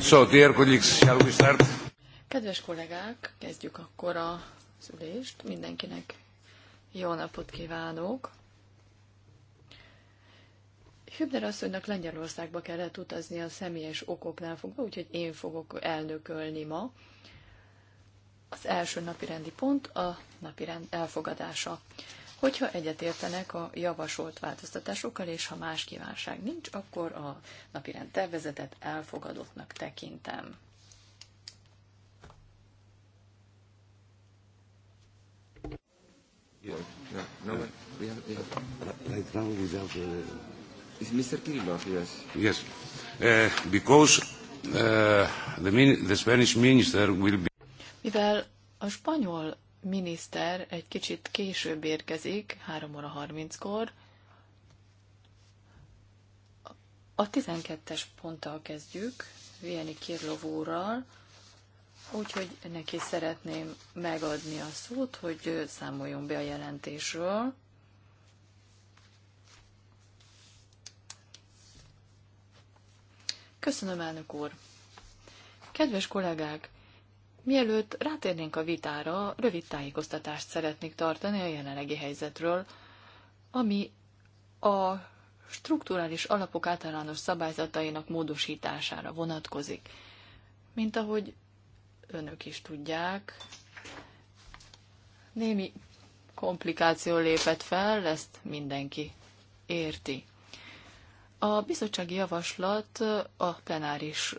So, dear colleagues, shall we start? Kedves kollégák, kezdjük akkor a szülést. Mindenkinek jó napot kívánok. Hübner asszonynak Lengyelországba kellett utazni a személyes okoknál fogva, úgyhogy én fogok elnökölni ma. Az első napirendi pont a napirend elfogadása hogyha egyetértenek a javasolt változtatásokkal, és ha más kívánság nincs, akkor a napirend tervezetet elfogadottnak tekintem. yes? Uh, because uh, the Spanish minister will be... Mivel a spanyol miniszter egy kicsit később érkezik, 3 óra 30-kor. A 12-es ponttal kezdjük, Vieni Kirlov úrral, úgyhogy neki szeretném megadni a szót, hogy számoljon be a jelentésről. Köszönöm, elnök úr! Kedves kollégák! Mielőtt rátérnénk a vitára, rövid tájékoztatást szeretnék tartani a jelenlegi helyzetről, ami a strukturális alapok általános szabályzatainak módosítására vonatkozik. Mint ahogy önök is tudják, némi komplikáció lépett fel, ezt mindenki érti. A bizottsági javaslat a plenáris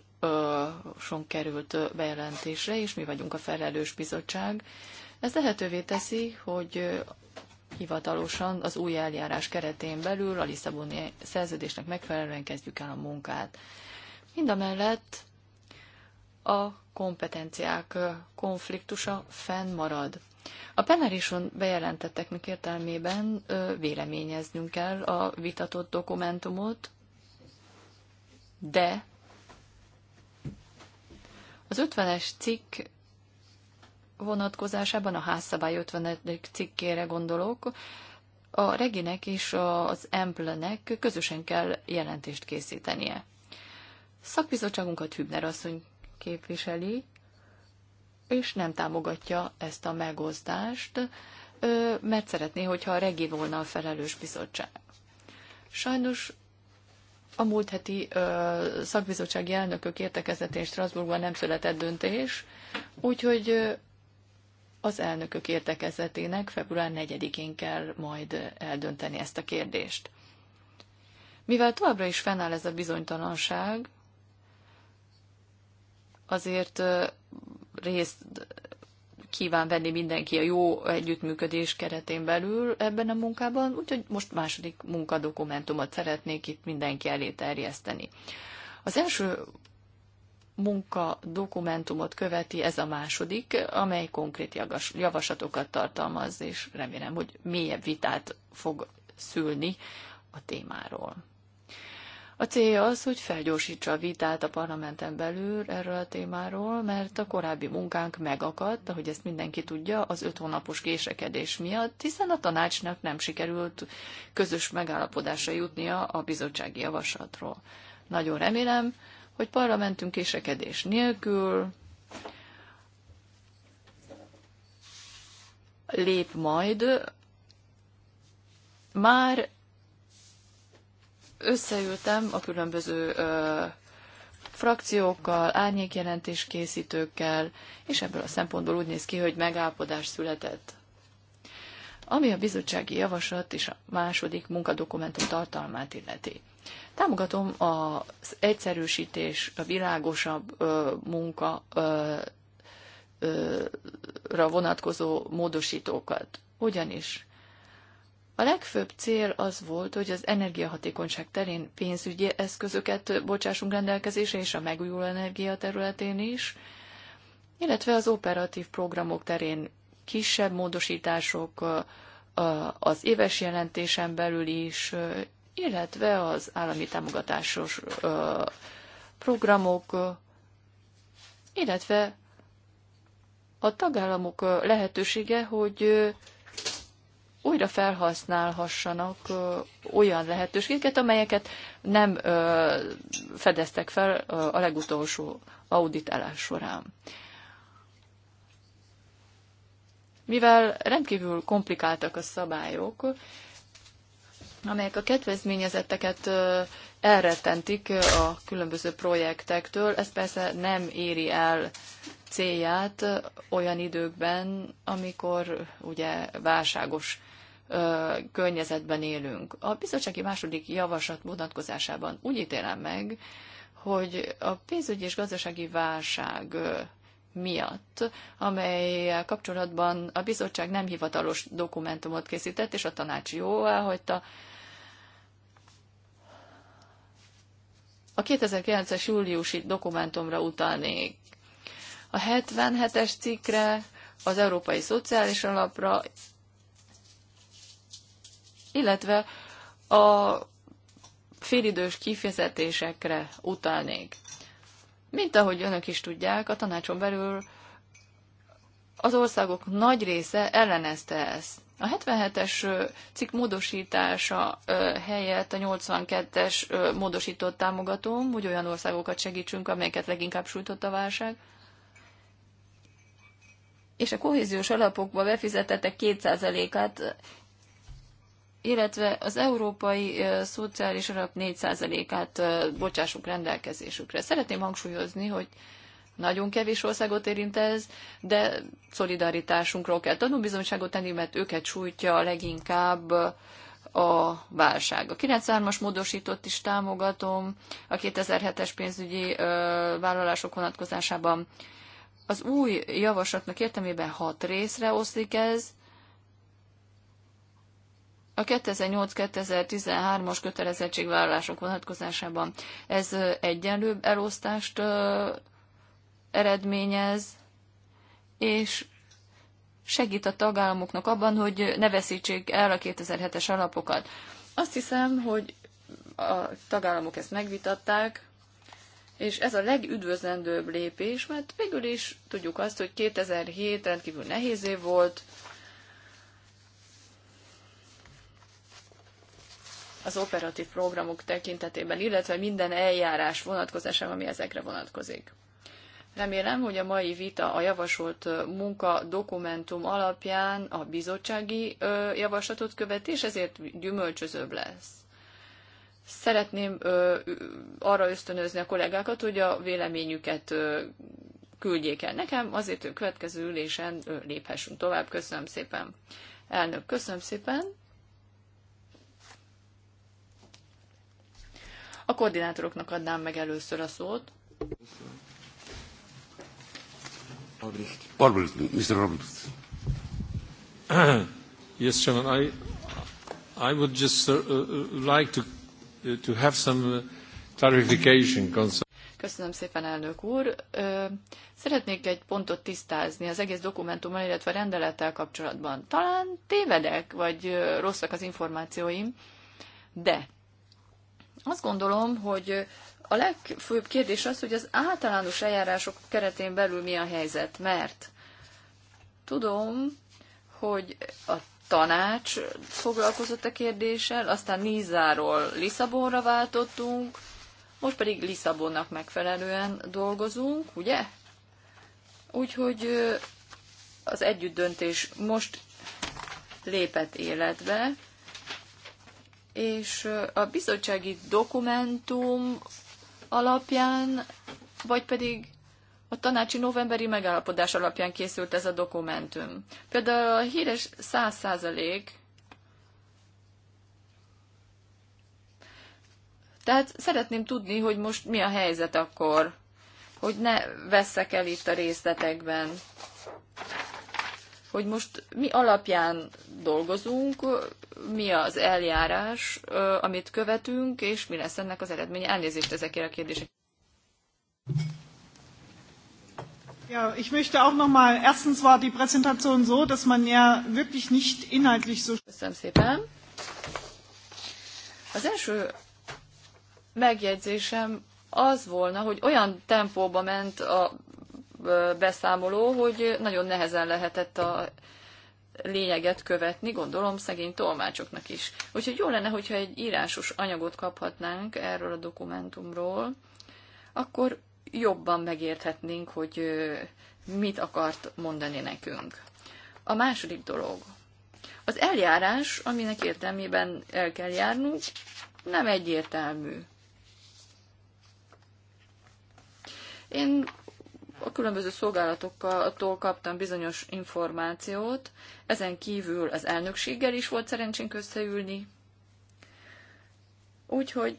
son került bejelentésre, és mi vagyunk a felelős bizottság. Ez lehetővé teszi, hogy hivatalosan az új eljárás keretén belül a Lisszaboni szerződésnek megfelelően kezdjük el a munkát. Mindamellett a kompetenciák konfliktusa fennmarad. A plenárison bejelentetteknek értelmében véleményeznünk kell a vitatott dokumentumot, de az 50-es cikk vonatkozásában a házszabály 50. cikkére gondolok, a Reginek és az Emplenek közösen kell jelentést készítenie. Szakbizottságunkat Hübner asszony képviseli, és nem támogatja ezt a megosztást, mert szeretné, hogyha a Regi volna a felelős bizottság. Sajnos a múlt heti ö, szakbizottsági elnökök értekezletén Strasbourgban nem született döntés, úgyhogy az elnökök értekezletének február 4-én kell majd eldönteni ezt a kérdést. Mivel továbbra is fennáll ez a bizonytalanság, azért részt kíván venni mindenki a jó együttműködés keretén belül ebben a munkában, úgyhogy most második munkadokumentumot szeretnék itt mindenki elé terjeszteni. Az első munkadokumentumot követi ez a második, amely konkrét javaslatokat tartalmaz, és remélem, hogy mélyebb vitát fog szülni a témáról. A célja az, hogy felgyorsítsa a vitát a parlamenten belül erről a témáról, mert a korábbi munkánk megakadt, ahogy ezt mindenki tudja, az öt hónapos késekedés miatt, hiszen a tanácsnak nem sikerült közös megállapodásra jutnia a bizottsági javaslatról. Nagyon remélem, hogy parlamentünk késekedés nélkül lép majd már összeültem a különböző frakciókkal, árnyékjelentéskészítőkkel, készítőkkel, és ebből a szempontból úgy néz ki, hogy megállapodás született. Ami a bizottsági javaslat és a második munkadokumentum tartalmát illeti. Támogatom az egyszerűsítés, a világosabb ö, munka ö, ö, vonatkozó módosítókat. Ugyanis a legfőbb cél az volt, hogy az energiahatékonyság terén pénzügyi eszközöket bocsássunk rendelkezésre, és a megújuló energia területén is, illetve az operatív programok terén kisebb módosítások az éves jelentésen belül is, illetve az állami támogatásos programok, illetve a tagállamok lehetősége, hogy újra felhasználhassanak olyan lehetőségeket, amelyeket nem fedeztek fel a legutolsó auditálás során. Mivel rendkívül komplikáltak a szabályok, amelyek a kedvezményezetteket elrettentik a különböző projektektől, ez persze nem éri el célját olyan időkben, amikor ugye válságos környezetben élünk. A bizottsági második javaslat vonatkozásában úgy ítélem meg, hogy a pénzügyi és gazdasági válság miatt, amely kapcsolatban a bizottság nem hivatalos dokumentumot készített, és a tanács jó elhagyta. A 2009-es júliusi dokumentumra utalnék. A 77-es cikkre, az Európai Szociális Alapra illetve a félidős kifizetésekre utalnék. Mint ahogy önök is tudják, a tanácson belül az országok nagy része ellenezte ezt. A 77-es cikk módosítása helyett a 82-es módosított támogatom, hogy olyan országokat segítsünk, amelyeket leginkább sújtott a válság. És a kohéziós alapokba befizetettek 2%-át illetve az Európai Szociális Alap 4%-át bocsássuk rendelkezésükre. Szeretném hangsúlyozni, hogy nagyon kevés országot érint ez, de szolidaritásunkról kell tanúbizonyságot tenni, mert őket sújtja leginkább a válság. A 93-as módosított is támogatom, a 2007-es pénzügyi vállalások vonatkozásában. Az új javaslatnak értelmében hat részre oszlik ez, a 2008-2013-as kötelezettségvállalások vonatkozásában ez egyenlőbb elosztást eredményez, és segít a tagállamoknak abban, hogy ne veszítsék el a 2007-es alapokat. Azt hiszem, hogy a tagállamok ezt megvitatták, és ez a legüdvözlendőbb lépés, mert végül is tudjuk azt, hogy 2007 rendkívül nehéz év volt, az operatív programok tekintetében, illetve minden eljárás vonatkozásában, ami ezekre vonatkozik. Remélem, hogy a mai vita a javasolt munka dokumentum alapján a bizottsági javaslatot követi, és ezért gyümölcsözőbb lesz. Szeretném arra ösztönözni a kollégákat, hogy a véleményüket küldjék el nekem, azért, hogy következő ülésen léphessünk tovább. Köszönöm szépen. Elnök, köszönöm szépen. A koordinátoroknak adnám meg először a szót. Mr. yes, Chairman, I, I would just uh, uh like to, uh, to have some uh, clarification concerning Köszönöm szépen, elnök úr. Szeretnék egy pontot tisztázni az egész dokumentummal, illetve rendelettel kapcsolatban. Talán tévedek, vagy rosszak az információim, de azt gondolom, hogy a legfőbb kérdés az, hogy az általános eljárások keretén belül mi a helyzet, mert tudom, hogy a tanács foglalkozott a kérdéssel, aztán Nízáról Lisszabonra váltottunk, most pedig Lisszabonnak megfelelően dolgozunk, ugye? Úgyhogy az együttdöntés most lépett életbe, és a bizottsági dokumentum alapján, vagy pedig a tanácsi novemberi megállapodás alapján készült ez a dokumentum. Például a híres 100 százalék, tehát szeretném tudni, hogy most mi a helyzet akkor, hogy ne veszek el itt a részletekben hogy most mi alapján dolgozunk, mi az eljárás, amit követünk, és mi lesz ennek az eredménye. Elnézést ezekért a kérdések. Ja, ich möchte auch noch mal, erstens war die Präsentation so, dass man ja wirklich nicht inhaltlich so... Köszönöm szépen. Az első megjegyzésem az volna, hogy olyan tempóba ment a beszámoló, hogy nagyon nehezen lehetett a lényeget követni, gondolom szegény tolmácsoknak is. Úgyhogy jó lenne, hogyha egy írásos anyagot kaphatnánk erről a dokumentumról, akkor jobban megérthetnénk, hogy mit akart mondani nekünk. A második dolog. Az eljárás, aminek értelmében el kell járnunk, nem egyértelmű. Én a különböző szolgálatoktól kaptam bizonyos információt, ezen kívül az elnökséggel is volt szerencsénk összeülni, úgyhogy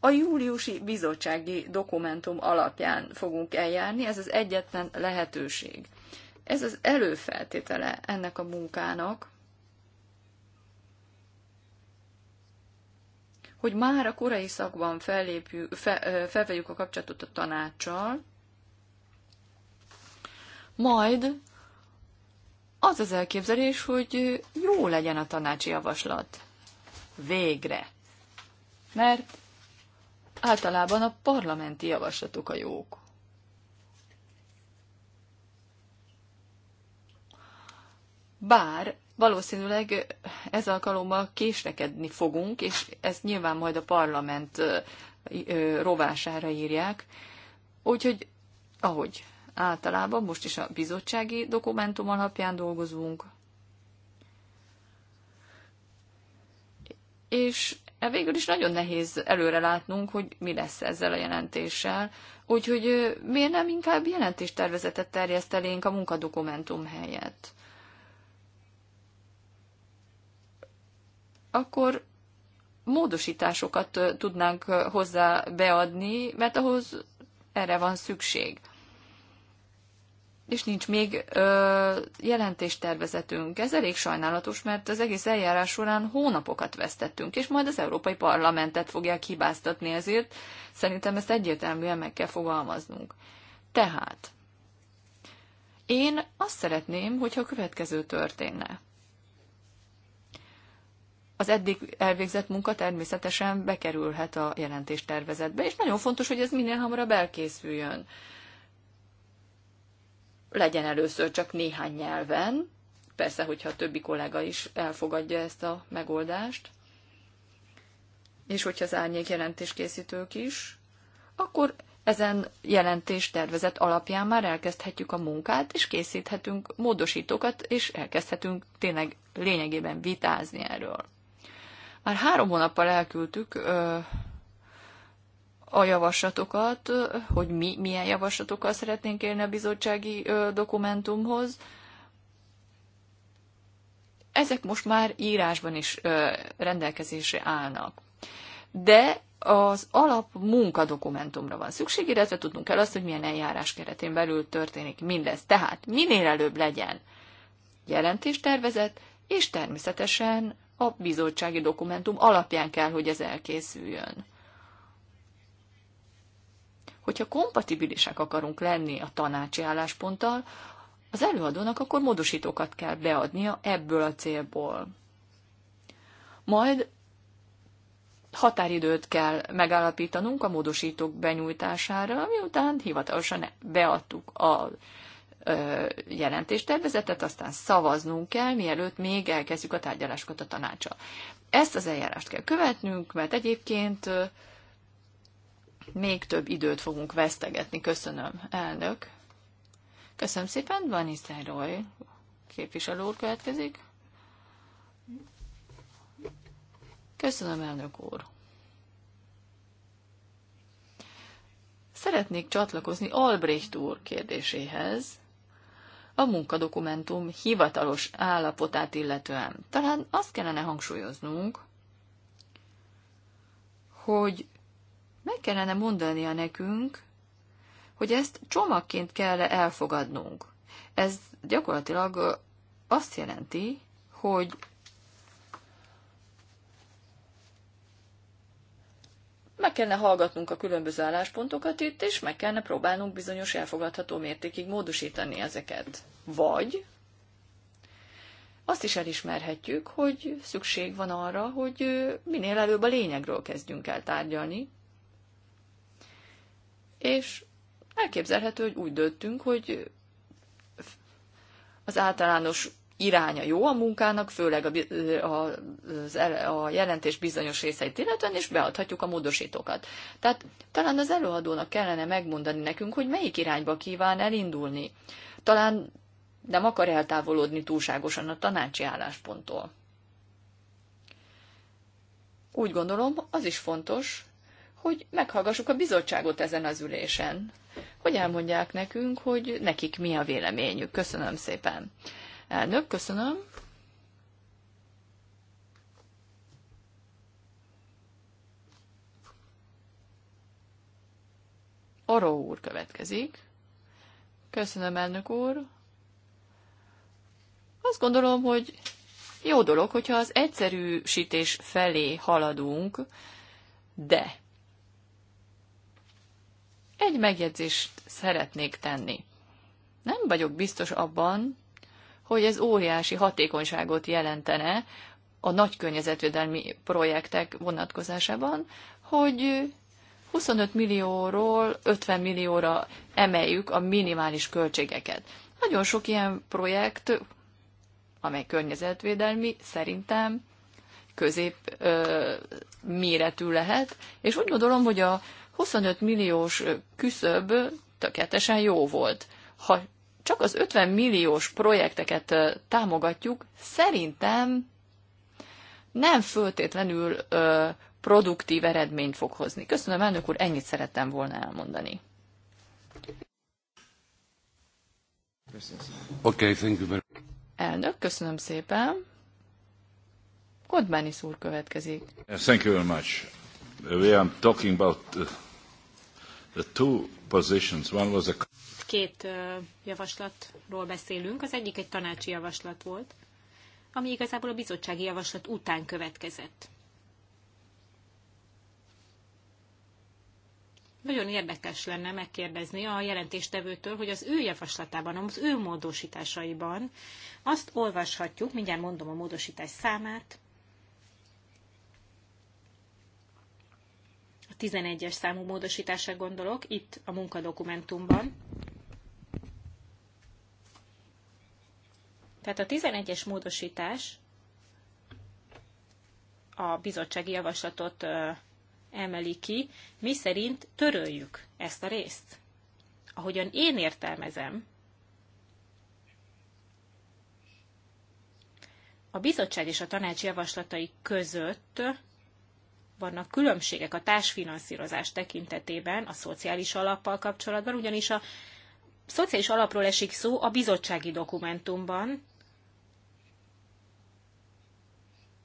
a júliusi bizottsági dokumentum alapján fogunk eljárni, ez az egyetlen lehetőség. Ez az előfeltétele ennek a munkának, hogy már a korai szakban fellépjük, fe, felvegyük a kapcsolatot a tanácssal, majd az az elképzelés, hogy jó legyen a tanácsi javaslat. Végre. Mert általában a parlamenti javaslatok a jók. Bár valószínűleg ez alkalommal késlekedni fogunk, és ezt nyilván majd a parlament rovására írják. Úgyhogy, ahogy általában, most is a bizottsági dokumentum alapján dolgozunk, és e végül is nagyon nehéz előre látnunk, hogy mi lesz ezzel a jelentéssel, úgyhogy miért nem inkább jelentéstervezetet terjesztelénk a munkadokumentum helyett. akkor módosításokat tudnánk hozzá beadni, mert ahhoz erre van szükség. És nincs még ö, jelentéstervezetünk. Ez elég sajnálatos, mert az egész eljárás során hónapokat vesztettünk, és majd az Európai Parlamentet fogják hibáztatni ezért. Szerintem ezt egyértelműen meg kell fogalmaznunk. Tehát, én azt szeretném, hogyha a következő történne az eddig elvégzett munka természetesen bekerülhet a jelentéstervezetbe, és nagyon fontos, hogy ez minél hamarabb elkészüljön. Legyen először csak néhány nyelven, persze, hogyha a többi kollega is elfogadja ezt a megoldást, és hogyha az árnyék jelentéskészítők is, akkor ezen jelentés tervezet alapján már elkezdhetjük a munkát, és készíthetünk módosítókat, és elkezdhetünk tényleg lényegében vitázni erről. Már három hónappal elküldtük a javaslatokat, hogy mi milyen javaslatokkal szeretnénk élni a bizottsági dokumentumhoz. Ezek most már írásban is rendelkezésre állnak. De az alap munkadokumentumra van szükség, illetve tudnunk kell azt, hogy milyen eljárás keretén belül történik mindez. Tehát minél előbb legyen jelentéstervezet, és természetesen a bizottsági dokumentum alapján kell, hogy ez elkészüljön. Hogyha kompatibilisek akarunk lenni a tanácsi állásponttal, az előadónak akkor módosítókat kell beadnia ebből a célból. Majd határidőt kell megállapítanunk a módosítók benyújtására, miután hivatalosan beadtuk a jelentéstervezetet, aztán szavaznunk kell, mielőtt még elkezdjük a tárgyalásokat a tanácsa. Ezt az eljárást kell követnünk, mert egyébként még több időt fogunk vesztegetni. Köszönöm, elnök. Köszönöm szépen, Van Isztároly képviselő úr következik. Köszönöm, elnök úr. Szeretnék csatlakozni Albrecht úr kérdéséhez, a munkadokumentum hivatalos állapotát illetően. Talán azt kellene hangsúlyoznunk, hogy meg kellene mondania nekünk, hogy ezt csomagként kell -e elfogadnunk. Ez gyakorlatilag azt jelenti, hogy Meg kellene hallgatnunk a különböző álláspontokat itt, és meg kellene próbálnunk bizonyos elfogadható mértékig módosítani ezeket. Vagy azt is elismerhetjük, hogy szükség van arra, hogy minél előbb a lényegről kezdjünk el tárgyalni, és elképzelhető, hogy úgy döntünk, hogy az általános iránya jó a munkának, főleg a, a, a jelentés bizonyos részeit illetően, és beadhatjuk a módosítókat. Tehát talán az előadónak kellene megmondani nekünk, hogy melyik irányba kíván elindulni. Talán nem akar eltávolodni túlságosan a tanácsi állásponttól. Úgy gondolom, az is fontos, hogy meghallgassuk a bizottságot ezen az ülésen, hogy elmondják nekünk, hogy nekik mi a véleményük. Köszönöm szépen. Elnök, köszönöm. Oró úr következik. Köszönöm, elnök úr. Azt gondolom, hogy jó dolog, hogyha az egyszerűsítés felé haladunk, de egy megjegyzést szeretnék tenni. Nem vagyok biztos abban, hogy ez óriási hatékonyságot jelentene a nagy környezetvédelmi projektek vonatkozásában, hogy 25 millióról 50 millióra emeljük a minimális költségeket. Nagyon sok ilyen projekt, amely környezetvédelmi, szerintem közép ö, méretű lehet, és úgy gondolom, hogy a 25 milliós küszöb tökéletesen jó volt. Ha csak az 50 milliós projekteket támogatjuk, szerintem nem föltétlenül produktív eredményt fog hozni. Köszönöm, elnök úr, ennyit szerettem volna elmondani. Okay, thank you very Elnök, köszönöm szépen. Kodbánis úr következik. thank you very much. We are talking about the, uh, the two positions. One was a két javaslatról beszélünk. Az egyik egy tanácsi javaslat volt, ami igazából a bizottsági javaslat után következett. Nagyon érdekes lenne megkérdezni a jelentéstevőtől, hogy az ő javaslatában, az ő módosításaiban azt olvashatjuk, mindjárt mondom a módosítás számát, a 11-es számú módosításra gondolok, itt a munkadokumentumban, Tehát a 11-es módosítás a bizottsági javaslatot emeli ki, mi szerint töröljük ezt a részt. Ahogyan én értelmezem, a bizottság és a tanács javaslatai között vannak különbségek a társfinanszírozás tekintetében, a szociális alappal kapcsolatban, ugyanis a szociális alapról esik szó a bizottsági dokumentumban,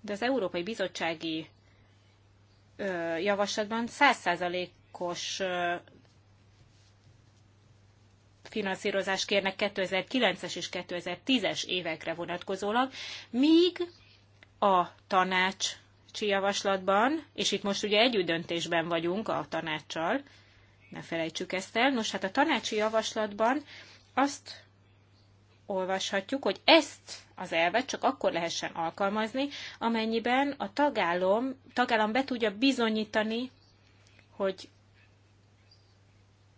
de az Európai Bizottsági javaslatban 100%-os finanszírozást kérnek 2009-es és 2010-es évekre vonatkozólag, míg a tanács javaslatban, és itt most ugye együtt döntésben vagyunk a tanácssal, ne felejtsük ezt el. Nos, hát a tanácsi javaslatban azt olvashatjuk, hogy ezt az elvet csak akkor lehessen alkalmazni, amennyiben a tagállam, tagállam be tudja bizonyítani, hogy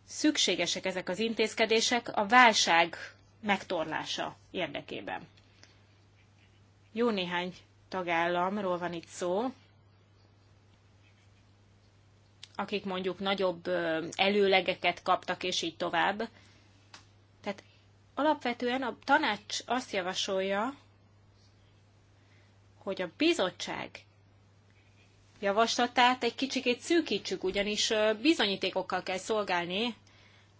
szükségesek ezek az intézkedések a válság megtorlása érdekében. Jó néhány tagállamról van itt szó, akik mondjuk nagyobb előlegeket kaptak, és így tovább. Alapvetően a tanács azt javasolja, hogy a bizottság javaslatát egy kicsikét szűkítsük, ugyanis bizonyítékokkal kell szolgálni,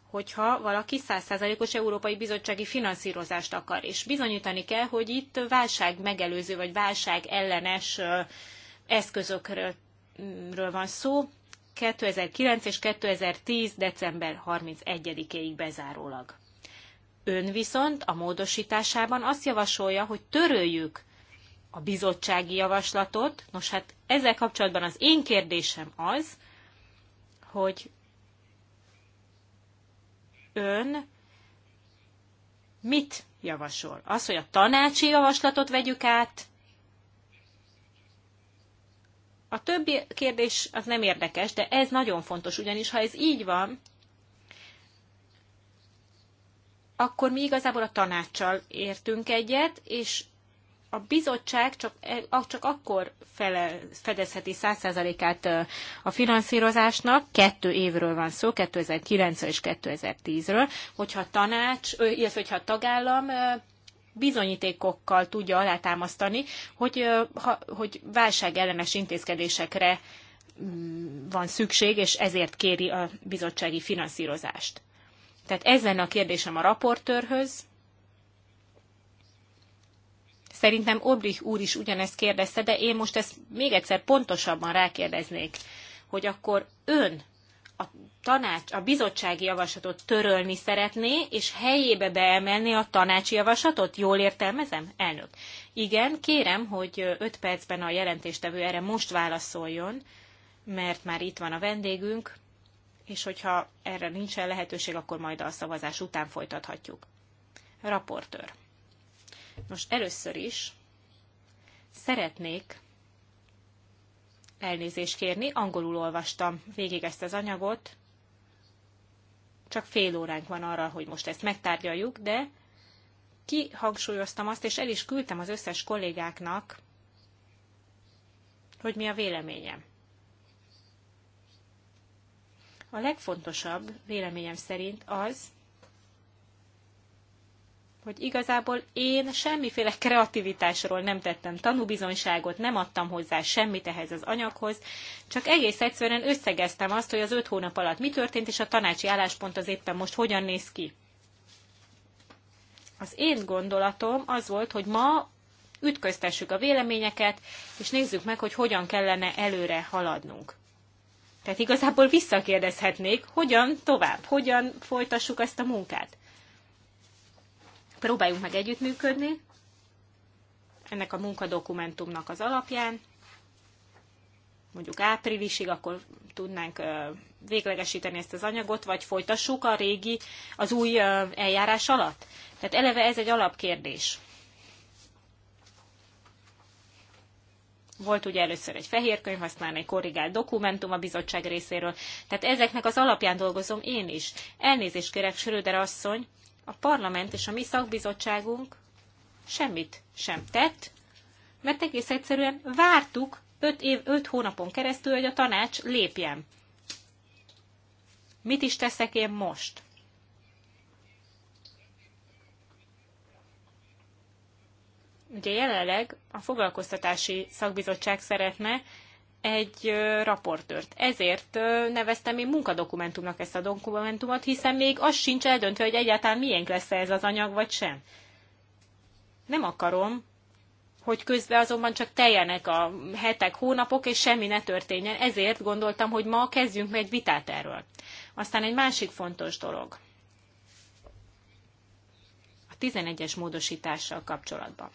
hogyha valaki 100%-os európai bizottsági finanszírozást akar, és bizonyítani kell, hogy itt válság megelőző vagy válság ellenes eszközökről van szó, 2009 és 2010. december 31 éig bezárólag. Ön viszont a módosításában azt javasolja, hogy töröljük a bizottsági javaslatot. Nos, hát ezzel kapcsolatban az én kérdésem az, hogy ön mit javasol? Az, hogy a tanácsi javaslatot vegyük át? A többi kérdés az nem érdekes, de ez nagyon fontos, ugyanis ha ez így van, akkor mi igazából a tanácssal értünk egyet, és a bizottság csak, e, csak akkor fele, fedezheti 100%-át a finanszírozásnak, kettő évről van szó, 2009 és 2010-ről, hogyha a tanács, illetve hogyha a tagállam bizonyítékokkal tudja alátámasztani, hogy, hogy válságellenes intézkedésekre mm, van szükség, és ezért kéri a bizottsági finanszírozást. Tehát ez lenne a kérdésem a raportőrhöz. Szerintem Obrich úr is ugyanezt kérdezte, de én most ezt még egyszer pontosabban rákérdeznék, hogy akkor ön a tanács, a bizottsági javaslatot törölni szeretné, és helyébe beemelni a tanácsi javaslatot? Jól értelmezem, elnök? Igen, kérem, hogy 5 percben a jelentéstevő erre most válaszoljon, mert már itt van a vendégünk és hogyha erre nincsen lehetőség, akkor majd a szavazás után folytathatjuk. Raportőr. Most először is szeretnék elnézést kérni, angolul olvastam végig ezt az anyagot, csak fél óránk van arra, hogy most ezt megtárgyaljuk, de kihangsúlyoztam azt, és el is küldtem az összes kollégáknak, hogy mi a véleményem. A legfontosabb véleményem szerint az, hogy igazából én semmiféle kreativitásról nem tettem tanúbizonyságot, nem adtam hozzá semmit ehhez az anyaghoz, csak egész egyszerűen összegeztem azt, hogy az öt hónap alatt mi történt, és a tanácsi álláspont az éppen most hogyan néz ki. Az én gondolatom az volt, hogy ma ütköztessük a véleményeket, és nézzük meg, hogy hogyan kellene előre haladnunk. Tehát igazából visszakérdezhetnék, hogyan tovább, hogyan folytassuk ezt a munkát. Próbáljunk meg együttműködni ennek a munkadokumentumnak az alapján, mondjuk áprilisig, akkor tudnánk véglegesíteni ezt az anyagot, vagy folytassuk a régi, az új eljárás alatt? Tehát eleve ez egy alapkérdés. Volt ugye először egy fehér könyv, aztán egy korrigált dokumentum a bizottság részéről. Tehát ezeknek az alapján dolgozom én is. Elnézést kérek, Söröder asszony, a parlament és a mi szakbizottságunk semmit sem tett, mert egész egyszerűen vártuk 5 év, 5 hónapon keresztül, hogy a tanács lépjen. Mit is teszek én most? Ugye jelenleg a foglalkoztatási szakbizottság szeretne egy raportört. Ezért neveztem én munkadokumentumnak ezt a dokumentumot, hiszen még az sincs eldöntve, hogy egyáltalán milyen lesz ez az anyag, vagy sem. Nem akarom, hogy közben azonban csak teljenek a hetek, hónapok, és semmi ne történjen. Ezért gondoltam, hogy ma kezdjünk meg egy vitát erről. Aztán egy másik fontos dolog. A 11-es módosítással kapcsolatban.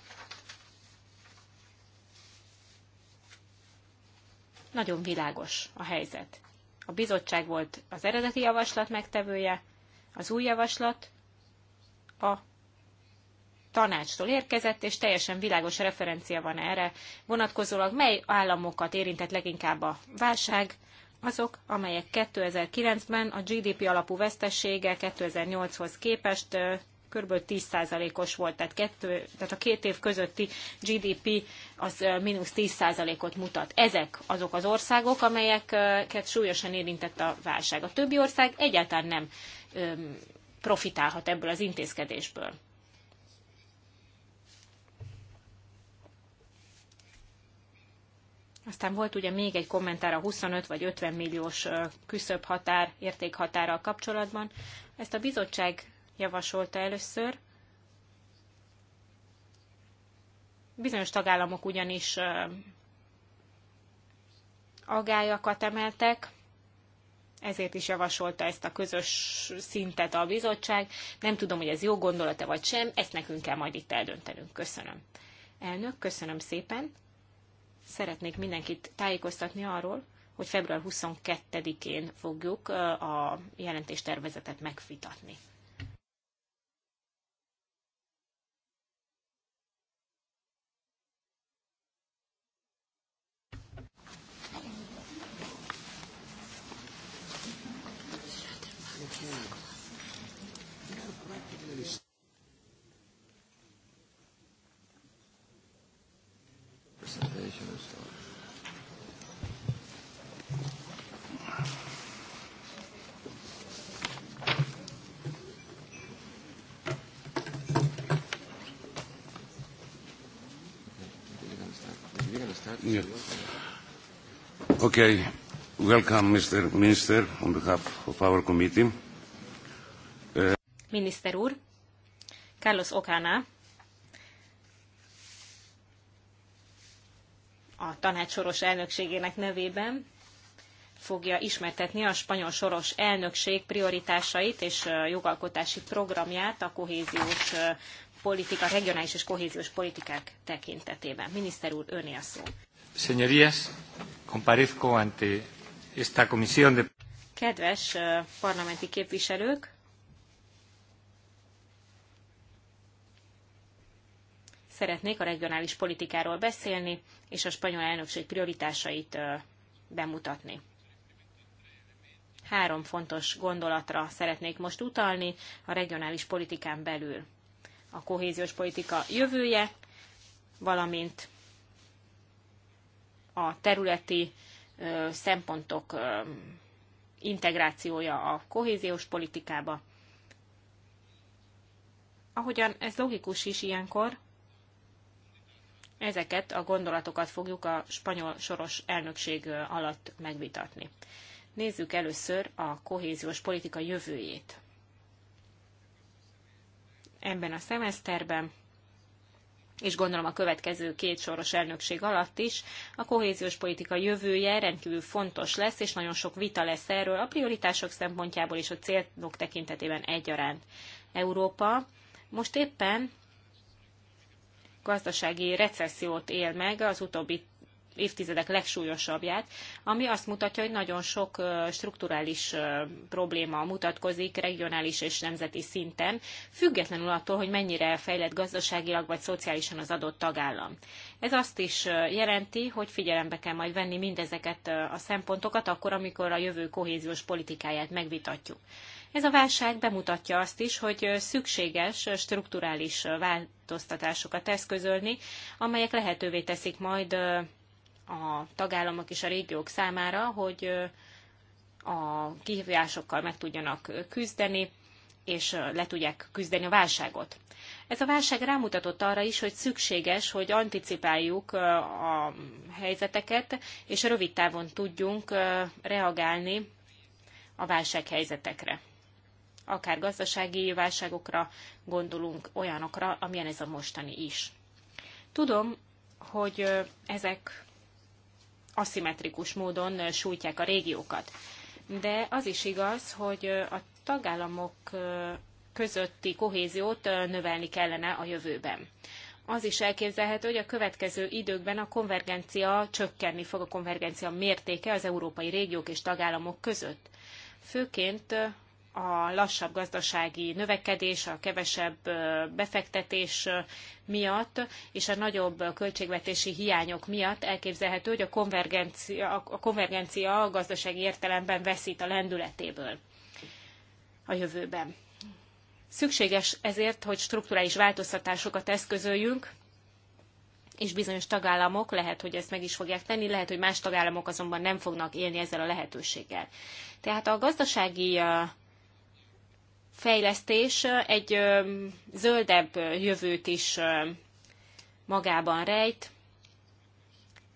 Nagyon világos a helyzet. A bizottság volt az eredeti javaslat megtevője, az új javaslat a tanácstól érkezett, és teljesen világos referencia van erre vonatkozólag, mely államokat érintett leginkább a válság, azok, amelyek 2009-ben a GDP alapú vesztessége 2008-hoz képest kb. 10%-os volt, tehát, kettő, tehát a két év közötti GDP az mínusz 10%-ot mutat. Ezek azok az országok, amelyeket súlyosan érintett a válság. A többi ország egyáltalán nem profitálhat ebből az intézkedésből. Aztán volt ugye még egy kommentár a 25 vagy 50 milliós küszöbb határ, értékhatárral kapcsolatban. Ezt a bizottság javasolta először. Bizonyos tagállamok ugyanis agályakat emeltek, ezért is javasolta ezt a közös szintet a bizottság. Nem tudom, hogy ez jó gondolata vagy sem, ezt nekünk kell majd itt eldöntenünk. Köszönöm. Elnök, köszönöm szépen. Szeretnék mindenkit tájékoztatni arról, hogy február 22-én fogjuk a jelentéstervezetet megvitatni. Yeah. Okay. Welcome, Mr. Minister, on behalf of our committee. Uh... Miniszter úr, Carlos Okana, a tanács soros elnökségének nevében fogja ismertetni a spanyol soros elnökség prioritásait és jogalkotási programját a kohéziós politika, regionális és kohéziós politikák tekintetében. Miniszter úr, öné a szó. Señorías, comparezco ante esta comisión de... Kedves eh, parlamenti képviselők! Szeretnék a regionális politikáról beszélni, és a spanyol elnökség prioritásait eh, bemutatni. Három fontos gondolatra szeretnék most utalni a regionális politikán belül. A kohéziós politika jövője, valamint a területi szempontok integrációja a kohéziós politikába. Ahogyan ez logikus is ilyenkor, ezeket a gondolatokat fogjuk a spanyol soros elnökség alatt megvitatni. Nézzük először a kohéziós politika jövőjét. Ebben a szemeszterben és gondolom a következő két soros elnökség alatt is, a kohéziós politika jövője rendkívül fontos lesz, és nagyon sok vita lesz erről a prioritások szempontjából és a célok tekintetében egyaránt. Európa most éppen gazdasági recessziót él meg az utóbbi évtizedek legsúlyosabbját, ami azt mutatja, hogy nagyon sok strukturális probléma mutatkozik regionális és nemzeti szinten, függetlenül attól, hogy mennyire fejlett gazdaságilag vagy szociálisan az adott tagállam. Ez azt is jelenti, hogy figyelembe kell majd venni mindezeket a szempontokat, akkor, amikor a jövő kohéziós politikáját megvitatjuk. Ez a válság bemutatja azt is, hogy szükséges strukturális változtatásokat eszközölni, amelyek lehetővé teszik majd a tagállamok és a régiók számára, hogy a kihívásokkal meg tudjanak küzdeni, és le tudják küzdeni a válságot. Ez a válság rámutatott arra is, hogy szükséges, hogy anticipáljuk a helyzeteket, és rövid távon tudjunk reagálni a válsághelyzetekre. Akár gazdasági válságokra gondolunk, olyanokra, amilyen ez a mostani is. Tudom, hogy ezek aszimmetrikus módon sújtják a régiókat. De az is igaz, hogy a tagállamok közötti kohéziót növelni kellene a jövőben. Az is elképzelhető, hogy a következő időkben a konvergencia csökkenni fog a konvergencia mértéke az európai régiók és tagállamok között. Főként a lassabb gazdasági növekedés, a kevesebb befektetés miatt és a nagyobb költségvetési hiányok miatt elképzelhető, hogy a konvergencia, a konvergencia a gazdasági értelemben veszít a lendületéből a jövőben. Szükséges ezért, hogy strukturális változtatásokat eszközöljünk, és bizonyos tagállamok lehet, hogy ezt meg is fogják tenni, lehet, hogy más tagállamok azonban nem fognak élni ezzel a lehetőséggel. Tehát a gazdasági fejlesztés egy zöldebb jövőt is magában rejt.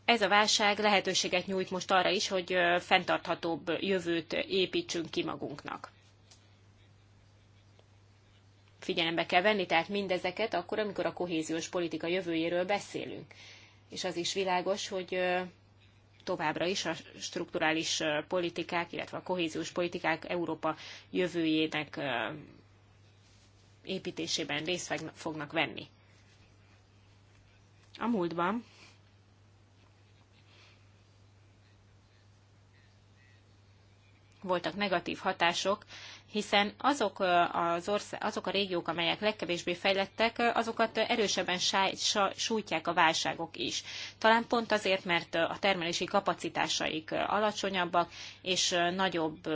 Ez a válság lehetőséget nyújt most arra is, hogy fenntarthatóbb jövőt építsünk ki magunknak. Figyelembe kell venni tehát mindezeket akkor, amikor a kohéziós politika jövőjéről beszélünk. És az is világos, hogy továbbra is a strukturális politikák, illetve a kohéziós politikák Európa jövőjének építésében részt fognak venni. A múltban voltak negatív hatások hiszen azok, az ország, azok a régiók, amelyek legkevésbé fejlettek, azokat erősebben sújtják a válságok is. Talán pont azért, mert a termelési kapacitásaik alacsonyabbak, és nagyobb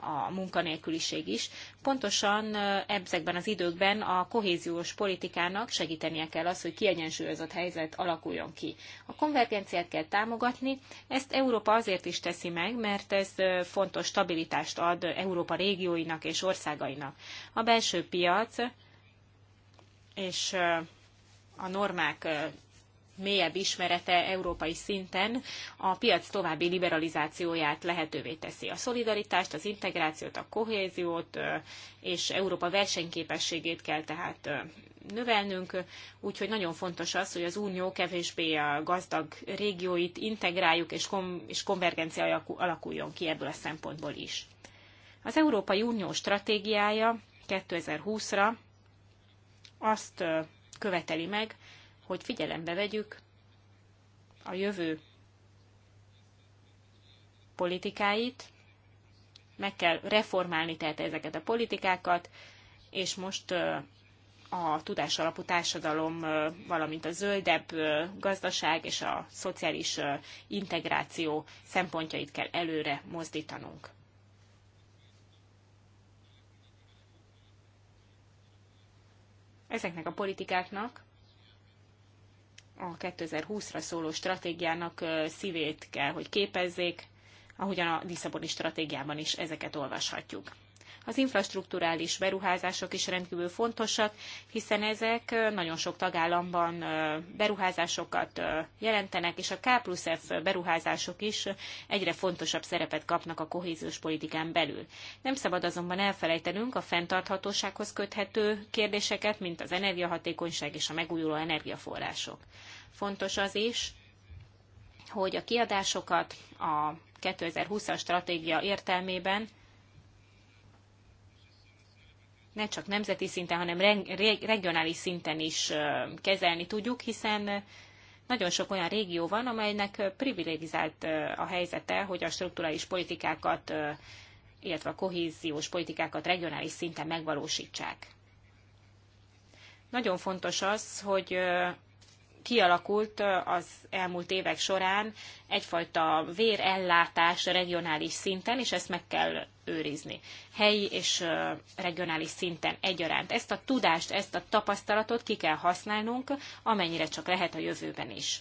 a munkanélküliség is, pontosan ezekben az időkben a kohéziós politikának segítenie kell az, hogy kiegyensúlyozott helyzet alakuljon ki. A konvergenciát kell támogatni, ezt Európa azért is teszi meg, mert ez fontos stabilitást ad Európa régióinak és országainak. A belső piac és a normák mélyebb ismerete európai szinten a piac további liberalizációját lehetővé teszi. A szolidaritást, az integrációt, a kohéziót és Európa versenyképességét kell tehát növelnünk, úgyhogy nagyon fontos az, hogy az unió kevésbé a gazdag régióit integráljuk, és, kom- és konvergencia alakuljon ki ebből a szempontból is. Az Európai Unió stratégiája 2020-ra azt követeli meg, hogy figyelembe vegyük a jövő politikáit, meg kell reformálni tehát ezeket a politikákat, és most a tudásalapú társadalom, valamint a zöldebb gazdaság és a szociális integráció szempontjait kell előre mozdítanunk. Ezeknek a politikáknak a 2020-ra szóló stratégiának szívét kell, hogy képezzék, ahogyan a Lisszaboni stratégiában is ezeket olvashatjuk. Az infrastruktúrális beruházások is rendkívül fontosak, hiszen ezek nagyon sok tagállamban beruházásokat jelentenek, és a K plusz F beruházások is egyre fontosabb szerepet kapnak a kohéziós politikán belül. Nem szabad azonban elfelejtenünk a fenntarthatósághoz köthető kérdéseket, mint az energiahatékonyság és a megújuló energiaforrások. Fontos az is, hogy a kiadásokat a 2020-as stratégia értelmében ne csak nemzeti szinten, hanem regionális szinten is kezelni tudjuk, hiszen nagyon sok olyan régió van, amelynek privilegizált a helyzete, hogy a strukturális politikákat, illetve a kohéziós politikákat regionális szinten megvalósítsák. Nagyon fontos az, hogy kialakult az elmúlt évek során egyfajta vérellátás regionális szinten, és ezt meg kell őrizni. Helyi és regionális szinten egyaránt. Ezt a tudást, ezt a tapasztalatot ki kell használnunk, amennyire csak lehet a jövőben is.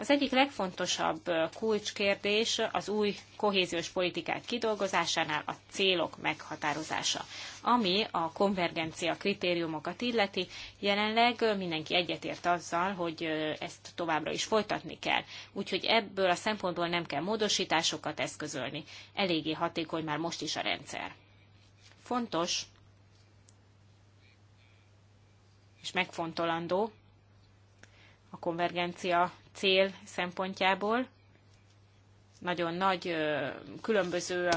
Az egyik legfontosabb kulcskérdés az új kohéziós politikák kidolgozásánál a célok meghatározása, ami a konvergencia kritériumokat illeti. Jelenleg mindenki egyetért azzal, hogy ezt továbbra is folytatni kell, úgyhogy ebből a szempontból nem kell módosításokat eszközölni. Eléggé hatékony már most is a rendszer. Fontos és megfontolandó, a konvergencia cél szempontjából. Nagyon nagy különböző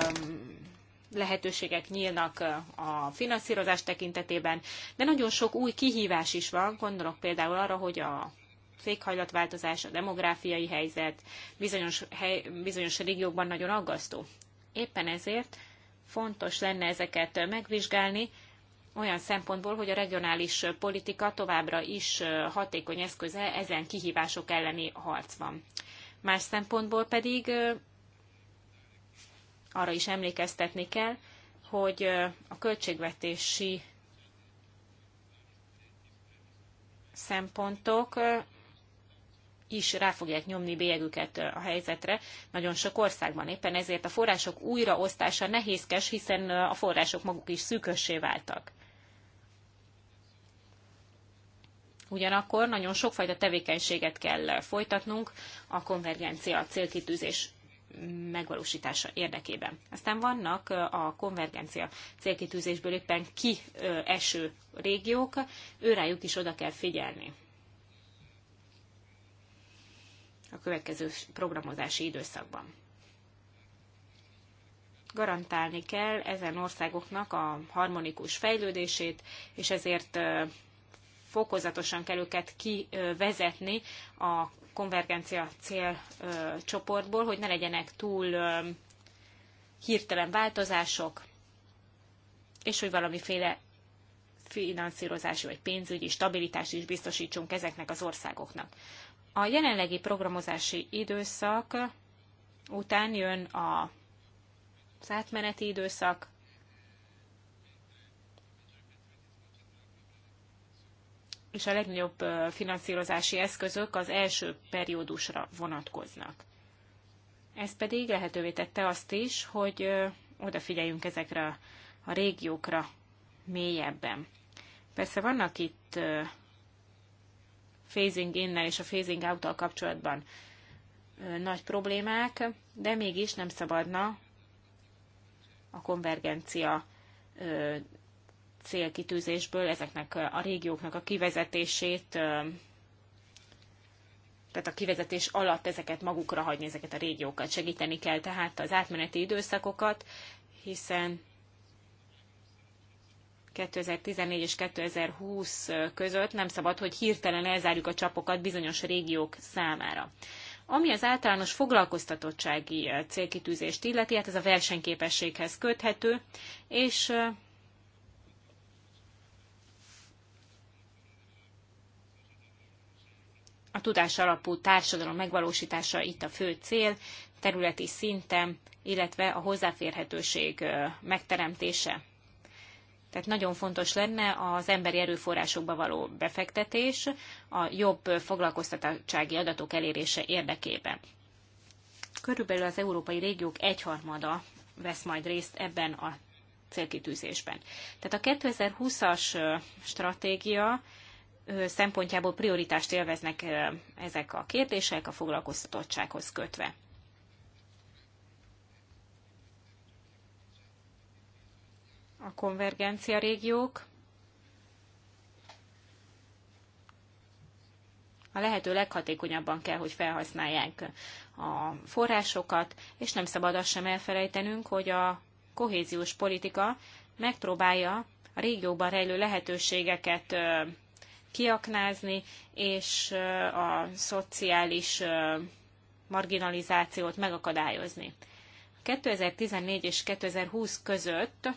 lehetőségek nyílnak a finanszírozás tekintetében, de nagyon sok új kihívás is van, gondolok például arra, hogy a éghajlatváltozás, a demográfiai helyzet bizonyos, hely, bizonyos régiókban nagyon aggasztó. Éppen ezért fontos lenne ezeket megvizsgálni, olyan szempontból, hogy a regionális politika továbbra is hatékony eszköze ezen kihívások elleni harcban. Más szempontból pedig arra is emlékeztetni kell, hogy a költségvetési szempontok is rá fogják nyomni bélyegüket a helyzetre nagyon sok országban. Éppen ezért a források újraosztása nehézkes, hiszen a források maguk is szűkössé váltak. Ugyanakkor nagyon sokfajta tevékenységet kell folytatnunk a konvergencia célkitűzés megvalósítása érdekében. Aztán vannak a konvergencia célkitűzésből éppen kieső régiók, őrájuk is oda kell figyelni a következő programozási időszakban. Garantálni kell ezen országoknak a harmonikus fejlődését, és ezért fokozatosan kell őket kivezetni a konvergencia célcsoportból, hogy ne legyenek túl hirtelen változások, és hogy valamiféle finanszírozási vagy pénzügyi stabilitást is biztosítsunk ezeknek az országoknak. A jelenlegi programozási időszak után jön a az átmeneti időszak, és a legnagyobb finanszírozási eszközök az első periódusra vonatkoznak. Ez pedig lehetővé tette azt is, hogy odafigyeljünk ezekre a régiókra mélyebben. Persze vannak itt phasing in és a phasing out kapcsolatban nagy problémák, de mégis nem szabadna a konvergencia célkitűzésből ezeknek a régióknak a kivezetését, tehát a kivezetés alatt ezeket magukra hagyni, ezeket a régiókat segíteni kell, tehát az átmeneti időszakokat, hiszen 2014 és 2020 között nem szabad, hogy hirtelen elzárjuk a csapokat bizonyos régiók számára. Ami az általános foglalkoztatottsági célkitűzést illeti, hát ez a versenyképességhez köthető, és A tudás alapú társadalom megvalósítása itt a fő cél, területi szinten, illetve a hozzáférhetőség megteremtése. Tehát nagyon fontos lenne az emberi erőforrásokba való befektetés a jobb foglalkoztatottsági adatok elérése érdekében. Körülbelül az európai régiók egyharmada vesz majd részt ebben a célkitűzésben. Tehát a 2020-as stratégia szempontjából prioritást élveznek ezek a kérdések a foglalkoztatottsághoz kötve. A konvergencia régiók a lehető leghatékonyabban kell, hogy felhasználják a forrásokat, és nem szabad azt sem elfelejtenünk, hogy a kohéziós politika megpróbálja a régióban rejlő lehetőségeket kiaknázni, és a szociális marginalizációt megakadályozni. 2014 és 2020 között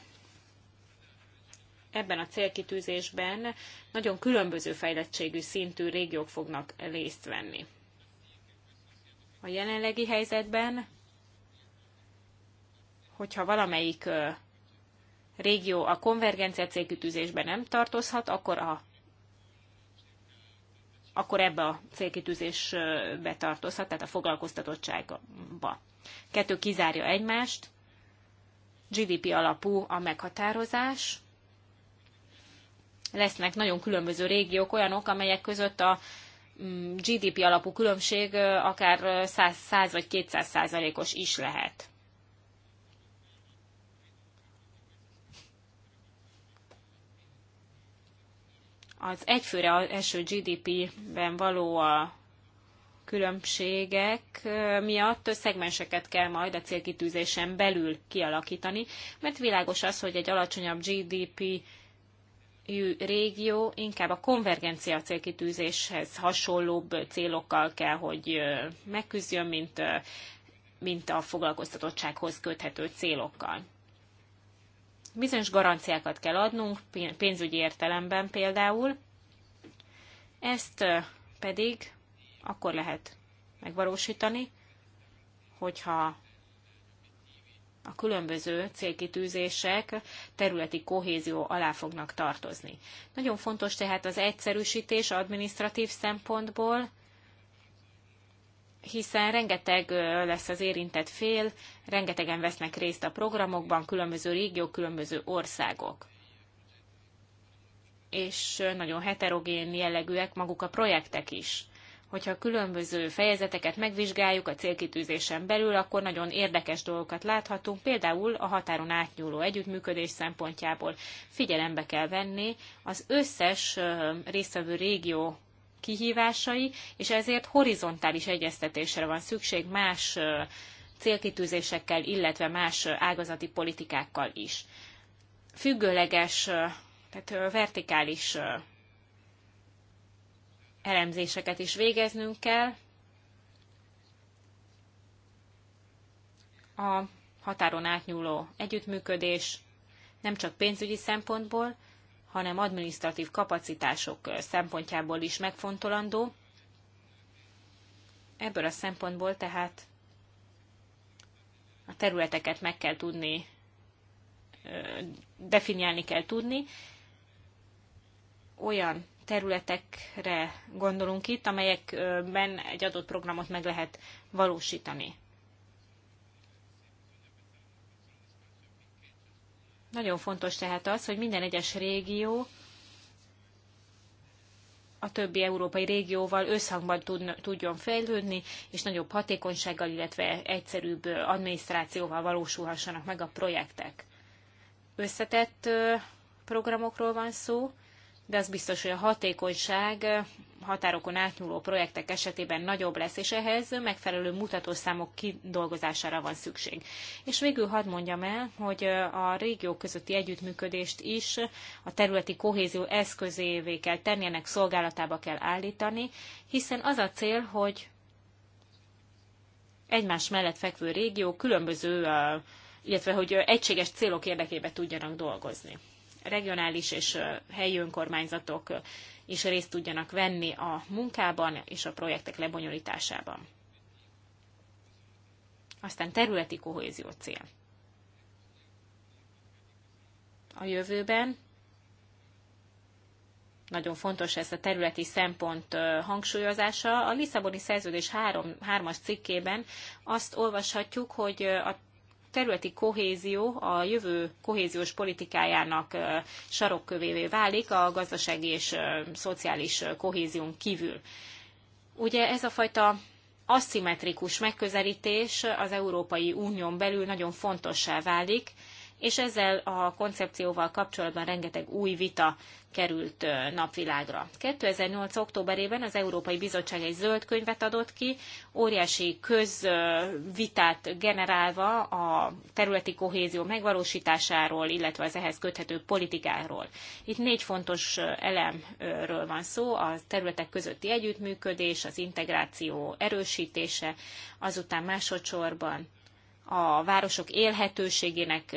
ebben a célkitűzésben nagyon különböző fejlettségű szintű régiók fognak részt venni. A jelenlegi helyzetben, hogyha valamelyik régió a konvergencia célkitűzésben nem tartozhat, akkor a akkor ebbe a célkitűzésbe tartozhat, tehát a foglalkoztatottságba. Kettő kizárja egymást, GDP alapú a meghatározás, lesznek nagyon különböző régiók, olyanok, amelyek között a mm, GDP alapú különbség akár 100, 100 vagy 200 százalékos is lehet. az egyfőre eső GDP-ben való a különbségek miatt szegmenseket kell majd a célkitűzésen belül kialakítani, mert világos az, hogy egy alacsonyabb GDP régió inkább a konvergencia célkitűzéshez hasonlóbb célokkal kell, hogy megküzdjön, mint, mint a foglalkoztatottsághoz köthető célokkal bizonyos garanciákat kell adnunk, pénzügyi értelemben például, ezt pedig akkor lehet megvalósítani, hogyha a különböző célkitűzések területi kohézió alá fognak tartozni. Nagyon fontos tehát az egyszerűsítés administratív szempontból, hiszen rengeteg lesz az érintett fél, rengetegen vesznek részt a programokban, különböző régiók, különböző országok. És nagyon heterogén jellegűek maguk a projektek is. Hogyha különböző fejezeteket megvizsgáljuk a célkitűzésen belül, akkor nagyon érdekes dolgokat láthatunk, például a határon átnyúló együttműködés szempontjából figyelembe kell venni az összes résztvevő régió kihívásai, és ezért horizontális egyeztetésre van szükség más célkitűzésekkel, illetve más ágazati politikákkal is. Függőleges, tehát vertikális elemzéseket is végeznünk kell. A határon átnyúló együttműködés nem csak pénzügyi szempontból, hanem administratív kapacitások szempontjából is megfontolandó. Ebből a szempontból tehát a területeket meg kell tudni, definiálni kell tudni. Olyan területekre gondolunk itt, amelyekben egy adott programot meg lehet valósítani. Nagyon fontos tehát az, hogy minden egyes régió a többi európai régióval összhangban tudjon fejlődni, és nagyobb hatékonysággal, illetve egyszerűbb adminisztrációval valósulhassanak meg a projektek. Összetett programokról van szó, de az biztos, hogy a hatékonyság határokon átnyúló projektek esetében nagyobb lesz, és ehhez megfelelő mutatószámok kidolgozására van szükség. És végül hadd mondjam el, hogy a régiók közötti együttműködést is a területi kohézió eszközévé kell tenni, ennek szolgálatába kell állítani, hiszen az a cél, hogy egymás mellett fekvő régió különböző, illetve hogy egységes célok érdekében tudjanak dolgozni regionális és helyi önkormányzatok is részt tudjanak venni a munkában és a projektek lebonyolításában. Aztán területi kohézió cél. A jövőben nagyon fontos ez a területi szempont hangsúlyozása. A Lisszaboni Szerződés 3. Három, 3-as cikkében azt olvashatjuk, hogy a területi kohézió a jövő kohéziós politikájának sarokkövévé válik a gazdasági és szociális kohézión kívül. Ugye ez a fajta aszimmetrikus megközelítés az Európai Unión belül nagyon fontossá válik, és ezzel a koncepcióval kapcsolatban rengeteg új vita került napvilágra. 2008. októberében az Európai Bizottság egy zöld könyvet adott ki, óriási közvitát generálva a területi kohézió megvalósításáról, illetve az ehhez köthető politikáról. Itt négy fontos elemről van szó, a területek közötti együttműködés, az integráció erősítése, azután másodszorban a városok élhetőségének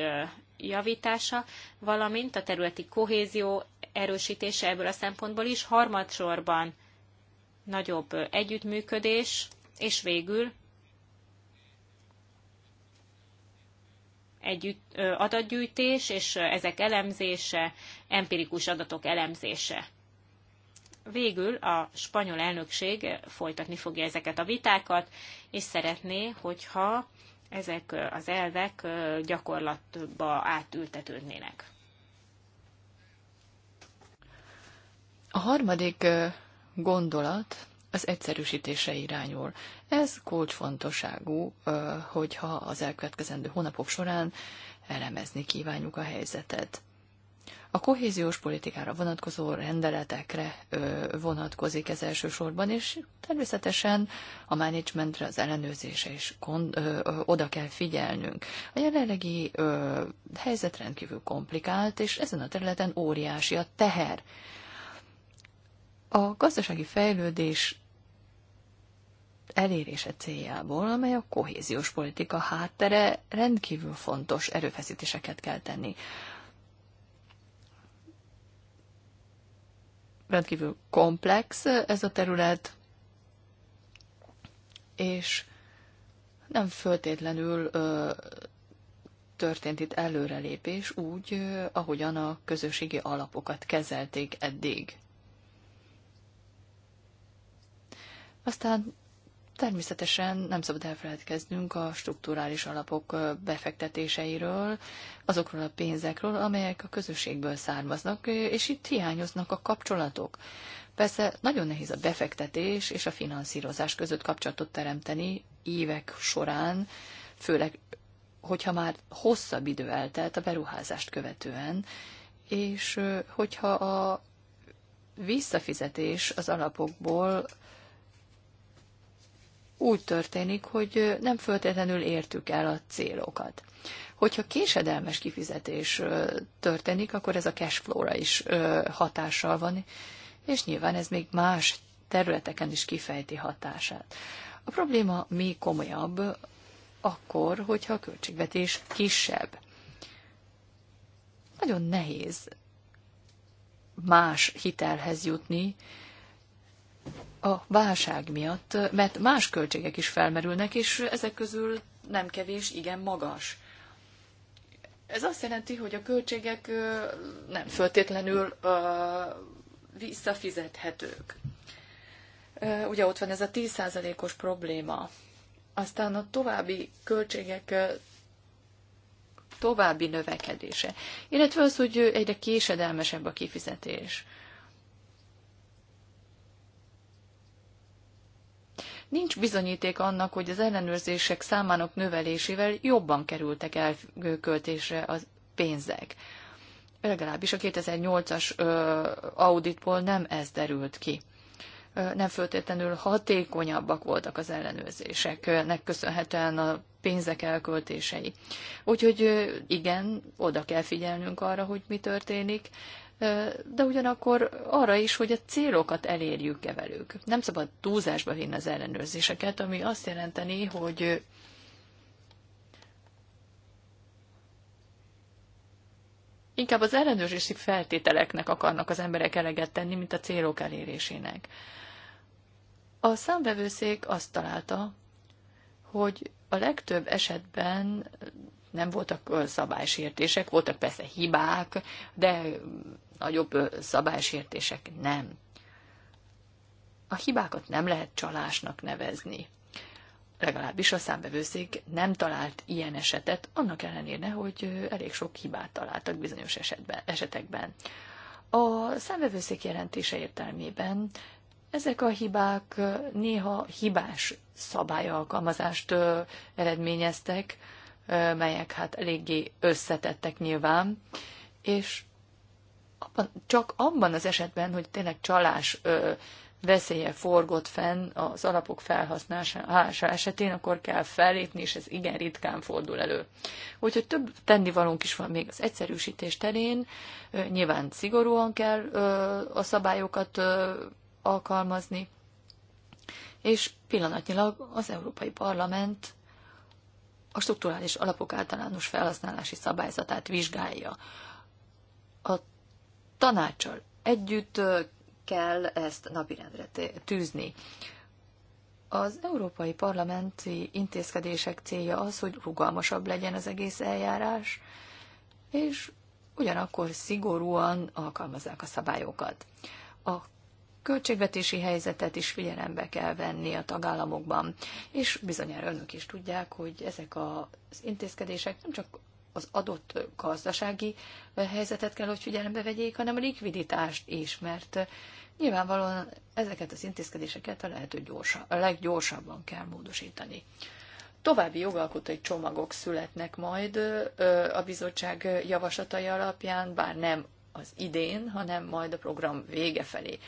javítása, valamint a területi kohézió erősítése ebből a szempontból is, harmadsorban nagyobb együttműködés, és végül együtt, adatgyűjtés és ezek elemzése, empirikus adatok elemzése. Végül a spanyol elnökség folytatni fogja ezeket a vitákat, és szeretné, hogyha ezek az elvek gyakorlatba átültetődnének. A harmadik gondolat az egyszerűsítése irányul. Ez kulcsfontosságú, hogyha az elkövetkezendő hónapok során elemezni kívánjuk a helyzetet. A kohéziós politikára vonatkozó rendeletekre vonatkozik ez elsősorban, és természetesen a menedzsmentre, az ellenőrzése is oda kell figyelnünk. A jelenlegi helyzet rendkívül komplikált, és ezen a területen óriási a teher. A gazdasági fejlődés elérése céljából, amely a kohéziós politika háttere rendkívül fontos erőfeszítéseket kell tenni. rendkívül komplex eh, ez a terület, és nem föltétlenül ö, történt itt előrelépés úgy, ö, ahogyan a közösségi alapokat kezelték eddig. Aztán Természetesen nem szabad elfeledkeznünk a strukturális alapok befektetéseiről, azokról a pénzekről, amelyek a közösségből származnak, és itt hiányoznak a kapcsolatok. Persze nagyon nehéz a befektetés és a finanszírozás között kapcsolatot teremteni évek során, főleg, hogyha már hosszabb idő eltelt a beruházást követően, és hogyha a visszafizetés az alapokból úgy történik, hogy nem föltétlenül értük el a célokat. Hogyha késedelmes kifizetés történik, akkor ez a cash flow-ra is hatással van, és nyilván ez még más területeken is kifejti hatását. A probléma még komolyabb akkor, hogyha a költségvetés kisebb. Nagyon nehéz más hitelhez jutni, a válság miatt, mert más költségek is felmerülnek, és ezek közül nem kevés, igen magas. Ez azt jelenti, hogy a költségek nem föltétlenül visszafizethetők. Ugye ott van ez a 10%-os probléma. Aztán a további költségek további növekedése, illetve az, hogy egyre késedelmesebb a kifizetés. Nincs bizonyíték annak, hogy az ellenőrzések számának növelésével jobban kerültek elköltésre a pénzek. Legalábbis a 2008-as auditból nem ez derült ki. Nem föltétlenül hatékonyabbak voltak az ellenőrzéseknek köszönhetően a pénzek elköltései. Úgyhogy igen, oda kell figyelnünk arra, hogy mi történik, de ugyanakkor arra is, hogy a célokat elérjük-e velük. Nem szabad túlzásba vinni az ellenőrzéseket, ami azt jelenteni, hogy inkább az ellenőrzési feltételeknek akarnak az emberek eleget tenni, mint a célok elérésének. A számvevőszék azt találta, hogy a legtöbb esetben nem voltak szabálysértések, voltak persze hibák, de nagyobb szabálysértések nem. A hibákat nem lehet csalásnak nevezni. Legalábbis a számbevőszék nem talált ilyen esetet, annak ellenére, hogy elég sok hibát találtak bizonyos esetben, esetekben. A számbevőszék jelentése értelmében ezek a hibák néha hibás szabályalkalmazást eredményeztek, melyek hát eléggé összetettek nyilván, és abban, csak abban az esetben, hogy tényleg csalás ö, veszélye forgott fenn az alapok felhasználása esetén, akkor kell fellépni, és ez igen ritkán fordul elő. Úgyhogy több tennivalónk is van még az egyszerűsítés terén. Nyilván szigorúan kell a szabályokat alkalmazni, és pillanatnyilag az Európai Parlament a strukturális alapok általános felhasználási szabályzatát vizsgálja. A tanácsal együtt kell ezt napirendre tűzni. Az Európai Parlamenti intézkedések célja az, hogy rugalmasabb legyen az egész eljárás, és ugyanakkor szigorúan alkalmazzák a szabályokat. A költségvetési helyzetet is figyelembe kell venni a tagállamokban, és bizonyára önök is tudják, hogy ezek az intézkedések nem csak az adott gazdasági helyzetet kell, hogy figyelembe vegyék, hanem a likviditást is, mert nyilvánvalóan ezeket az intézkedéseket a lehető gyorsa, a leggyorsabban kell módosítani. További jogalkotói csomagok születnek majd a bizottság javaslatai alapján, bár nem az idén, hanem majd a program vége felé.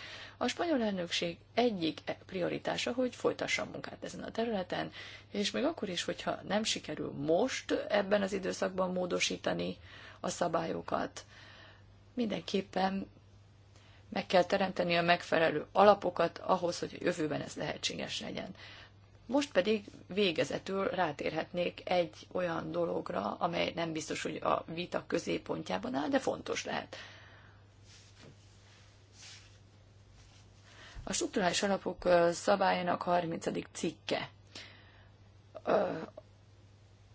A spanyol elnökség egyik prioritása, hogy folytassa a munkát ezen a területen, és még akkor is, hogyha nem sikerül most ebben az időszakban módosítani a szabályokat, mindenképpen meg kell teremteni a megfelelő alapokat ahhoz, hogy a jövőben ez lehetséges legyen. Most pedig végezetül rátérhetnék egy olyan dologra, amely nem biztos, hogy a vita középpontjában áll, de fontos lehet. a struktúrális alapok szabályának 30. cikke.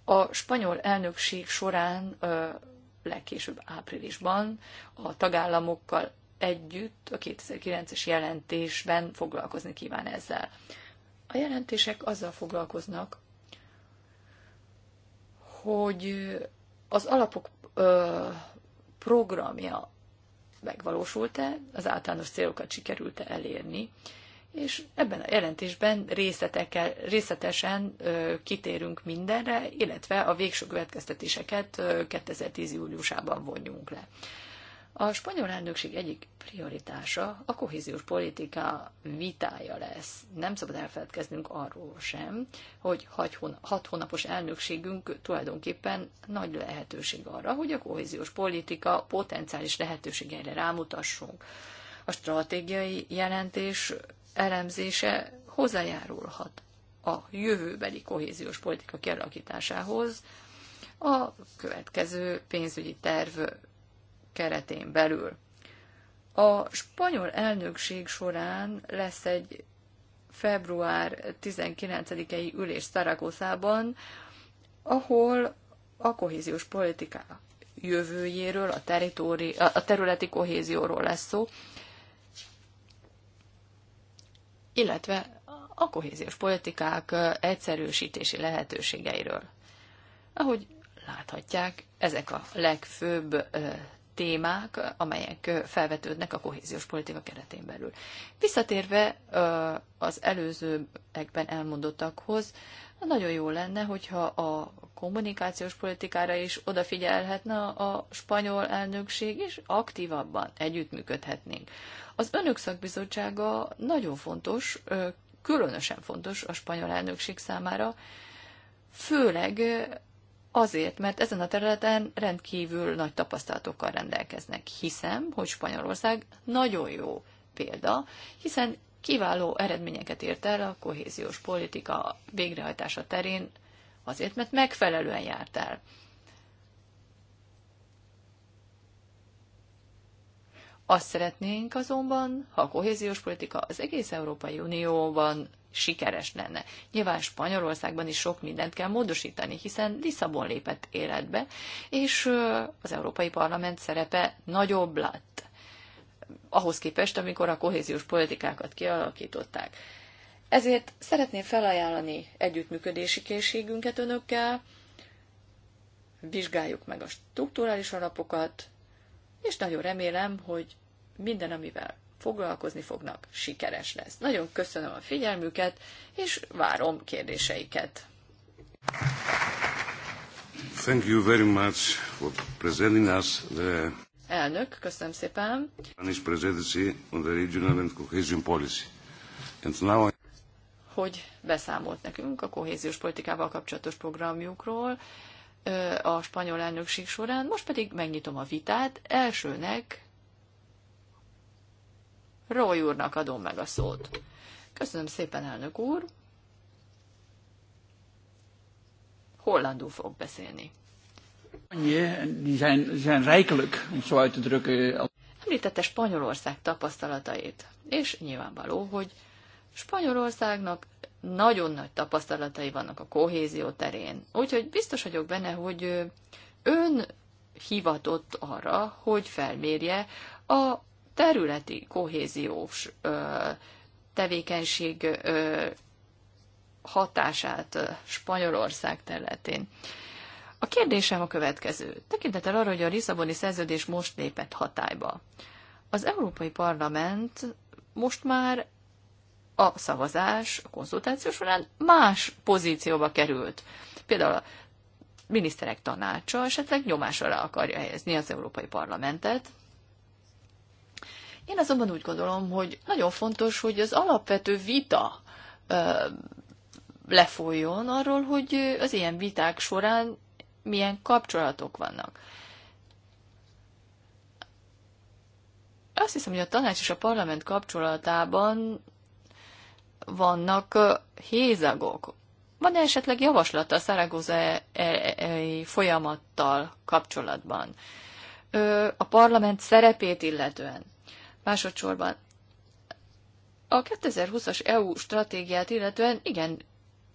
A spanyol elnökség során legkésőbb áprilisban a tagállamokkal együtt a 2009-es jelentésben foglalkozni kíván ezzel. A jelentések azzal foglalkoznak, hogy az alapok programja megvalósult-e, az általános célokat sikerült-e elérni, és ebben a jelentésben részletekkel, részletesen ö, kitérünk mindenre, illetve a végső következtetéseket ö, 2010. júliusában vonjunk le. A spanyol elnökség egyik prioritása a kohéziós politika vitája lesz. Nem szabad elfeledkeznünk arról sem, hogy hat hónapos elnökségünk tulajdonképpen nagy lehetőség arra, hogy a kohéziós politika potenciális lehetőségeire rámutassunk. A stratégiai jelentés elemzése hozzájárulhat a jövőbeli kohéziós politika kialakításához, a következő pénzügyi terv keretén belül. A spanyol elnökség során lesz egy február 19-i ülés Szaragoszában, ahol a kohéziós politika jövőjéről, a, teritori, a területi kohézióról lesz szó, illetve a kohéziós politikák egyszerűsítési lehetőségeiről. Ahogy láthatják, ezek a legfőbb témák, amelyek felvetődnek a kohéziós politika keretén belül. Visszatérve az előzőekben elmondottakhoz, nagyon jó lenne, hogyha a kommunikációs politikára is odafigyelhetne a spanyol elnökség, és aktívabban együttműködhetnénk. Az önök szakbizottsága nagyon fontos, különösen fontos a spanyol elnökség számára, főleg Azért, mert ezen a területen rendkívül nagy tapasztalatokkal rendelkeznek. Hiszem, hogy Spanyolország nagyon jó példa, hiszen kiváló eredményeket ért el a kohéziós politika végrehajtása terén, azért, mert megfelelően járt el. Azt szeretnénk azonban, ha a kohéziós politika az egész Európai Unióban sikeres lenne. Nyilván Spanyolországban is sok mindent kell módosítani, hiszen Lisszabon lépett életbe, és az Európai Parlament szerepe nagyobb lett ahhoz képest, amikor a kohéziós politikákat kialakították. Ezért szeretném felajánlani együttműködési készségünket önökkel, vizsgáljuk meg a strukturális alapokat, és nagyon remélem, hogy minden, amivel foglalkozni fognak, sikeres lesz. Nagyon köszönöm a figyelmüket, és várom kérdéseiket. Thank you very much for presenting us the Elnök, köszönöm szépen. Spanish presidency on the regional and cohesion policy. And now I... Hogy beszámolt nekünk a kohéziós politikával kapcsolatos programjukról a spanyol elnökség során. Most pedig megnyitom a vitát. Elsőnek Rói úrnak adom meg a szót. Köszönöm szépen, elnök úr. Hollandul fog beszélni. Említette Spanyolország tapasztalatait, és nyilvánvaló, hogy Spanyolországnak nagyon nagy tapasztalatai vannak a kohézió terén. Úgyhogy biztos vagyok benne, hogy ön hivatott arra, hogy felmérje a területi kohéziós tevékenység hatását Spanyolország területén. A kérdésem a következő. Tekintettel arra, hogy a Lisszaboni szerződés most lépett hatályba. Az Európai Parlament most már a szavazás, a konzultáció során más pozícióba került. Például a miniszterek tanácsa esetleg nyomás alá akarja helyezni az Európai Parlamentet, én azonban úgy gondolom, hogy nagyon fontos, hogy az alapvető vita lefolyjon arról, hogy az ilyen viták során milyen kapcsolatok vannak. Azt hiszem, hogy a tanács és a parlament kapcsolatában vannak hézagok. Van -e esetleg javaslata a szaragozai e, e, e, folyamattal kapcsolatban? A parlament szerepét illetően Másodszorban a 2020-as EU stratégiát illetően igen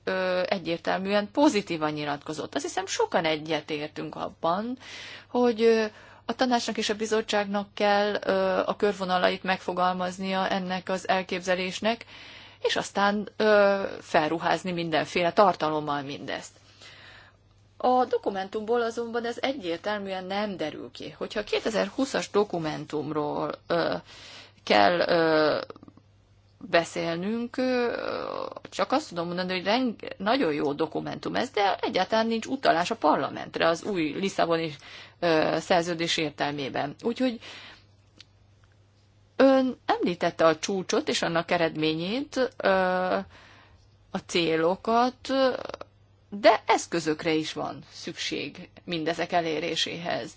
ö, egyértelműen pozitívan nyilatkozott. Azt hiszem sokan egyetértünk abban, hogy a tanácsnak és a bizottságnak kell ö, a körvonalait megfogalmaznia ennek az elképzelésnek, és aztán ö, felruházni mindenféle tartalommal mindezt. A dokumentumból azonban ez egyértelműen nem derül ki. Hogyha a 2020-as dokumentumról ö, kell ö, beszélnünk, ö, csak azt tudom mondani, hogy reng- nagyon jó dokumentum ez, de egyáltalán nincs utalás a parlamentre az új Lisszaboni szerződés értelmében. Úgyhogy ön említette a csúcsot és annak eredményét, ö, a célokat, de eszközökre is van szükség mindezek eléréséhez.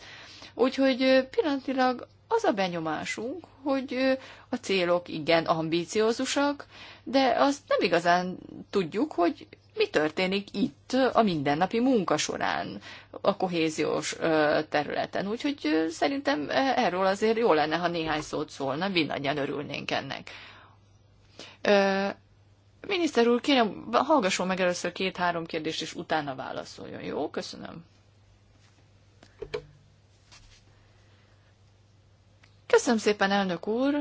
Úgyhogy pillanatilag az a benyomásunk, hogy a célok igen ambíciózusak, de azt nem igazán tudjuk, hogy mi történik itt a mindennapi munka során, a kohéziós területen. Úgyhogy szerintem e, erről azért jó lenne, ha néhány szót szólna, mindannyian örülnénk ennek. Miniszter úr, kérem, hallgasson meg először két-három kérdést, és utána válaszoljon. Jó, köszönöm. Köszönöm szépen, elnök úr.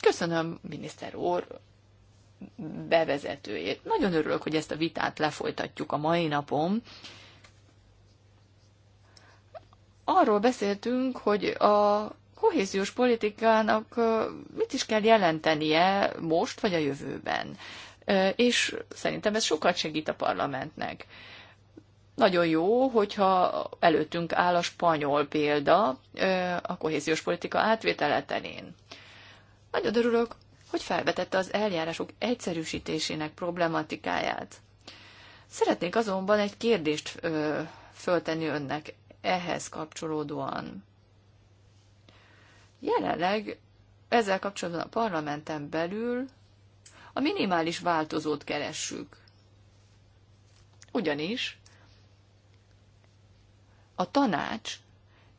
Köszönöm, miniszter úr, bevezetőjét. Nagyon örülök, hogy ezt a vitát lefolytatjuk a mai napon. Arról beszéltünk, hogy a kohéziós politikának mit is kell jelentenie most vagy a jövőben. És szerintem ez sokat segít a parlamentnek. Nagyon jó, hogyha előttünk áll a spanyol példa a kohéziós politika átvételetenén. Nagyon örülök, hogy felvetette az eljárások egyszerűsítésének problematikáját. Szeretnék azonban egy kérdést föltenni önnek ehhez kapcsolódóan. Jelenleg ezzel kapcsolatban a parlamenten belül a minimális változót keressük. Ugyanis a tanács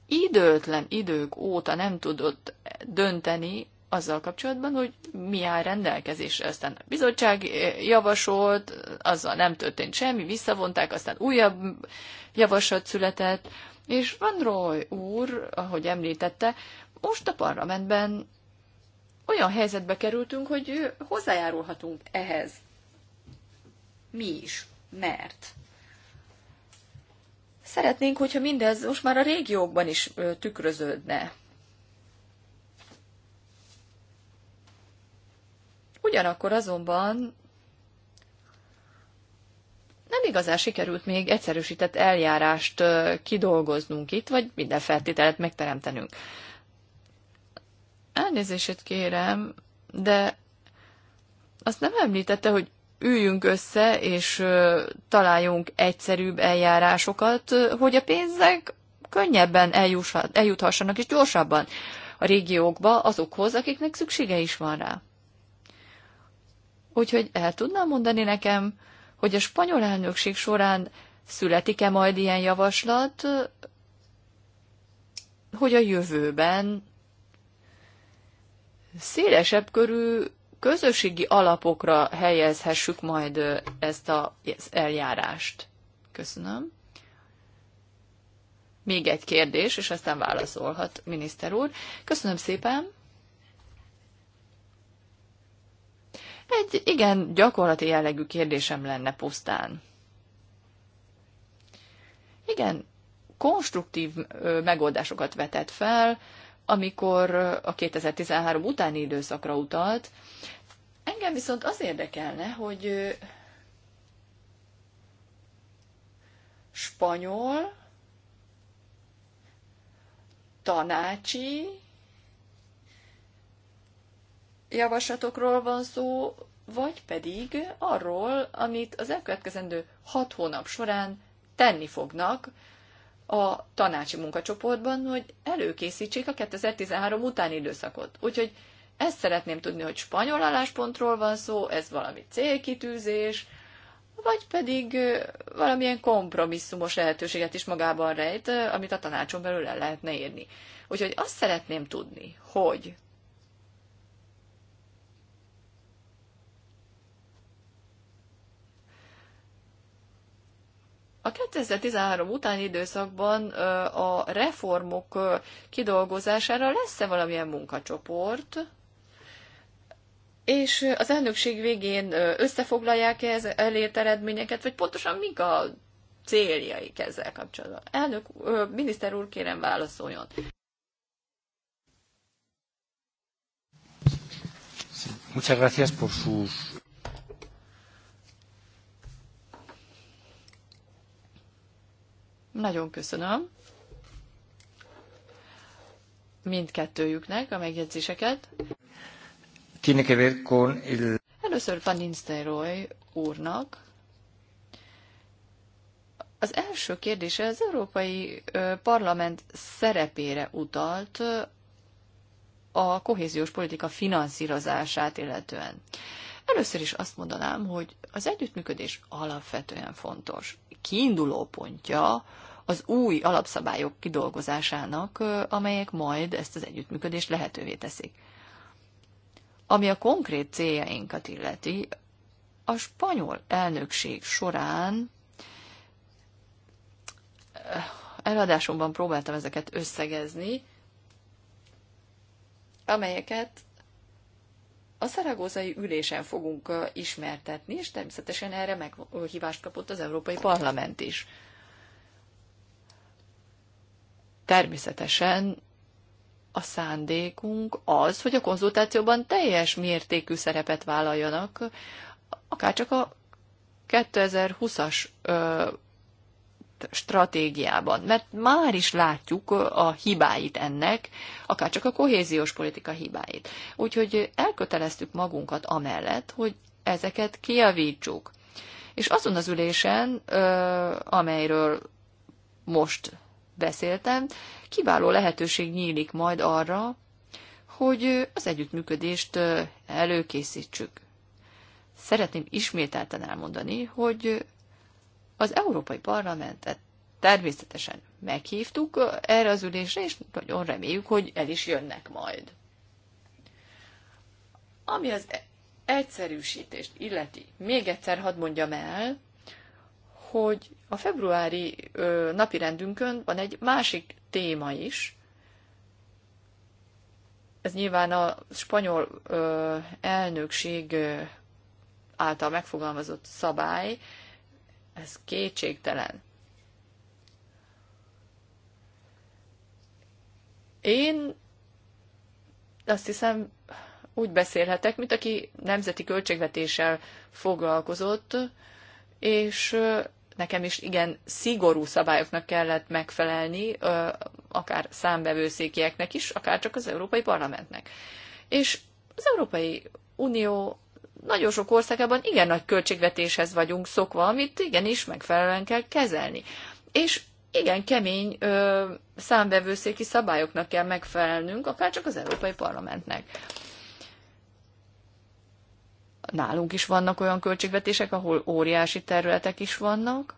időtlen idők óta nem tudott dönteni azzal kapcsolatban, hogy mi áll rendelkezésre. Aztán a bizottság javasolt, azzal nem történt semmi, visszavonták, aztán újabb javaslat született, és Van Roy úr, ahogy említette, most a parlamentben olyan helyzetbe kerültünk, hogy hozzájárulhatunk ehhez. Mi is. Mert. Szeretnénk, hogyha mindez most már a régiókban is tükröződne. Ugyanakkor azonban nem igazán sikerült még egyszerűsített eljárást kidolgoznunk itt, vagy minden feltételet megteremtenünk. Elnézését kérem, de azt nem említette, hogy üljünk össze, és találjunk egyszerűbb eljárásokat, hogy a pénzek könnyebben eljuthassanak, és gyorsabban a régiókba azokhoz, akiknek szüksége is van rá. Úgyhogy el tudnám mondani nekem, hogy a spanyol elnökség során születik-e majd ilyen javaslat, hogy a jövőben szélesebb körű közösségi alapokra helyezhessük majd ezt az eljárást. Köszönöm. Még egy kérdés, és aztán válaszolhat miniszter úr. Köszönöm szépen. Egy igen gyakorlati jellegű kérdésem lenne pusztán. Igen, konstruktív megoldásokat vetett fel, amikor a 2013 utáni időszakra utalt. Engem viszont az érdekelne, hogy spanyol, tanácsi javaslatokról van szó, vagy pedig arról, amit az elkövetkezendő hat hónap során tenni fognak a tanácsi munkacsoportban, hogy előkészítsék a 2013 utáni időszakot. Úgyhogy ezt szeretném tudni, hogy spanyol álláspontról van szó, ez valami célkitűzés, vagy pedig valamilyen kompromisszumos lehetőséget is magában rejt, amit a tanácson belül el lehetne érni. Úgyhogy azt szeretném tudni, hogy A 2013 utáni időszakban a reformok kidolgozására lesz-e valamilyen munkacsoport, és az elnökség végén összefoglalják -e ez elért eredményeket, vagy pontosan mik a céljaik ezzel kapcsolatban? Elnök, miniszter úr, kérem válaszoljon. Muchas gracias por sus Nagyon köszönöm mindkettőjüknek a megjegyzéseket. Tiene que ver con el... Először Van Nistelrooy úrnak. Az első kérdése az Európai Parlament szerepére utalt a kohéziós politika finanszírozását illetően. Először is azt mondanám, hogy az együttműködés alapvetően fontos. Kiinduló pontja az új alapszabályok kidolgozásának, amelyek majd ezt az együttműködést lehetővé teszik. Ami a konkrét céljainkat illeti, a spanyol elnökség során eladásomban próbáltam ezeket összegezni, amelyeket a szaragózai ülésen fogunk ismertetni, és természetesen erre meghívást kapott az Európai Parlament is. Természetesen a szándékunk az, hogy a konzultációban teljes mértékű szerepet vállaljanak, akárcsak a 2020-as stratégiában, mert már is látjuk a hibáit ennek, akár csak a kohéziós politika hibáit. Úgyhogy elköteleztük magunkat amellett, hogy ezeket kiavítsuk. És azon az ülésen, amelyről most beszéltem, kiváló lehetőség nyílik majd arra, hogy az együttműködést előkészítsük. Szeretném ismételten elmondani, hogy az Európai Parlamentet természetesen meghívtuk erre az ülésre, és nagyon reméljük, hogy el is jönnek majd. Ami az e- egyszerűsítést illeti, még egyszer hadd mondjam el, hogy a februári ö, napirendünkön van egy másik téma is. Ez nyilván a spanyol ö, elnökség ö, által megfogalmazott szabály, ez kétségtelen. Én azt hiszem, úgy beszélhetek, mint aki nemzeti költségvetéssel foglalkozott, és nekem is igen szigorú szabályoknak kellett megfelelni, akár számbevőszékieknek is, akár csak az Európai Parlamentnek. És az Európai Unió nagyon sok országában igen nagy költségvetéshez vagyunk szokva, amit igenis megfelelően kell kezelni. És igen kemény ö, számbevőszéki szabályoknak kell megfelelnünk, akár csak az Európai Parlamentnek nálunk is vannak olyan költségvetések, ahol óriási területek is vannak,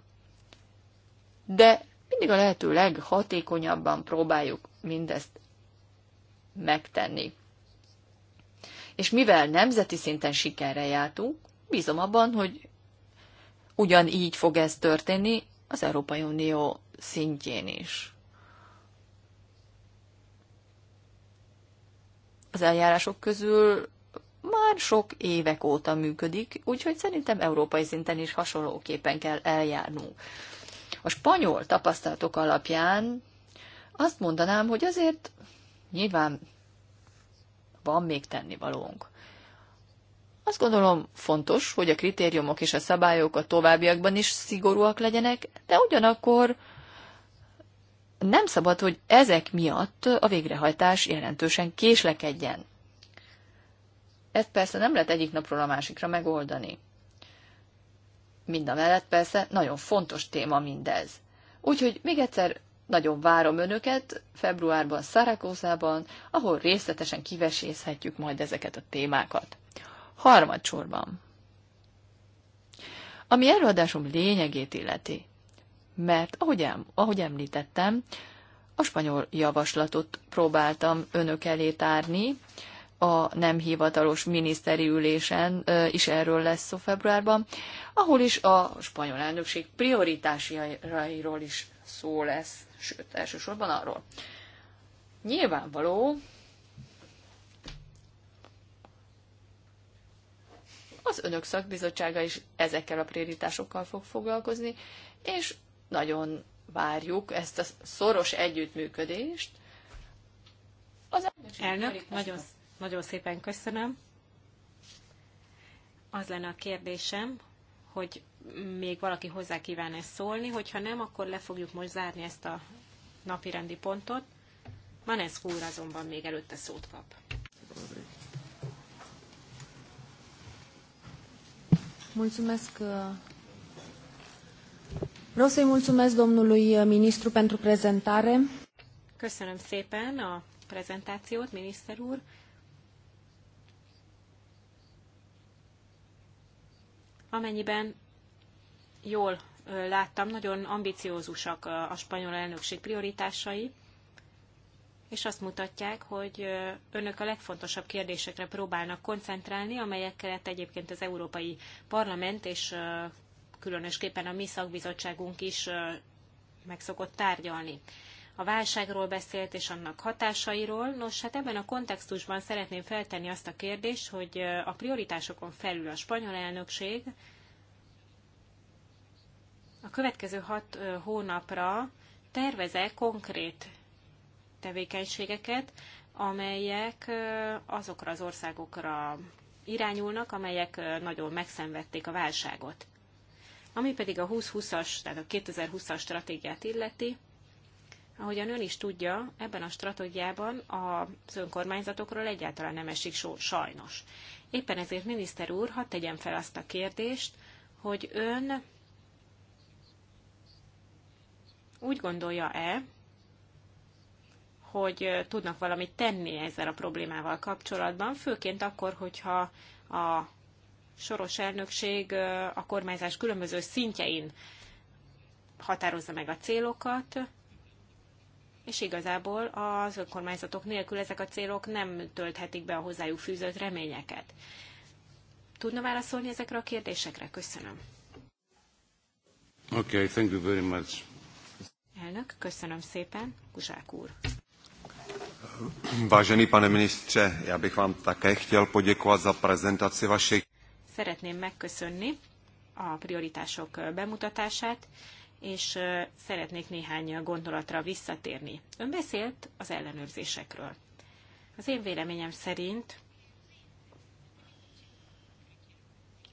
de mindig a lehető leghatékonyabban próbáljuk mindezt megtenni. És mivel nemzeti szinten sikerre jártunk, bízom abban, hogy ugyanígy fog ez történni az Európai Unió szintjén is. Az eljárások közül már sok évek óta működik, úgyhogy szerintem európai szinten is hasonlóképpen kell eljárnunk. A spanyol tapasztalatok alapján azt mondanám, hogy azért nyilván van még tennivalónk. Azt gondolom fontos, hogy a kritériumok és a szabályok a továbbiakban is szigorúak legyenek, de ugyanakkor nem szabad, hogy ezek miatt a végrehajtás jelentősen késlekedjen. Ezt persze nem lehet egyik napról a másikra megoldani. Mind a mellett persze nagyon fontos téma mindez. Úgyhogy még egyszer nagyon várom Önöket februárban Szárakózában, ahol részletesen kivesészhetjük majd ezeket a témákat. Harmadsorban. Ami előadásom lényegét illeti, mert ahogy, em, ahogy említettem, a spanyol javaslatot próbáltam önök elé tárni, a nem hivatalos miniszteri ülésen is erről lesz szó februárban, ahol is a spanyol elnökség prioritásairól is szó lesz, sőt, elsősorban arról. Nyilvánvaló, az önök szakbizottsága is ezekkel a prioritásokkal fog foglalkozni, és nagyon várjuk ezt a szoros együttműködést. Az elnök, elnök nagyon nagyon szépen köszönöm. Az lenne a kérdésem, hogy még valaki hozzá kíván ezt szólni, hogyha nem, akkor le fogjuk most zárni ezt a napirendi pontot. ez úr azonban még előtte szót kap. Mulțumesc. Uh, vreau să-i mulțumesc domnului uh, ministru pentru prezentare. Köszönöm szépen a prezentációt, miniszter úr. Amennyiben jól láttam, nagyon ambiciózusak a spanyol elnökség prioritásai, és azt mutatják, hogy önök a legfontosabb kérdésekre próbálnak koncentrálni, amelyeket egyébként az Európai Parlament és különösképpen a mi szakbizottságunk is meg szokott tárgyalni a válságról beszélt és annak hatásairól. Nos, hát ebben a kontextusban szeretném feltenni azt a kérdést, hogy a prioritásokon felül a spanyol elnökség a következő hat hónapra terveze konkrét tevékenységeket, amelyek azokra az országokra irányulnak, amelyek nagyon megszenvedték a válságot. Ami pedig a 2020-as, tehát a 2020-as stratégiát illeti, Ahogyan ön is tudja, ebben a stratégiában az önkormányzatokról egyáltalán nem esik só, sajnos. Éppen ezért, miniszter úr, hadd tegyem fel azt a kérdést, hogy ön úgy gondolja-e, hogy tudnak valamit tenni ezzel a problémával kapcsolatban, főként akkor, hogyha a soros elnökség a kormányzás különböző szintjein határozza meg a célokat, és igazából az önkormányzatok nélkül ezek a célok nem tölthetik be a hozzájuk fűzött reményeket. Tudna válaszolni ezekre a kérdésekre? Köszönöm. Okay, thank you very much. Elnök, köszönöm szépen. Kuzsák úr. Vážený pane ministře, já bych vám také chtěl poděkovat za prezentaci vašich. Szeretném megköszönni a prioritások bemutatását és szeretnék néhány gondolatra visszatérni. Ön beszélt az ellenőrzésekről. Az én véleményem szerint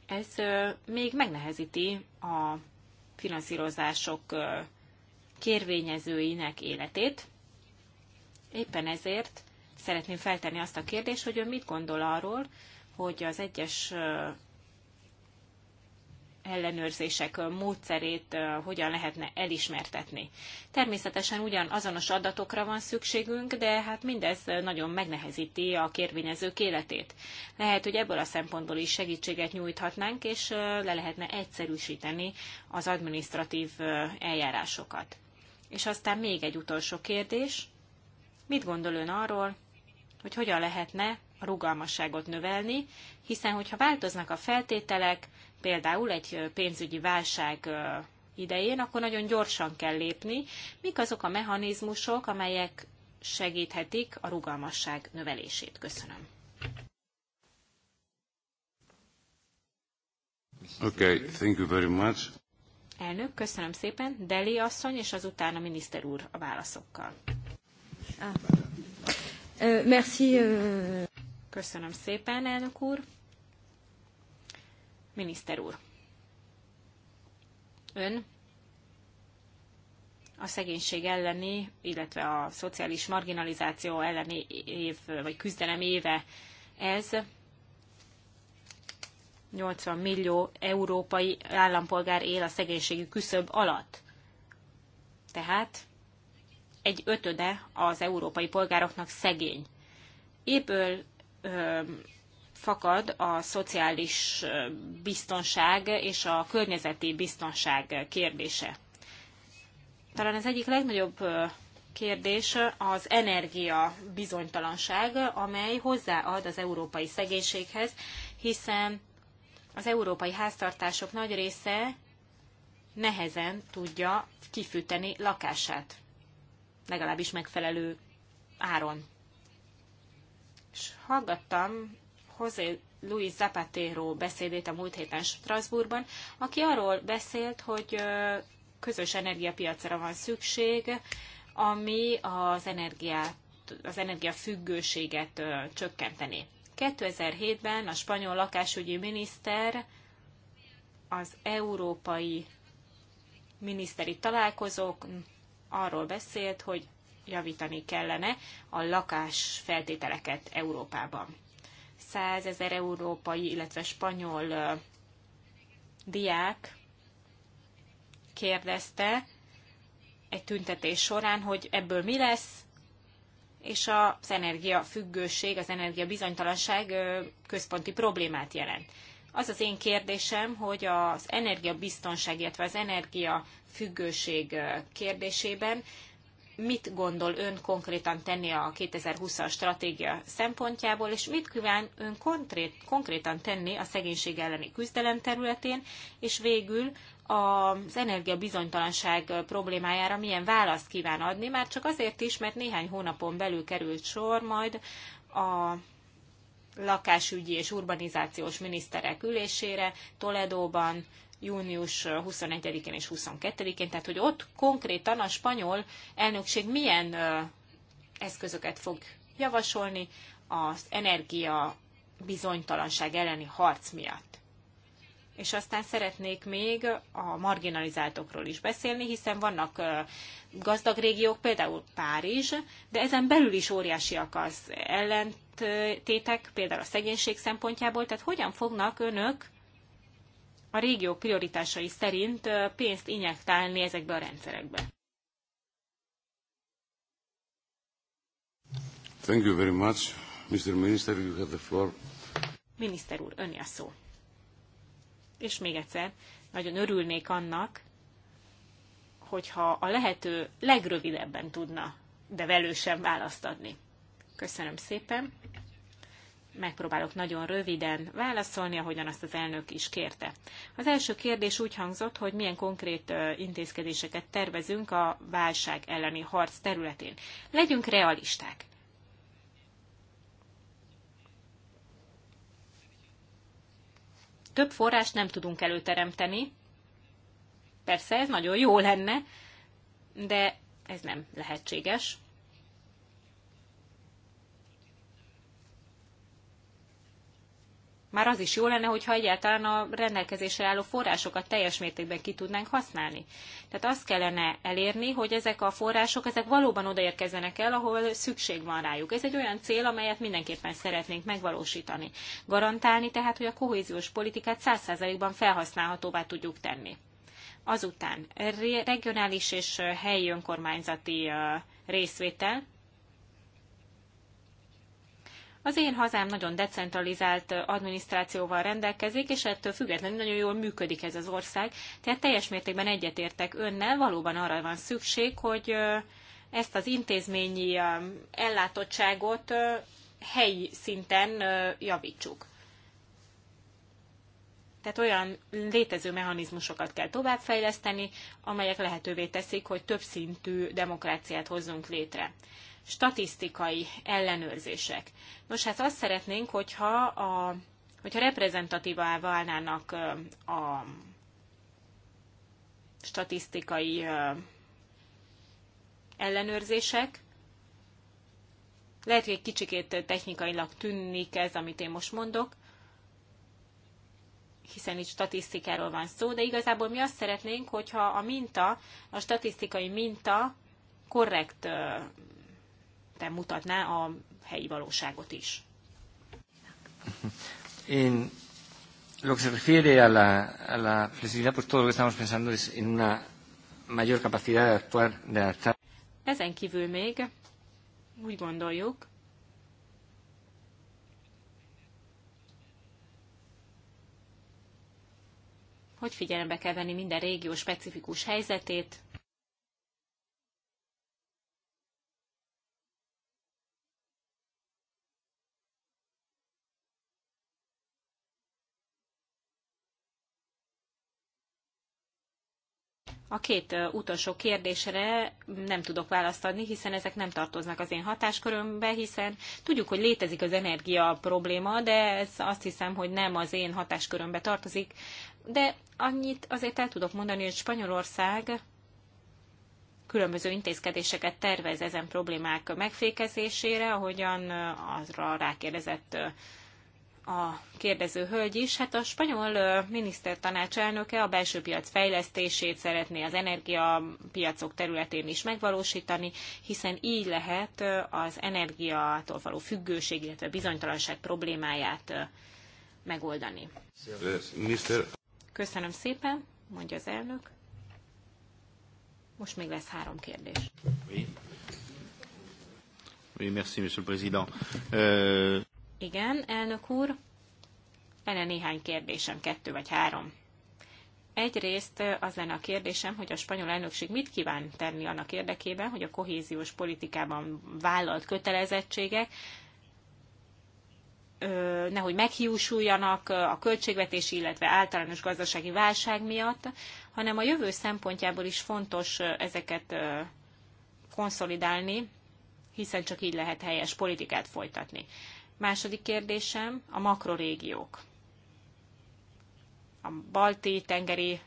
ez még megnehezíti a finanszírozások kérvényezőinek életét. Éppen ezért szeretném feltenni azt a kérdést, hogy ön mit gondol arról, hogy az egyes ellenőrzések módszerét hogyan lehetne elismertetni. Természetesen ugyan azonos adatokra van szükségünk, de hát mindez nagyon megnehezíti a kérvényezők életét. Lehet, hogy ebből a szempontból is segítséget nyújthatnánk, és le lehetne egyszerűsíteni az administratív eljárásokat. És aztán még egy utolsó kérdés. Mit gondol ön arról, hogy hogyan lehetne a rugalmasságot növelni, hiszen hogyha változnak a feltételek, például egy pénzügyi válság idején, akkor nagyon gyorsan kell lépni, mik azok a mechanizmusok, amelyek segíthetik a rugalmasság növelését. Köszönöm. Okay, thank you very much. Elnök, köszönöm szépen. Deli asszony, és azután a miniszter úr a válaszokkal. Ah. Uh, merci. Uh... Köszönöm szépen, elnök úr. Miniszter úr, ön a szegénység elleni, illetve a szociális marginalizáció elleni év, vagy küzdelem éve ez. 80 millió európai állampolgár él a szegénységi küszöb alatt. Tehát egy ötöde az európai polgároknak szegény. Ébből fakad a szociális biztonság és a környezeti biztonság kérdése. Talán az egyik legnagyobb kérdés az energia bizonytalanság, amely hozzáad az európai szegénységhez, hiszen az európai háztartások nagy része nehezen tudja kifűteni lakását, legalábbis megfelelő áron. És hallgattam José Luis Zapatero beszédét a múlt héten Strasbourgban, aki arról beszélt, hogy közös energiapiacra van szükség, ami az energiát, az energiafüggőséget csökkenteni. 2007-ben a spanyol lakásügyi miniszter az európai miniszteri találkozók arról beszélt, hogy javítani kellene a lakás feltételeket Európában. 100 ezer európai, illetve spanyol diák kérdezte egy tüntetés során, hogy ebből mi lesz, és az energiafüggőség, az energiabizonytalanság központi problémát jelent. Az az én kérdésem, hogy az energiabiztonság, illetve az energiafüggőség kérdésében mit gondol ön konkrétan tenni a 2020-as stratégia szempontjából, és mit kíván ön konkrét, konkrétan tenni a szegénység elleni küzdelem területén, és végül az energiabizonytalanság problémájára milyen választ kíván adni, már csak azért is, mert néhány hónapon belül került sor majd a lakásügyi és urbanizációs miniszterek ülésére Toledóban, június 21-én és 22-én, tehát hogy ott konkrétan a spanyol elnökség milyen eszközöket fog javasolni az energia bizonytalanság elleni harc miatt. És aztán szeretnék még a marginalizáltokról is beszélni, hiszen vannak gazdag régiók, például Párizs, de ezen belül is óriásiak az ellentétek, például a szegénység szempontjából. Tehát hogyan fognak önök a régió prioritásai szerint pénzt injektálni ezekbe a rendszerekbe. Thank you very much. Mr. Minister, you have the floor. Miniszter úr, önni a szó. És még egyszer, nagyon örülnék annak, hogyha a lehető legrövidebben tudna, de velősen választ adni. Köszönöm szépen megpróbálok nagyon röviden válaszolni, ahogyan azt az elnök is kérte. Az első kérdés úgy hangzott, hogy milyen konkrét intézkedéseket tervezünk a válság elleni harc területén. Legyünk realisták. Több forrást nem tudunk előteremteni. Persze ez nagyon jó lenne, de ez nem lehetséges. Már az is jó lenne, hogyha egyáltalán a rendelkezésre álló forrásokat teljes mértékben ki tudnánk használni. Tehát azt kellene elérni, hogy ezek a források ezek valóban odaérkezzenek el, ahol szükség van rájuk. Ez egy olyan cél, amelyet mindenképpen szeretnénk megvalósítani. Garantálni tehát, hogy a kohéziós politikát 100%-ban felhasználhatóvá tudjuk tenni. Azután regionális és helyi önkormányzati részvétel, az én hazám nagyon decentralizált adminisztrációval rendelkezik, és ettől függetlenül nagyon jól működik ez az ország. Tehát teljes mértékben egyetértek önnel, valóban arra van szükség, hogy ezt az intézményi ellátottságot helyi szinten javítsuk. Tehát olyan létező mechanizmusokat kell továbbfejleszteni, amelyek lehetővé teszik, hogy többszintű demokráciát hozzunk létre statisztikai ellenőrzések. Nos, hát azt szeretnénk, hogyha, a, hogyha reprezentatívá válnának a statisztikai ellenőrzések. Lehet, hogy egy kicsikét technikailag tűnik ez, amit én most mondok, hiszen itt statisztikáról van szó, de igazából mi azt szeretnénk, hogyha a minta, a statisztikai minta korrekt te mutatná a helyi valóságot is. Én lo que se refiere a la, a la flexibilidad, pues todo lo que estamos pensando es en una mayor capacidad de actuar, de adaptar. Ezen kívül még úgy gondoljuk, hogy figyelembe kell venni minden régió specifikus helyzetét, A két utolsó kérdésre nem tudok választ adni, hiszen ezek nem tartoznak az én hatáskörömbe, hiszen tudjuk, hogy létezik az energia probléma, de ez azt hiszem, hogy nem az én hatáskörömbe tartozik. De annyit azért el tudok mondani, hogy Spanyolország különböző intézkedéseket tervez ezen problémák megfékezésére, ahogyan azra rákérdezett a kérdező hölgy is, hát a spanyol minisztertanács elnöke a belső piac fejlesztését szeretné az energiapiacok területén is megvalósítani, hiszen így lehet az energiától való függőség, illetve bizonytalanság problémáját megoldani. Köszönöm szépen, mondja az elnök. Most még lesz három kérdés. Oui, merci, Monsieur le Président. Euh... Igen, elnök úr, lenne néhány kérdésem, kettő vagy három. Egyrészt az lenne a kérdésem, hogy a spanyol elnökség mit kíván tenni annak érdekében, hogy a kohéziós politikában vállalt kötelezettségek nehogy meghiúsuljanak a költségvetési, illetve általános gazdasági válság miatt, hanem a jövő szempontjából is fontos ezeket konszolidálni, hiszen csak így lehet helyes politikát folytatni. Második kérdésem a makrorégiók. A balti tengeri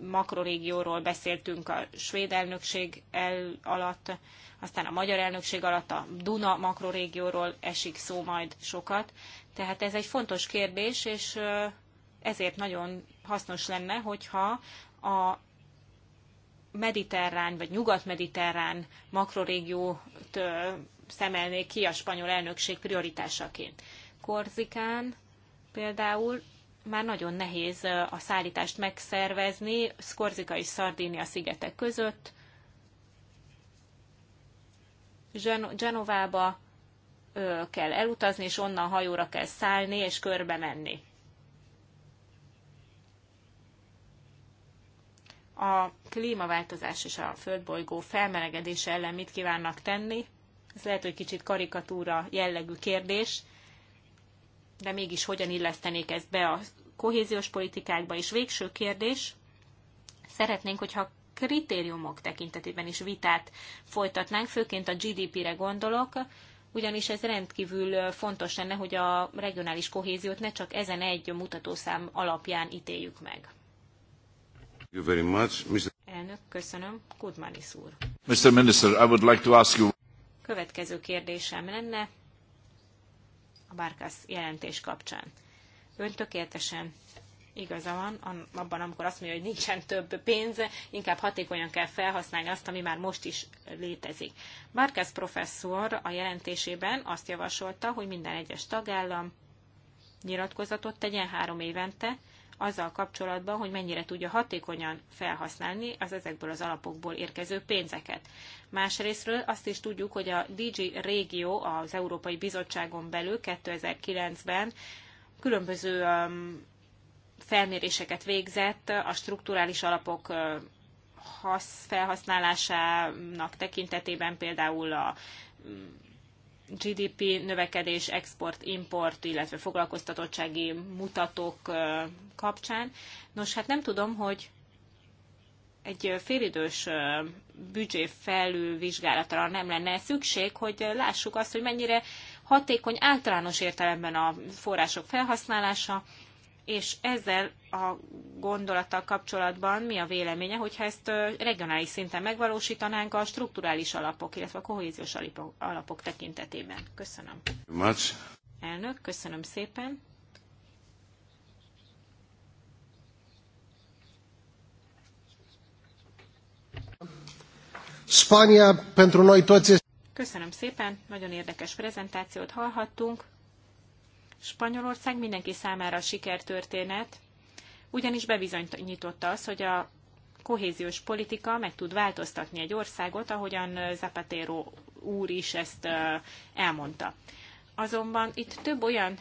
makrorégióról beszéltünk a svéd elnökség el alatt, aztán a magyar elnökség alatt a Duna makrorégióról esik szó majd sokat. Tehát ez egy fontos kérdés, és ezért nagyon hasznos lenne, hogyha a mediterrán vagy nyugat-mediterrán makrorégiót szemelnék ki a spanyol elnökség prioritásaként. Korzikán például már nagyon nehéz a szállítást megszervezni Korzika és Szardínia szigetek között. Gen- Genovába kell elutazni, és onnan hajóra kell szállni, és körbe menni. A klímaváltozás és a földbolygó felmelegedése ellen mit kívánnak tenni? Ez lehet, hogy kicsit karikatúra jellegű kérdés, de mégis hogyan illesztenék ezt be a kohéziós politikákba, és végső kérdés, szeretnénk, hogyha kritériumok tekintetében is vitát folytatnánk, főként a GDP-re gondolok, ugyanis ez rendkívül fontos lenne, hogy a regionális kohéziót ne csak ezen egy mutatószám alapján ítéljük meg. Elnök, köszönöm. Kudmanis úr. Mr. Minister, I would like to ask you következő kérdésem lenne a Bárkász jelentés kapcsán. Ön tökéletesen igaza van abban, amikor azt mondja, hogy nincsen több pénz, inkább hatékonyan kell felhasználni azt, ami már most is létezik. Bárkász professzor a jelentésében azt javasolta, hogy minden egyes tagállam nyilatkozatot tegyen három évente, azzal kapcsolatban, hogy mennyire tudja hatékonyan felhasználni az ezekből az alapokból érkező pénzeket. Másrésztről azt is tudjuk, hogy a DG Régió az Európai Bizottságon belül 2009-ben különböző um, felméréseket végzett a strukturális alapok uh, hasz felhasználásának tekintetében, például a um, GDP növekedés, export, import, illetve foglalkoztatottsági mutatók kapcsán. Nos, hát nem tudom, hogy egy félidős büdzsé felülvizsgálatra nem lenne szükség, hogy lássuk azt, hogy mennyire hatékony általános értelemben a források felhasználása, és ezzel a gondolattal kapcsolatban mi a véleménye, hogyha ezt regionális szinten megvalósítanánk a strukturális alapok, illetve a kohéziós alapok tekintetében? Köszönöm. Much. Elnök, köszönöm szépen. Spanya, pentru noi toți Köszönöm szépen, nagyon érdekes prezentációt hallhattunk. Spanyolország mindenki számára sikertörténet, ugyanis bebizonyította az, hogy a kohéziós politika meg tud változtatni egy országot, ahogyan Zapatero úr is ezt elmondta. Azonban itt több olyan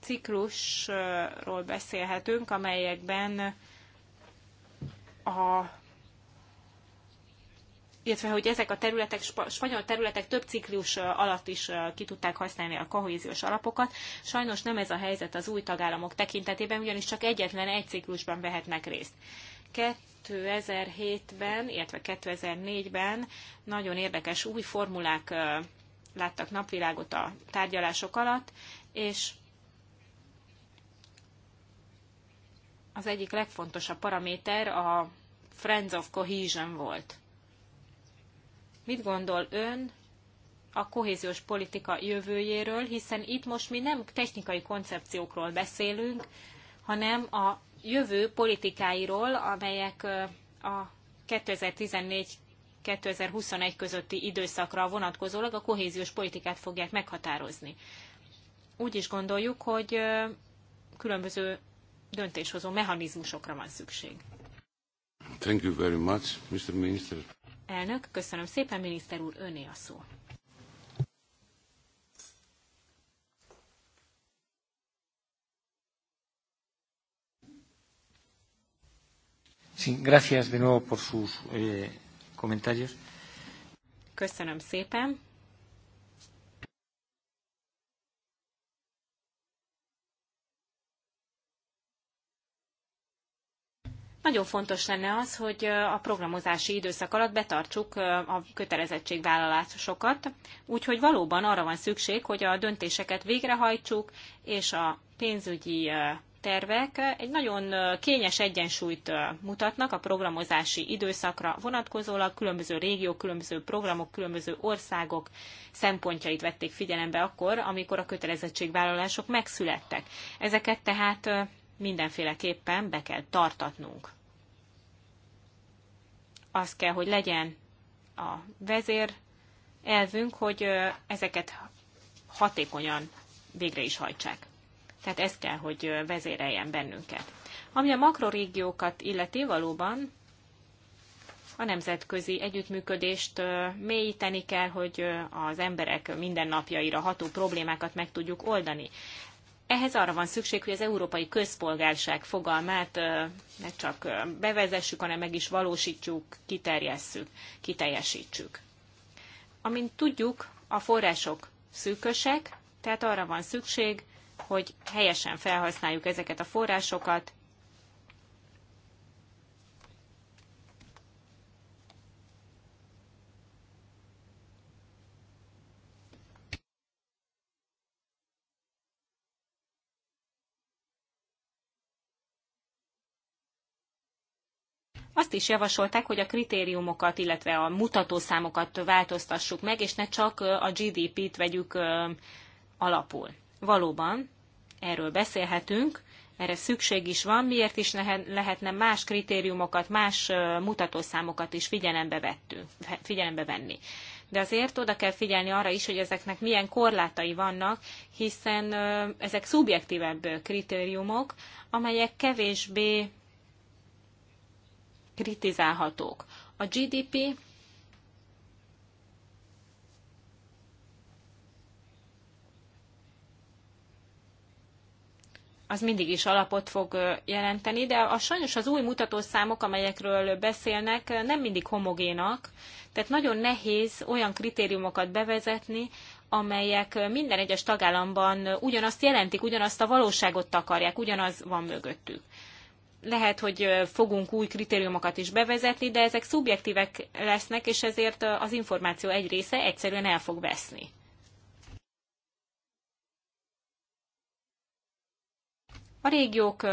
ciklusról beszélhetünk, amelyekben a illetve hogy ezek a területek, spanyol területek több ciklus alatt is ki tudták használni a kohéziós alapokat. Sajnos nem ez a helyzet az új tagállamok tekintetében, ugyanis csak egyetlen egy ciklusban vehetnek részt. 2007-ben, illetve 2004-ben nagyon érdekes új formulák láttak napvilágot a tárgyalások alatt, és az egyik legfontosabb paraméter a Friends of Cohesion volt. Mit gondol ön a kohéziós politika jövőjéről, hiszen itt most mi nem technikai koncepciókról beszélünk, hanem a jövő politikáiról, amelyek a 2014-2021 közötti időszakra vonatkozólag a kohéziós politikát fogják meghatározni. Úgy is gondoljuk, hogy különböző döntéshozó mechanizmusokra van szükség. Thank you very much, Mr. Minister. Elnök, köszönöm szépen, miniszter úr, öné a szó. Sí, gracias de nuevo por sus eh, comentarios. Köszönöm szépen. Nagyon fontos lenne az, hogy a programozási időszak alatt betartsuk a kötelezettségvállalásokat, úgyhogy valóban arra van szükség, hogy a döntéseket végrehajtsuk, és a pénzügyi tervek egy nagyon kényes egyensúlyt mutatnak a programozási időszakra vonatkozólag. Különböző régiók, különböző programok, különböző országok szempontjait vették figyelembe akkor, amikor a kötelezettségvállalások megszülettek. Ezeket tehát mindenféleképpen be kell tartatnunk. Az kell, hogy legyen a vezér elvünk, hogy ezeket hatékonyan végre is hajtsák. Tehát ez kell, hogy vezéreljen bennünket. Ami a makrorégiókat illeti valóban, a nemzetközi együttműködést mélyíteni kell, hogy az emberek mindennapjaira ható problémákat meg tudjuk oldani. Ehhez arra van szükség, hogy az európai közpolgárság fogalmát ne csak bevezessük, hanem meg is valósítjuk, kiterjesszük, kiteljesítsük. Amint tudjuk, a források szűkösek, tehát arra van szükség, hogy helyesen felhasználjuk ezeket a forrásokat, azt is javasolták, hogy a kritériumokat, illetve a mutatószámokat változtassuk meg, és ne csak a GDP-t vegyük alapul. Valóban, erről beszélhetünk, erre szükség is van, miért is lehetne más kritériumokat, más mutatószámokat is figyelembe, vettünk, figyelembe venni. De azért oda kell figyelni arra is, hogy ezeknek milyen korlátai vannak, hiszen ezek szubjektívebb kritériumok, amelyek kevésbé kritizálhatók. A GDP az mindig is alapot fog jelenteni, de a, sajnos az új mutatószámok, amelyekről beszélnek, nem mindig homogénak, tehát nagyon nehéz olyan kritériumokat bevezetni, amelyek minden egyes tagállamban ugyanazt jelentik, ugyanazt a valóságot takarják, ugyanaz van mögöttük lehet, hogy fogunk új kritériumokat is bevezetni, de ezek szubjektívek lesznek, és ezért az információ egy része egyszerűen el fog veszni. A régiók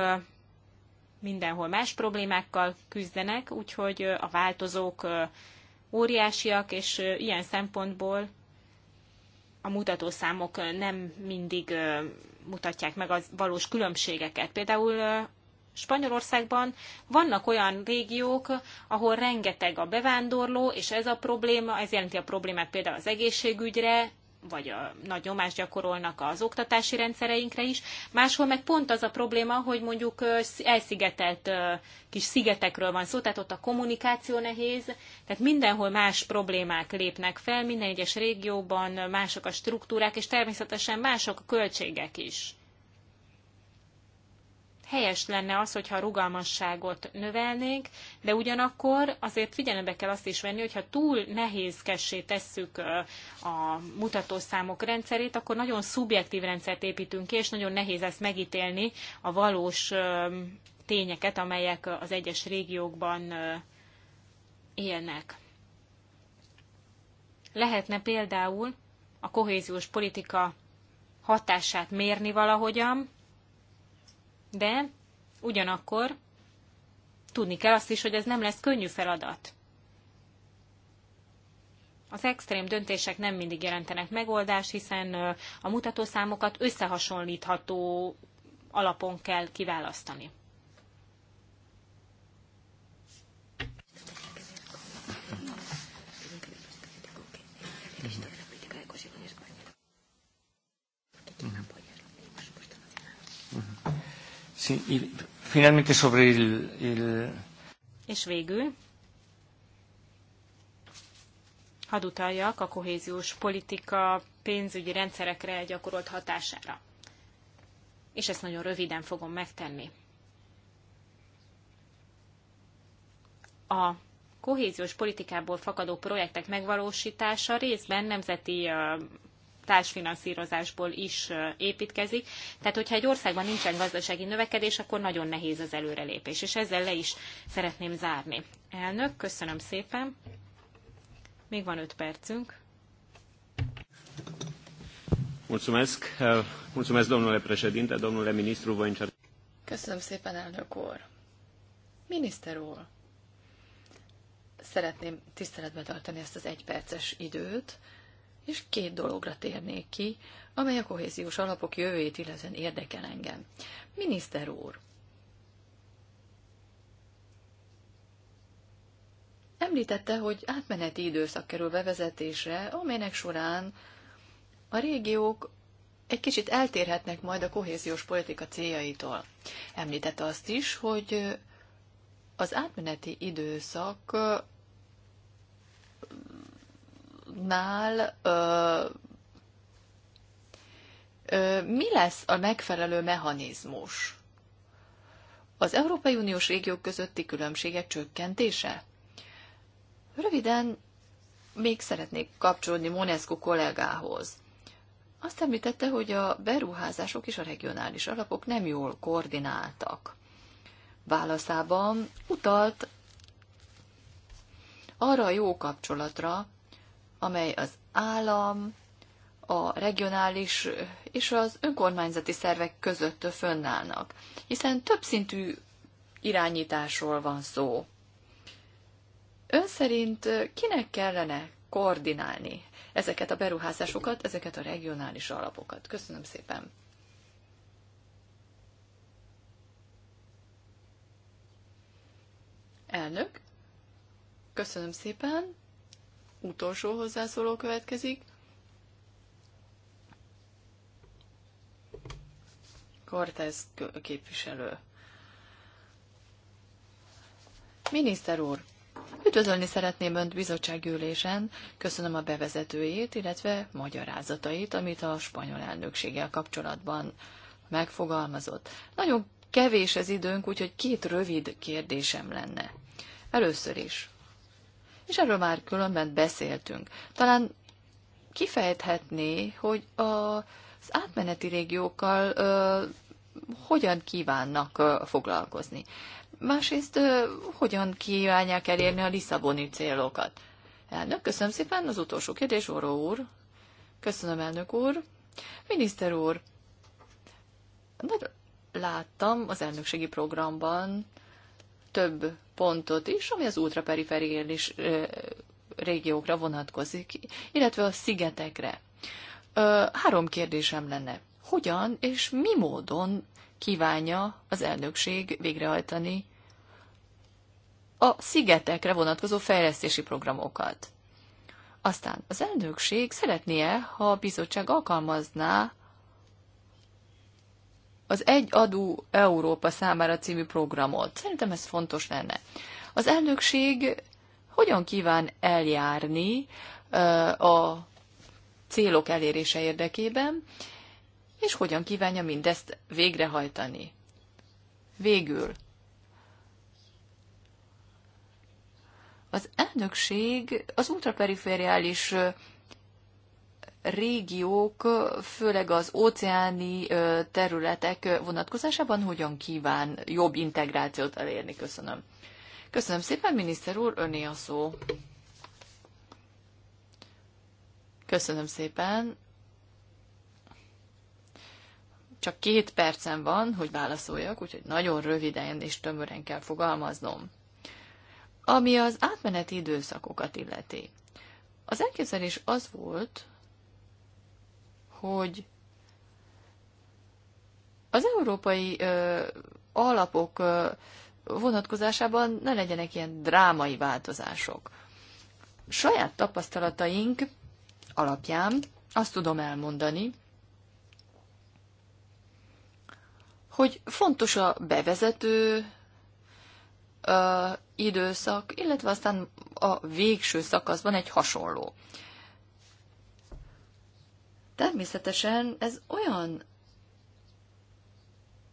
mindenhol más problémákkal küzdenek, úgyhogy a változók óriásiak, és ilyen szempontból a mutatószámok nem mindig mutatják meg az valós különbségeket. Például Spanyolországban vannak olyan régiók, ahol rengeteg a bevándorló, és ez a probléma, ez jelenti a problémát például az egészségügyre, vagy a nagy nyomást gyakorolnak az oktatási rendszereinkre is. Máshol meg pont az a probléma, hogy mondjuk elszigetelt kis szigetekről van szó, tehát ott a kommunikáció nehéz, tehát mindenhol más problémák lépnek fel, minden egyes régióban mások a struktúrák, és természetesen mások a költségek is helyes lenne az, hogyha a rugalmasságot növelnénk, de ugyanakkor azért figyelembe kell azt is venni, hogyha túl nehézkessé tesszük a mutatószámok rendszerét, akkor nagyon szubjektív rendszert építünk ki, és nagyon nehéz ezt megítélni a valós tényeket, amelyek az egyes régiókban élnek. Lehetne például a kohéziós politika hatását mérni valahogyan, de ugyanakkor tudni kell azt is, hogy ez nem lesz könnyű feladat. Az extrém döntések nem mindig jelentenek megoldást, hiszen a mutatószámokat összehasonlítható alapon kell kiválasztani. finalmente sobre el, el... És végül hadd utaljak a kohéziós politika pénzügyi rendszerekre gyakorolt hatására. És ezt nagyon röviden fogom megtenni. A kohéziós politikából fakadó projektek megvalósítása részben nemzeti társfinanszírozásból is építkezik. Tehát, hogyha egy országban nincsen gazdasági növekedés, akkor nagyon nehéz az előrelépés. És ezzel le is szeretném zárni. Elnök, köszönöm szépen. Még van öt percünk. Mulțumesc. Eh, mulțumesc, domnule președinte, domnule ministru, voi Köszönöm szépen, elnök úr. Miniszter úr, szeretném tiszteletbe tartani ezt az egyperces időt, és két dologra térnék ki, amely a kohéziós alapok jövőjét illetően érdekel engem. Miniszter úr, említette, hogy átmeneti időszak kerül bevezetésre, amelynek során a régiók egy kicsit eltérhetnek majd a kohéziós politika céljaitól. Említette azt is, hogy az átmeneti időszak nál mi lesz a megfelelő mechanizmus? Az Európai Uniós régiók közötti különbségek csökkentése? Röviden még szeretnék kapcsolni Monesco kollégához. Azt említette, hogy a beruházások és a regionális alapok nem jól koordináltak. Válaszában utalt arra a jó kapcsolatra, amely az állam, a regionális és az önkormányzati szervek között fönnállnak, hiszen többszintű irányításról van szó. Ön szerint kinek kellene koordinálni ezeket a beruházásokat, ezeket a regionális alapokat? Köszönöm szépen! Elnök, köszönöm szépen! utolsó hozzászóló következik. Cortez képviselő. Miniszter úr, üdvözölni szeretném Önt bizottsággyűlésen, köszönöm a bevezetőjét, illetve magyarázatait, amit a spanyol elnökséggel kapcsolatban megfogalmazott. Nagyon kevés az időnk, úgyhogy két rövid kérdésem lenne. Először is, és erről már különben beszéltünk. Talán kifejthetné, hogy az átmeneti régiókkal hogyan kívánnak foglalkozni. Másrészt hogyan kívánják elérni a Lisszaboni célokat. Elnök, köszönöm szépen. Az utolsó kérdés, Oró úr. Köszönöm, elnök úr. Miniszter úr, láttam az elnökségi programban több pontot is, ami az ultraperiferiális régiókra vonatkozik, illetve a szigetekre. Három kérdésem lenne. Hogyan és mi módon kívánja az elnökség végrehajtani a szigetekre vonatkozó fejlesztési programokat? Aztán az elnökség szeretné-e, ha a bizottság alkalmazná az Egy Adó Európa számára című programot. Szerintem ez fontos lenne. Az elnökség hogyan kíván eljárni a célok elérése érdekében, és hogyan kívánja mindezt végrehajtani. Végül. Az elnökség az ultraperifériális régiók, főleg az óceáni területek vonatkozásában hogyan kíván jobb integrációt elérni? Köszönöm. Köszönöm szépen, miniszter úr, öné a szó. Köszönöm szépen. Csak két percem van, hogy válaszoljak, úgyhogy nagyon röviden és tömören kell fogalmaznom. Ami az átmeneti időszakokat illeti. Az elképzelés az volt, hogy az európai ö, alapok ö, vonatkozásában ne legyenek ilyen drámai változások. Saját tapasztalataink alapján azt tudom elmondani, hogy fontos a bevezető ö, időszak, illetve aztán a végső szakaszban egy hasonló. Természetesen ez olyan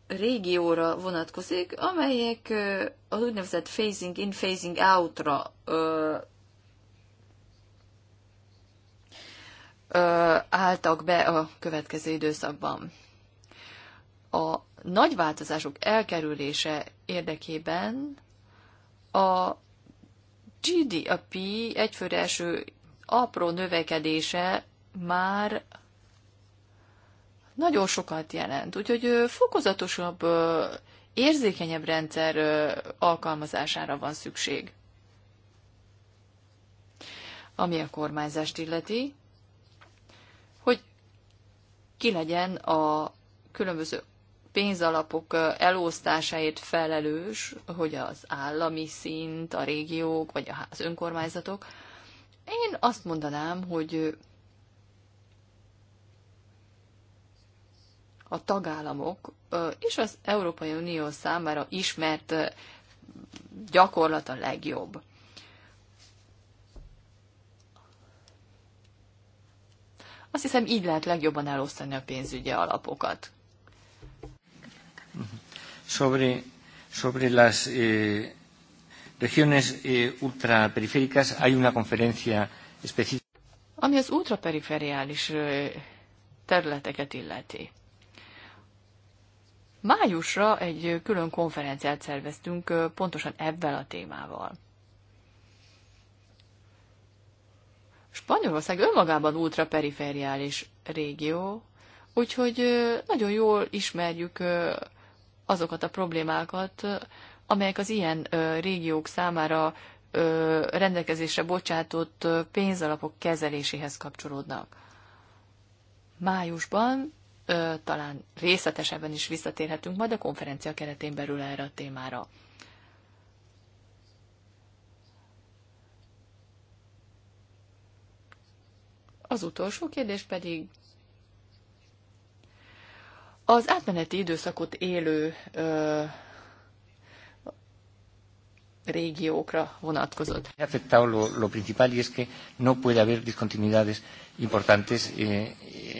régióra vonatkozik, amelyek az úgynevezett phasing in, phasing out ö, ö, álltak be a következő időszakban. A nagy változások elkerülése érdekében a GDP egyfőre első apró növekedése már nagyon sokat jelent. Úgyhogy fokozatosabb, érzékenyebb rendszer alkalmazására van szükség. Ami a kormányzást illeti, hogy ki legyen a különböző pénzalapok elosztásáért felelős, hogy az állami szint, a régiók, vagy az önkormányzatok. Én azt mondanám, hogy a tagállamok és az Európai Unió számára ismert gyakorlat a legjobb. Azt hiszem, így lehet legjobban elosztani a pénzügyi alapokat. Sobre, sobre las eh, regiones eh, ultraperiféricas hay una conferencia específica. Ami az ultraperiferiális területeket illeti. Májusra egy külön konferenciát szerveztünk pontosan ebben a témával. Spanyolország önmagában ultraperifériális régió, úgyhogy nagyon jól ismerjük azokat a problémákat, amelyek az ilyen régiók számára rendelkezésre bocsátott pénzalapok kezeléséhez kapcsolódnak. Májusban ö, talán részletesebben is visszatérhetünk majd a konferencia keretén belül erre a témára. Az utolsó kérdés pedig az átmeneti időszakot élő ö, régiókra vonatkozott. Afectado lo, lo principal y es que no puede haber discontinuidades importantes eh,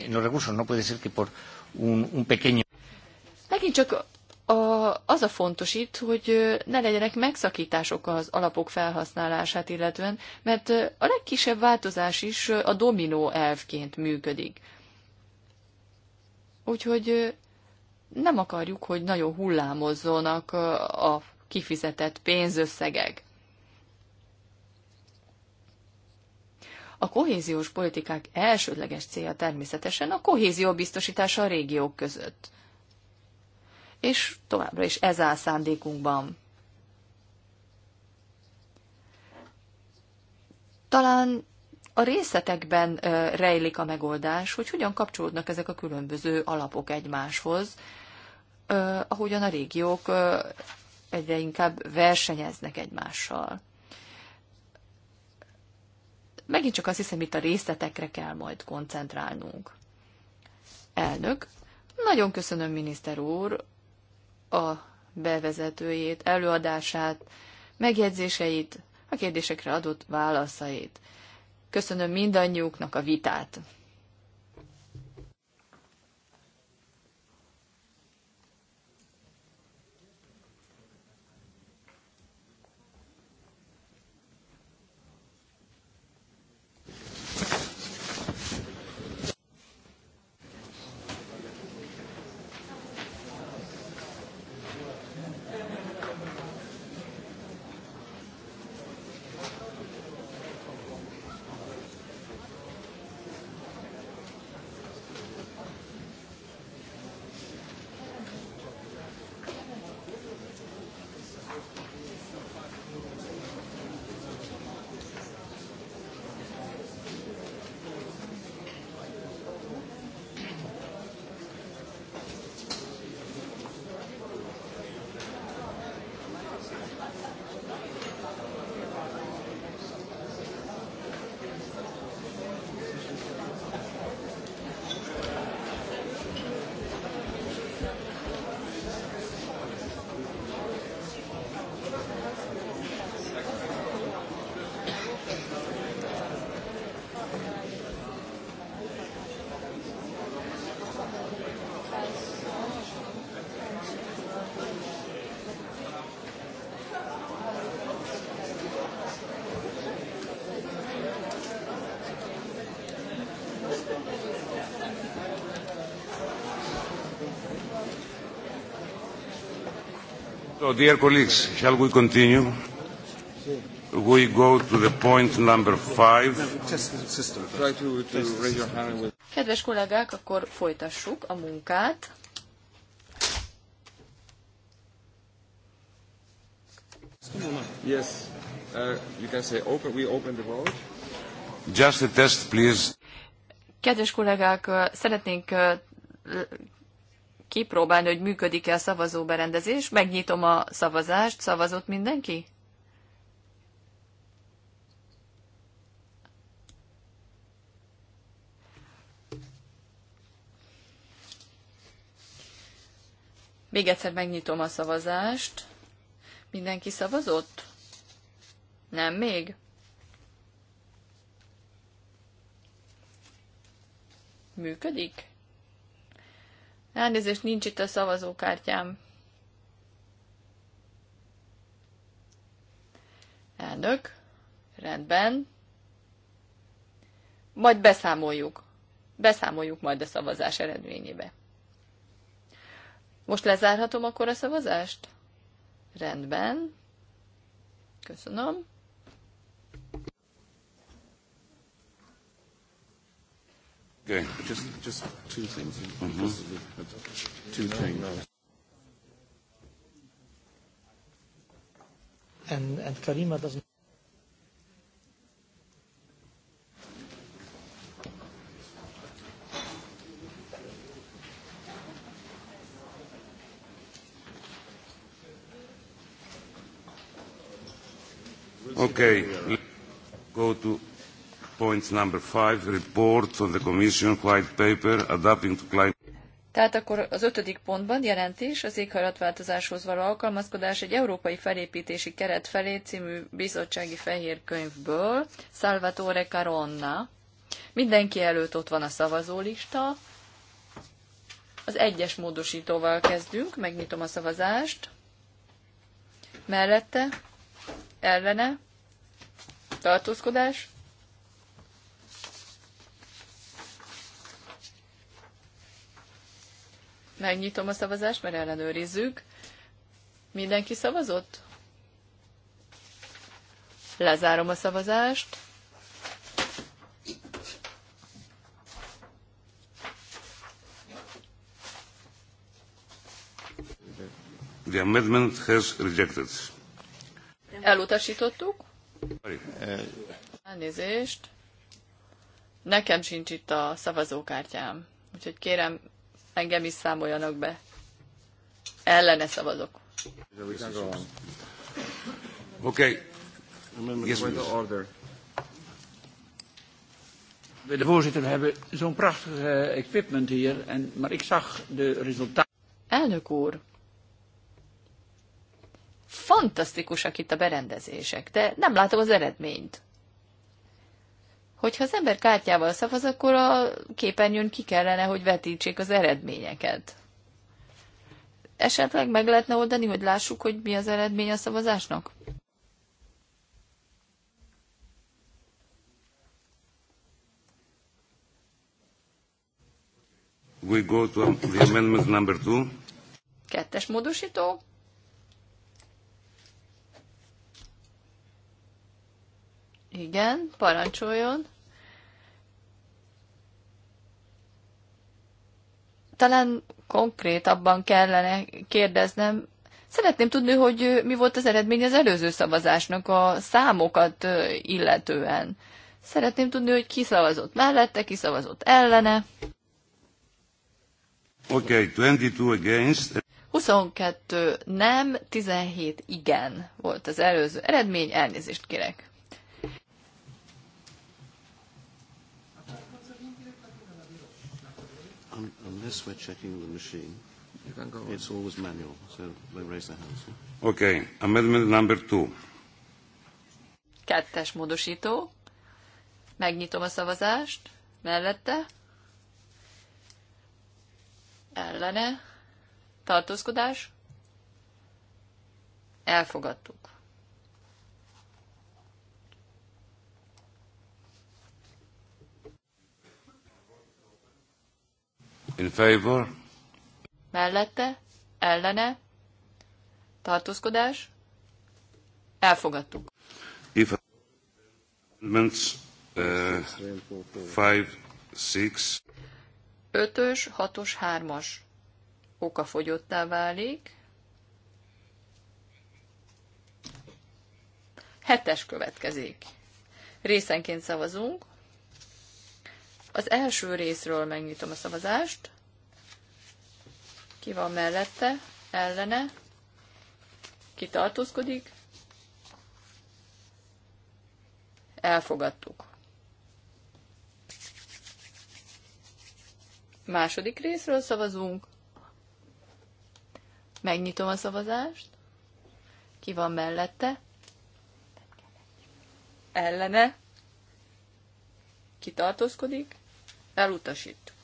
en los recursos. No puede ser que por un, un pequeño... Megint csak a, az a fontos itt, hogy ne legyenek megszakítások az alapok felhasználását illetően, mert a legkisebb változás is a dominó elvként működik. Úgyhogy nem akarjuk, hogy nagyon hullámozzonak a kifizetett pénzösszegek. A kohéziós politikák elsődleges célja természetesen a kohézió biztosítása a régiók között. És továbbra is ez áll szándékunkban. Talán a részletekben rejlik a megoldás, hogy hogyan kapcsolódnak ezek a különböző alapok egymáshoz, ahogyan a régiók egyre inkább versenyeznek egymással. Megint csak azt hiszem, itt a részletekre kell majd koncentrálnunk. Elnök, nagyon köszönöm, miniszter úr, a bevezetőjét, előadását, megjegyzéseit, a kérdésekre adott válaszait. Köszönöm mindannyiuknak a vitát. So, dear colleagues, shall we continue? We go to the point number five. Kedves kollégák, akkor folytassuk a munkát. Yes, uh, you can say open, we open the vote. Just a test, please. Kedves kollégák, uh, szeretnénk uh, kipróbálni, hogy működik-e a szavazóberendezés. Megnyitom a szavazást. Szavazott mindenki? Még egyszer megnyitom a szavazást. Mindenki szavazott? Nem még? Működik? Elnézést, nincs itt a szavazókártyám. Elnök, rendben. Majd beszámoljuk. Beszámoljuk majd a szavazás eredményébe. Most lezárhatom akkor a szavazást? Rendben. Köszönöm. Going. Just, just two things. Mm-hmm. Two things. And, and Karima doesn't. Okay, go to tehát akkor az ötödik pontban jelentés az éghajlatváltozáshoz való alkalmazkodás egy európai felépítési keret felé című bizottsági fehér könyvből, Salvatore Caronna. Mindenki előtt ott van a szavazólista. Az egyes módosítóval kezdünk, megnyitom a szavazást. Mellette, ellene, tartózkodás, Megnyitom a szavazást, mert ellenőrizzük. Mindenki szavazott? Lezárom a szavazást. The amendment has rejected. Elutasítottuk. Elnézést. Nekem sincs itt a szavazókártyám, úgyhogy kérem, Engem is számoljanak be. Ellene szavazok. Oké. Okay. De voorzitter, we hebben zo'n prachtig eh, equipment hier, en, maar ik zag de resultaten. Elnök úr, fantasztikusak itt a berendezések, de nem látom az eredményt hogyha az ember kártyával szavaz, akkor a képernyőn ki kellene, hogy vetítsék az eredményeket. Esetleg meg lehetne oldani, hogy lássuk, hogy mi az eredmény a szavazásnak? We go to the amendment number two. Kettes módosító, Igen, parancsoljon. Talán konkrétabban kellene kérdeznem, Szeretném tudni, hogy mi volt az eredmény az előző szavazásnak a számokat illetően. Szeretném tudni, hogy ki szavazott mellette, ki szavazott ellene. Okay, 22 against. 22 nem, 17 igen volt az előző eredmény, elnézést kérek. this we're checking the machine. You can go on. It's always manual, so they raise their hands. Okay, amendment number two. Kettes módosító. Megnyitom a szavazást. Mellette. Ellene. Tartózkodás. Elfogadtuk. In favor. Mellette, ellene, tartózkodás, elfogadtuk. If amendments uh, five, six. Ötös, hatos, hármas fogyottá válik. Hetes következik. Részenként szavazunk. Az első részről megnyitom a szavazást. Ki van mellette, ellene, ki tartózkodik. Elfogadtuk. Második részről szavazunk. Megnyitom a szavazást. Ki van mellette? Ellene. Ki tartózkodik? Elutasítjuk.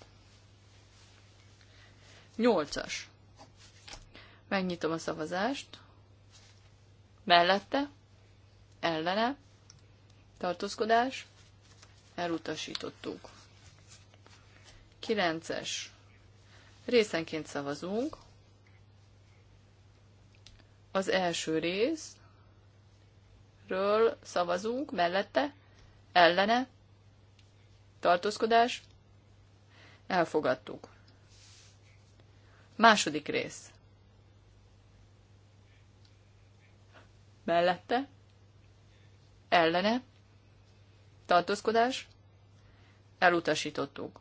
Nyolcas. Megnyitom a szavazást. Mellette. Ellene. Tartózkodás. Elutasítottuk. Kilences. Részenként szavazunk. Az első rész ről szavazunk, mellette, ellene, tartózkodás, Elfogadtuk. Második rész. Mellette. Ellene. Tartózkodás. Elutasítottuk.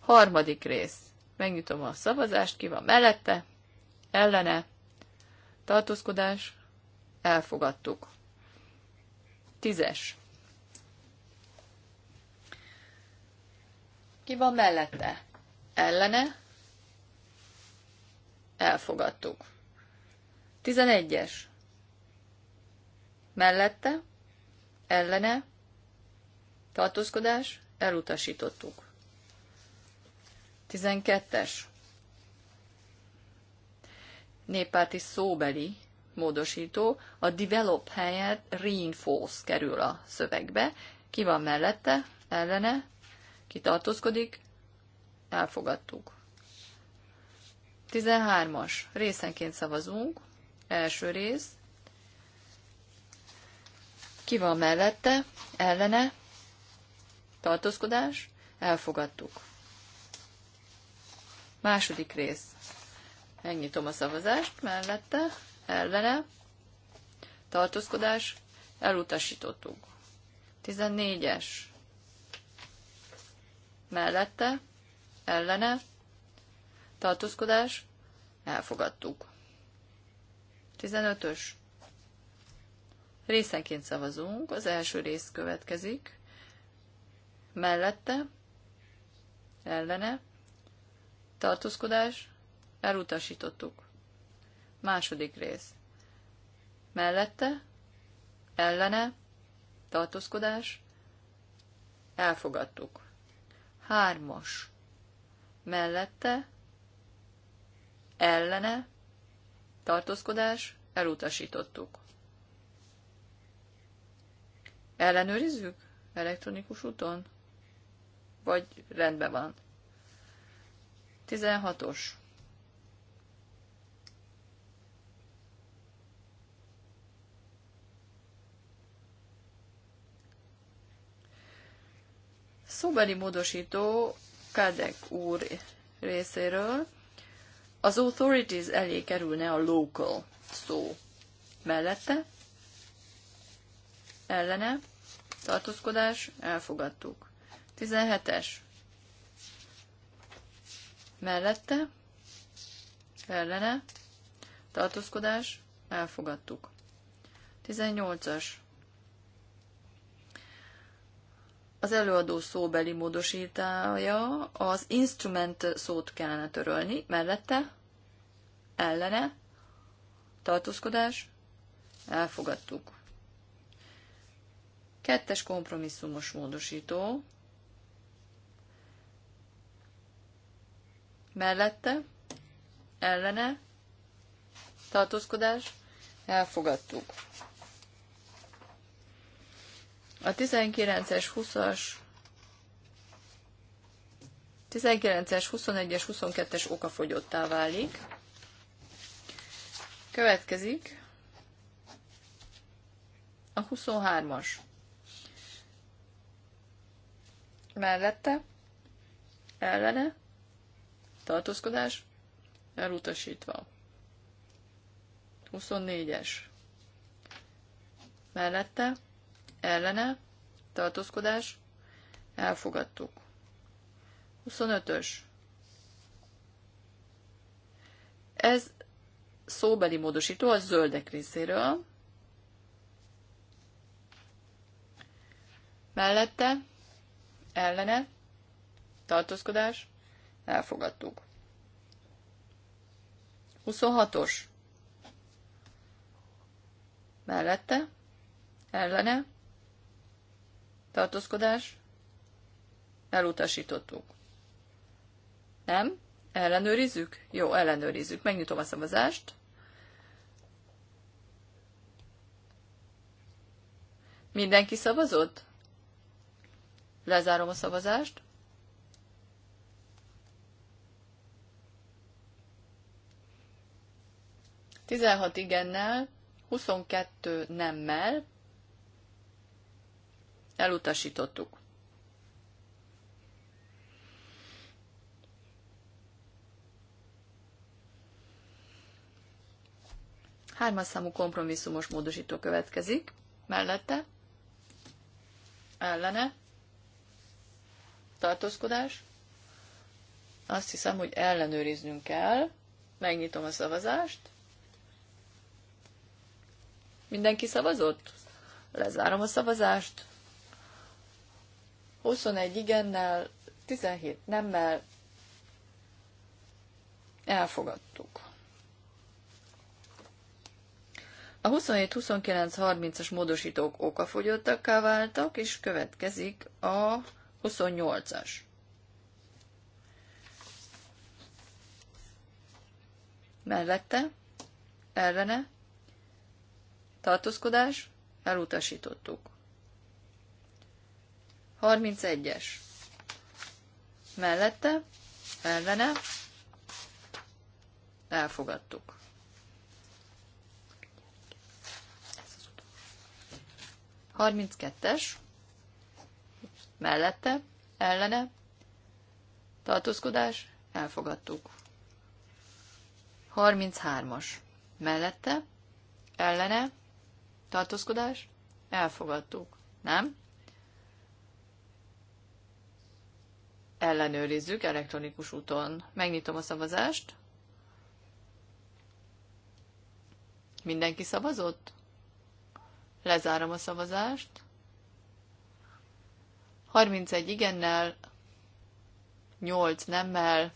Harmadik rész. Megnyitom a szavazást, ki van mellette, ellene, tartózkodás, elfogadtuk. Tízes. Ki van mellette? Ellene? Elfogadtuk. 11-es. Mellette? Ellene? Tartózkodás? Elutasítottuk. 12-es. Néppárti szóbeli módosító, a develop helyett reinforce kerül a szövegbe. Ki van mellette? Ellene? kitartózkodik, elfogadtuk. 13-as részenként szavazunk, első rész, ki van mellette, ellene, tartózkodás, elfogadtuk. Második rész. Megnyitom a szavazást, mellette, ellene, tartózkodás, elutasítottuk. 14-es mellette, ellene, tartózkodás, elfogadtuk. 15-ös. Részenként szavazunk, az első rész következik, mellette, ellene, tartózkodás, elutasítottuk. Második rész. Mellette, ellene, tartózkodás, elfogadtuk. Hármas. Mellette, ellene, tartózkodás, elutasítottuk. Ellenőrizzük elektronikus úton? Vagy rendben van. 16-os. szóbeli módosító Kadek úr részéről az authorities elé kerülne a local szó mellette, ellene, tartózkodás, elfogadtuk. 17-es mellette, ellene, tartózkodás, elfogadtuk. 18-as az előadó szóbeli módosítája, az instrument szót kellene törölni, mellette, ellene, tartózkodás, elfogadtuk. Kettes kompromisszumos módosító, mellette, ellene, tartózkodás, elfogadtuk. A 19-es, 20-as, 19-es, 21-es, 22-es okafogyottá válik. Következik a 23-as. Mellette, ellene, tartózkodás, elutasítva. 24-es. Mellette, ellene, tartózkodás, elfogadtuk. 25-ös. Ez szóbeli módosító a zöldek részéről. Mellette, ellene, tartózkodás, elfogadtuk. 26-os. Mellette, ellene, Tartózkodás? Elutasítottuk. Nem? Ellenőrizzük? Jó, ellenőrizzük. Megnyitom a szavazást. Mindenki szavazott? Lezárom a szavazást. Tizenhat igennel, 22 nemmel, Elutasítottuk. Hármas számú kompromisszumos módosító következik. Mellette. Ellene. Tartózkodás. Azt hiszem, hogy ellenőriznünk kell. Megnyitom a szavazást. Mindenki szavazott? Lezárom a szavazást. 21 igennel, 17 nemmel elfogadtuk. A 27-29-30-as módosítók okafogyottakká váltak, és következik a 28-as. Mellette, ellene, tartózkodás, elutasítottuk. 31-es. Mellette, ellene, elfogadtuk. kettes, mellette, ellene, tartózkodás, elfogadtuk. 33 hármas, Mellette, ellene, tartózkodás, elfogadtuk. Nem? ellenőrizzük elektronikus úton. Megnyitom a szavazást. Mindenki szavazott? Lezárom a szavazást. 31 igennel, 8 nemmel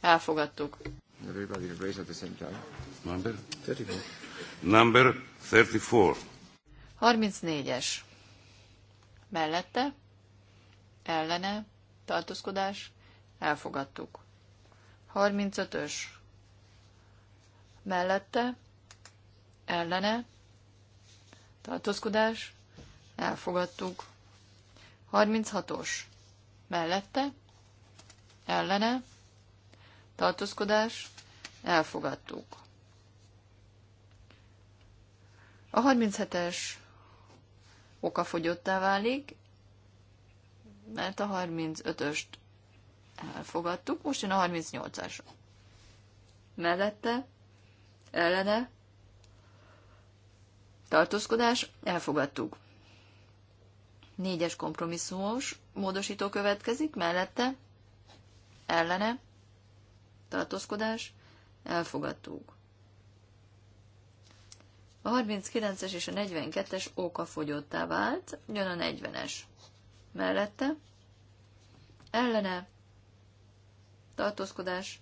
elfogadtuk. Everybody raised at the same time. Number 34. Number 34. 34-es. Mellette, ellene, tartózkodás, elfogadtuk. 35-ös mellette, ellene, tartózkodás, elfogadtuk. 36-os mellette, ellene, tartózkodás, elfogadtuk. A 37-es okafogyottá válik, mert a 35-öst elfogadtuk, most jön a 38-as. Mellette, ellene, tartózkodás, elfogadtuk. Négyes kompromisszumos módosító következik, mellette, ellene, tartózkodás, elfogadtuk. A 39-es és a 42-es fogyottá vált, jön a 40-es mellette, ellene, tartózkodás,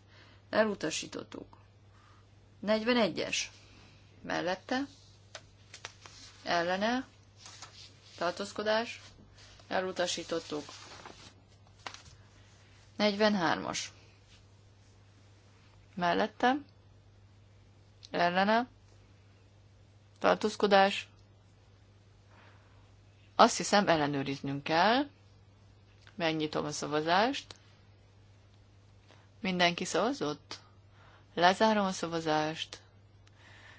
elutasítottuk. 41-es, mellette, ellene, tartózkodás, elutasítottuk. 43-as, mellette, ellene, tartózkodás, azt hiszem ellenőriznünk kell. Megnyitom a szavazást. Mindenki szavazott? Lezárom a szavazást.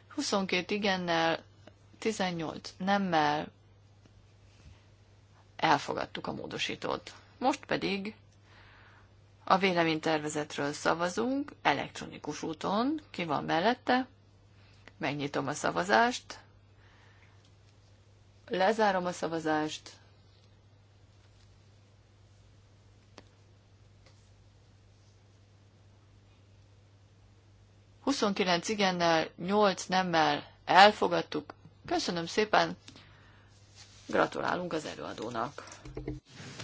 22 igennel, 18 nemmel elfogadtuk a módosítót. Most pedig a véleménytervezetről szavazunk elektronikus úton. Ki van mellette? Megnyitom a szavazást. Lezárom a szavazást. Huszonkilenc igennel, nyolc nemmel elfogadtuk. Köszönöm szépen, gratulálunk az előadónak.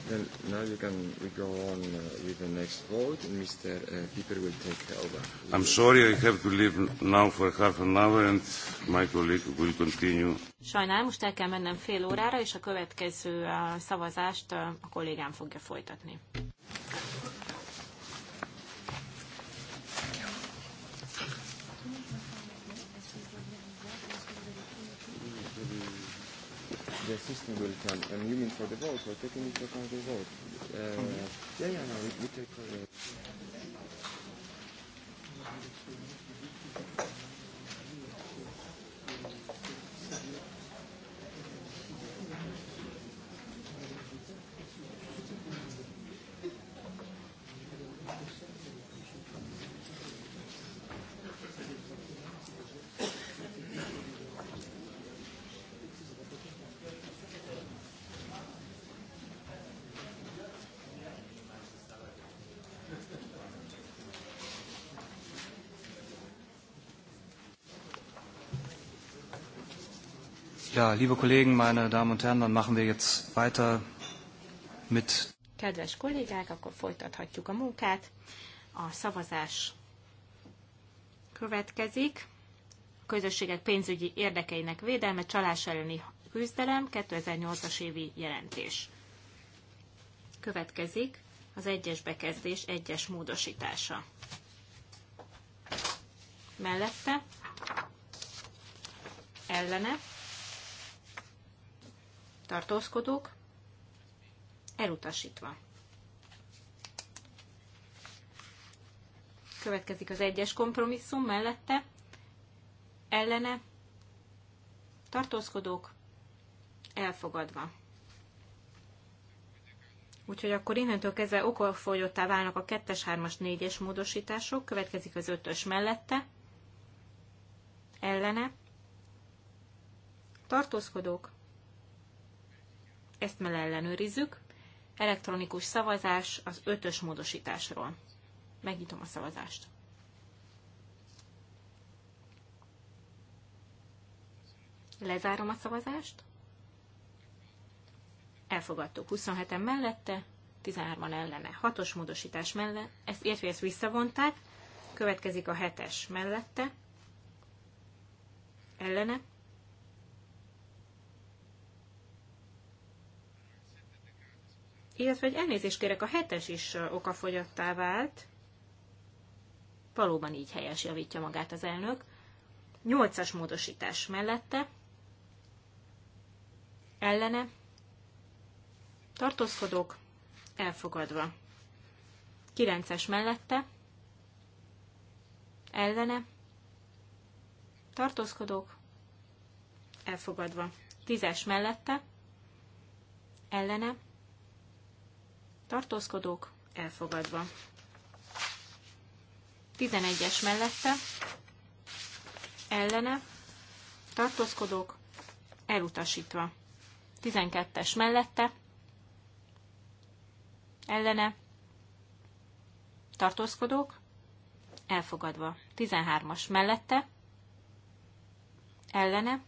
Then now you can we go on uh, with the next vote, Mr. Uh, will take over. I'm sorry, I have to leave now for half an hour, and my colleague will continue. Sajnálom, most el kell mennem fél órára, és a következő uh, szavazást uh, a kollégám fogja folytatni. the system will turn. And you mean for the vote, or taking into account the vote? Uh, yeah, yeah, no, we, we take. Uh, Ja, liebe Kollegen, meine Damen und Herren, dann machen wir jetzt weiter mit. Kedves kollégák, akkor folytathatjuk a munkát. A szavazás következik. A közösségek pénzügyi érdekeinek védelme, csalás elleni küzdelem, 2008-as évi jelentés. Következik az egyes bekezdés egyes módosítása. Mellette ellene tartózkodók, elutasítva. Következik az egyes kompromisszum mellette, ellene, tartózkodók, elfogadva. Úgyhogy akkor innentől kezdve okolfolyottá válnak a 2-es, 3-as, 4-es módosítások, következik az 5-ös mellette, ellene, tartózkodók, ezt már ellenőrizzük. Elektronikus szavazás az ötös módosításról. Megnyitom a szavazást. Lezárom a szavazást. Elfogadtuk 27-en mellette, 13-an ellene. 6-os módosítás mellett, ezt értve ezt visszavonták, következik a 7-es mellette, ellene, illetve egy elnézést kérek, a hetes is okafogyottá vált. Valóban így helyes javítja magát az elnök. Nyolcas módosítás mellette, ellene, tartózkodók, elfogadva. Kilences mellette, ellene, tartózkodók, elfogadva. Tízes mellette, ellene, tartózkodók elfogadva. 11-es mellette ellene tartózkodók elutasítva. 12-es mellette ellene tartózkodók elfogadva. 13-as mellette ellene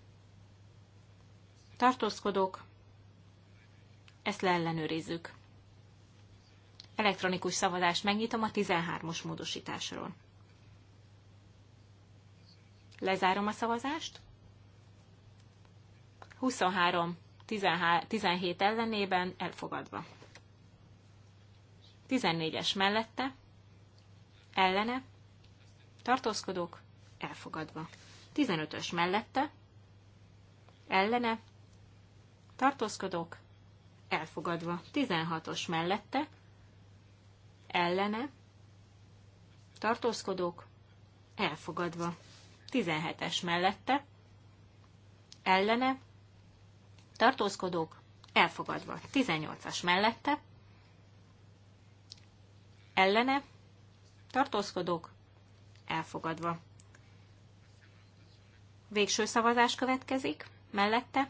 tartózkodók ezt leellenőrizzük. Elektronikus szavazást megnyitom a 13-os módosításról. Lezárom a szavazást. 23 17 ellenében elfogadva. 14-es mellette, ellene, tartózkodok, elfogadva. 15-ös mellette, ellene, tartózkodok, elfogadva. 16-os mellette, ellene, tartózkodók, elfogadva. 17-es mellette, ellene, tartózkodók, elfogadva. 18-as mellette, ellene, tartózkodók, elfogadva. Végső szavazás következik, mellette,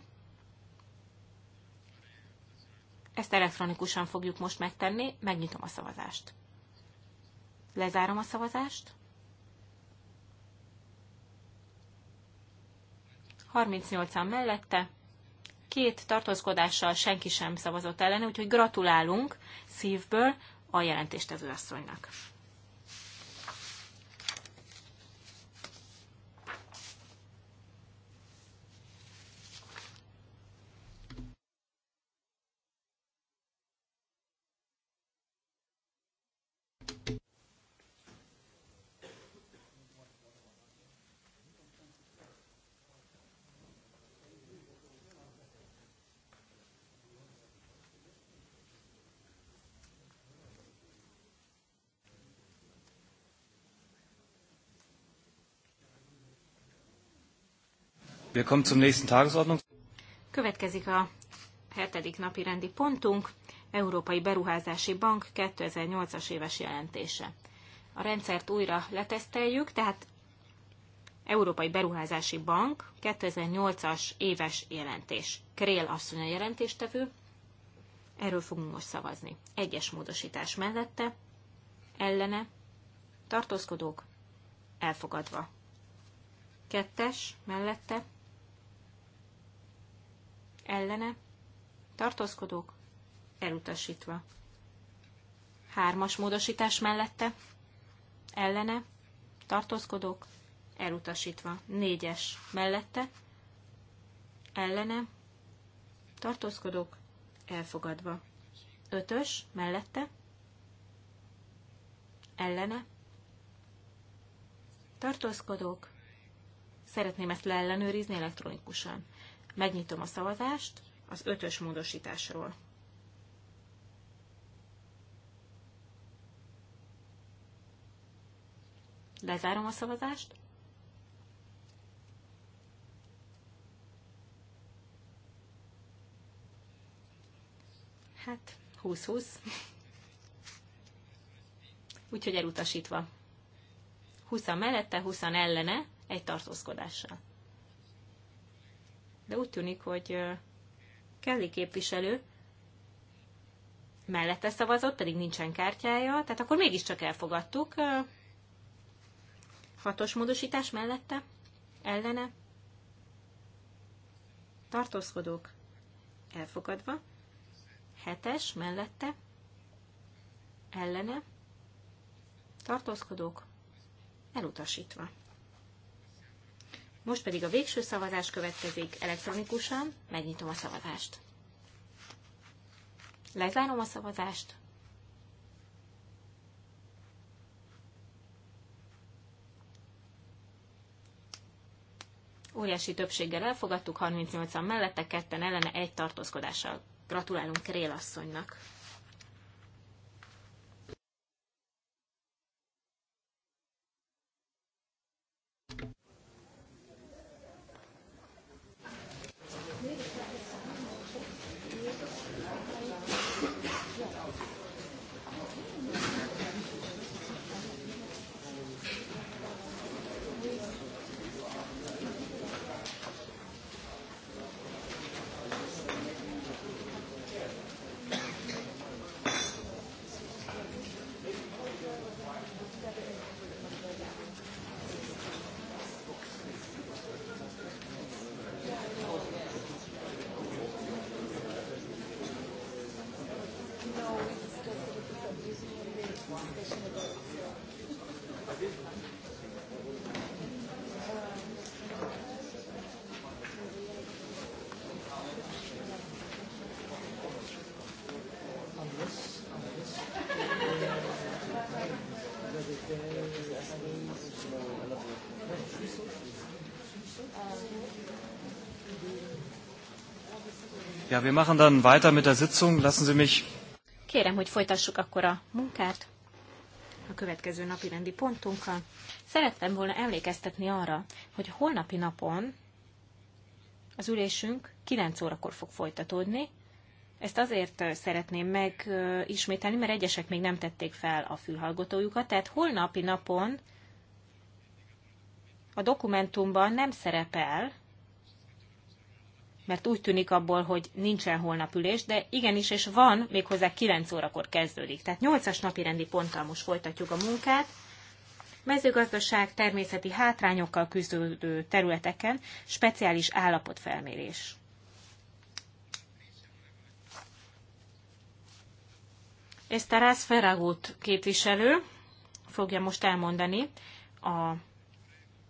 ezt elektronikusan fogjuk most megtenni, megnyitom a szavazást. Lezárom a szavazást. 38-an mellette, két tartózkodással senki sem szavazott ellene, úgyhogy gratulálunk szívből a jelentéstevő asszonynak. Wir kommen zum nächsten Tagesordnung. Következik a hetedik napi rendi pontunk, Európai Beruházási Bank 2008-as éves jelentése. A rendszert újra leteszteljük, tehát Európai Beruházási Bank 2008-as éves jelentés. Krél asszony a jelentéstevő. Erről fogunk most szavazni. Egyes módosítás mellette, ellene, tartózkodók, elfogadva. Kettes mellette, ellene, tartózkodók, elutasítva. Hármas módosítás mellette, ellene, tartózkodók, elutasítva. Négyes mellette, ellene, tartózkodók, elfogadva. Ötös mellette, ellene, tartózkodók, szeretném ezt leellenőrizni elektronikusan. Megnyitom a szavazást az ötös módosításról. Lezárom a szavazást. Hát, 20-20. Úgyhogy elutasítva. 20 mellette, 20 ellene, egy tartózkodással de úgy tűnik, hogy Kelly képviselő mellette szavazott, pedig nincsen kártyája, tehát akkor mégiscsak elfogadtuk. Hatos módosítás mellette, ellene, tartózkodók, elfogadva, hetes mellette, ellene, tartózkodók, elutasítva. Most pedig a végső szavazás következik elektronikusan. Megnyitom a szavazást. Lezárom a szavazást. Óriási többséggel elfogadtuk, 38-an mellette, ketten ellene, egy tartózkodással. Gratulálunk Krél asszonynak! Ja, wir machen dann weiter mit der Sitzung. Lassen Sie mich... Kérem, hogy folytassuk akkor a munkát a következő napi rendi pontunkkal. Szerettem volna emlékeztetni arra, hogy holnapi napon az ülésünk 9 órakor fog folytatódni. Ezt azért szeretném megismételni, mert egyesek még nem tették fel a fülhallgatójukat, tehát holnapi napon a dokumentumban nem szerepel, mert úgy tűnik abból, hogy nincsen holnap ülés, de igenis, és van, méghozzá 9 órakor kezdődik. Tehát 8-as napi rendi ponttal most folytatjuk a munkát. Mezőgazdaság természeti hátrányokkal küzdődő területeken speciális állapotfelmérés. Ezt Rász Ferragut képviselő fogja most elmondani a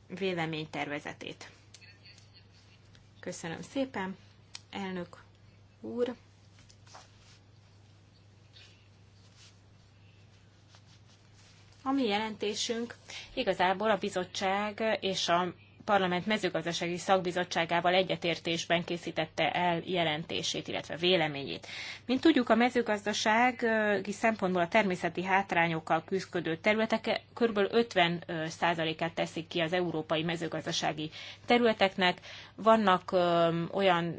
véleménytervezetét. Köszönöm szépen, elnök úr. A mi jelentésünk igazából a bizottság és a Parlament mezőgazdasági szakbizottságával egyetértésben készítette el jelentését, illetve véleményét. Mint tudjuk, a mezőgazdasági szempontból a természeti hátrányokkal küzdködő területek kb. 50%-át teszik ki az európai mezőgazdasági területeknek. Vannak olyan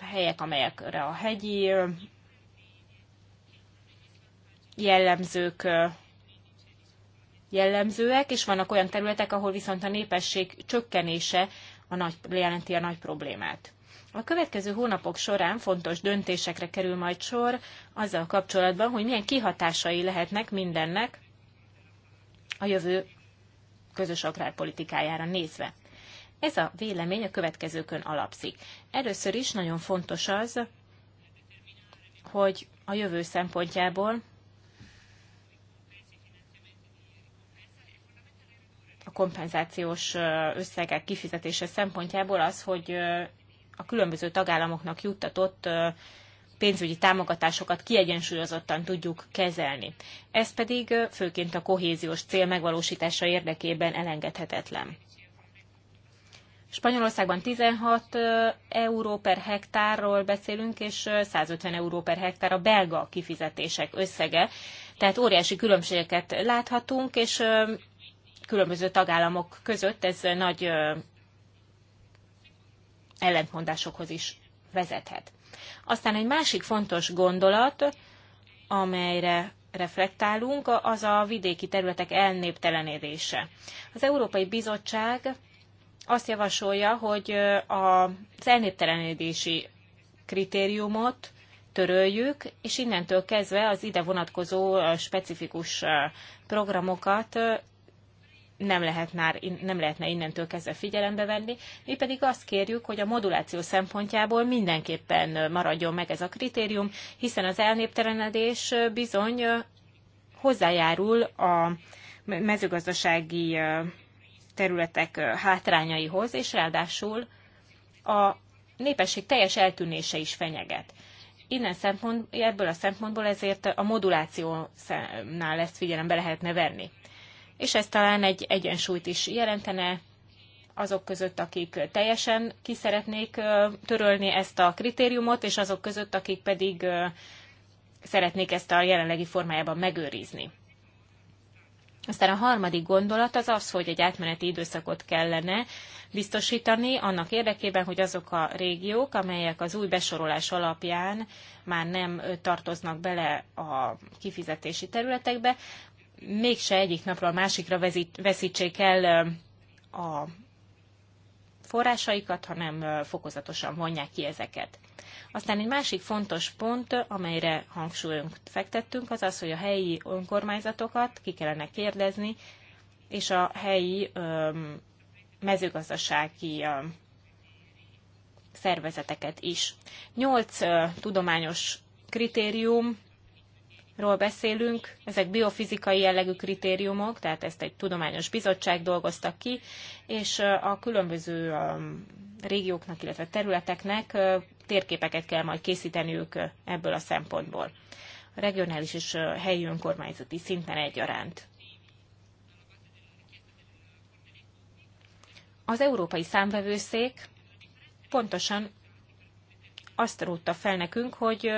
helyek, amelyekre a hegyi jellemzők jellemzőek, és vannak olyan területek, ahol viszont a népesség csökkenése a nagy, jelenti a nagy problémát. A következő hónapok során fontos döntésekre kerül majd sor azzal kapcsolatban, hogy milyen kihatásai lehetnek mindennek a jövő közös agrárpolitikájára nézve. Ez a vélemény a következőkön alapszik. Először is nagyon fontos az, hogy a jövő szempontjából kompenzációs összegek kifizetése szempontjából az, hogy a különböző tagállamoknak juttatott pénzügyi támogatásokat kiegyensúlyozottan tudjuk kezelni. Ez pedig főként a kohéziós cél megvalósítása érdekében elengedhetetlen. Spanyolországban 16 euró per hektárról beszélünk, és 150 euró per hektár a belga kifizetések összege. Tehát óriási különbségeket láthatunk, és különböző tagállamok között ez nagy ellentmondásokhoz is vezethet. Aztán egy másik fontos gondolat, amelyre reflektálunk, az a vidéki területek elnéptelenedése. Az Európai Bizottság azt javasolja, hogy az elnéptelenedési kritériumot töröljük, és innentől kezdve az ide vonatkozó specifikus programokat nem, lehet már, nem lehetne innentől kezdve figyelembe venni. Mi pedig azt kérjük, hogy a moduláció szempontjából mindenképpen maradjon meg ez a kritérium, hiszen az elnéptelenedés bizony hozzájárul a mezőgazdasági területek hátrányaihoz, és ráadásul a népesség teljes eltűnése is fenyeget. Innen szempont, ebből a szempontból ezért a modulációnál ezt figyelembe lehetne venni és ez talán egy egyensúlyt is jelentene azok között, akik teljesen ki szeretnék törölni ezt a kritériumot, és azok között, akik pedig szeretnék ezt a jelenlegi formájában megőrizni. Aztán a harmadik gondolat az az, hogy egy átmeneti időszakot kellene biztosítani annak érdekében, hogy azok a régiók, amelyek az új besorolás alapján már nem tartoznak bele a kifizetési területekbe, mégse egyik napról a másikra veszítsék el a forrásaikat, hanem fokozatosan vonják ki ezeket. Aztán egy másik fontos pont, amelyre hangsúlyunk fektettünk, az az, hogy a helyi önkormányzatokat ki kellene kérdezni, és a helyi öm, mezőgazdasági öm, szervezeteket is. Nyolc tudományos kritérium ról beszélünk, ezek biofizikai jellegű kritériumok, tehát ezt egy tudományos bizottság dolgozta ki, és a különböző régióknak, illetve területeknek térképeket kell majd készíteniük ebből a szempontból. A regionális és helyi önkormányzati szinten egyaránt. Az Európai Számvevőszék pontosan azt rótta fel nekünk, hogy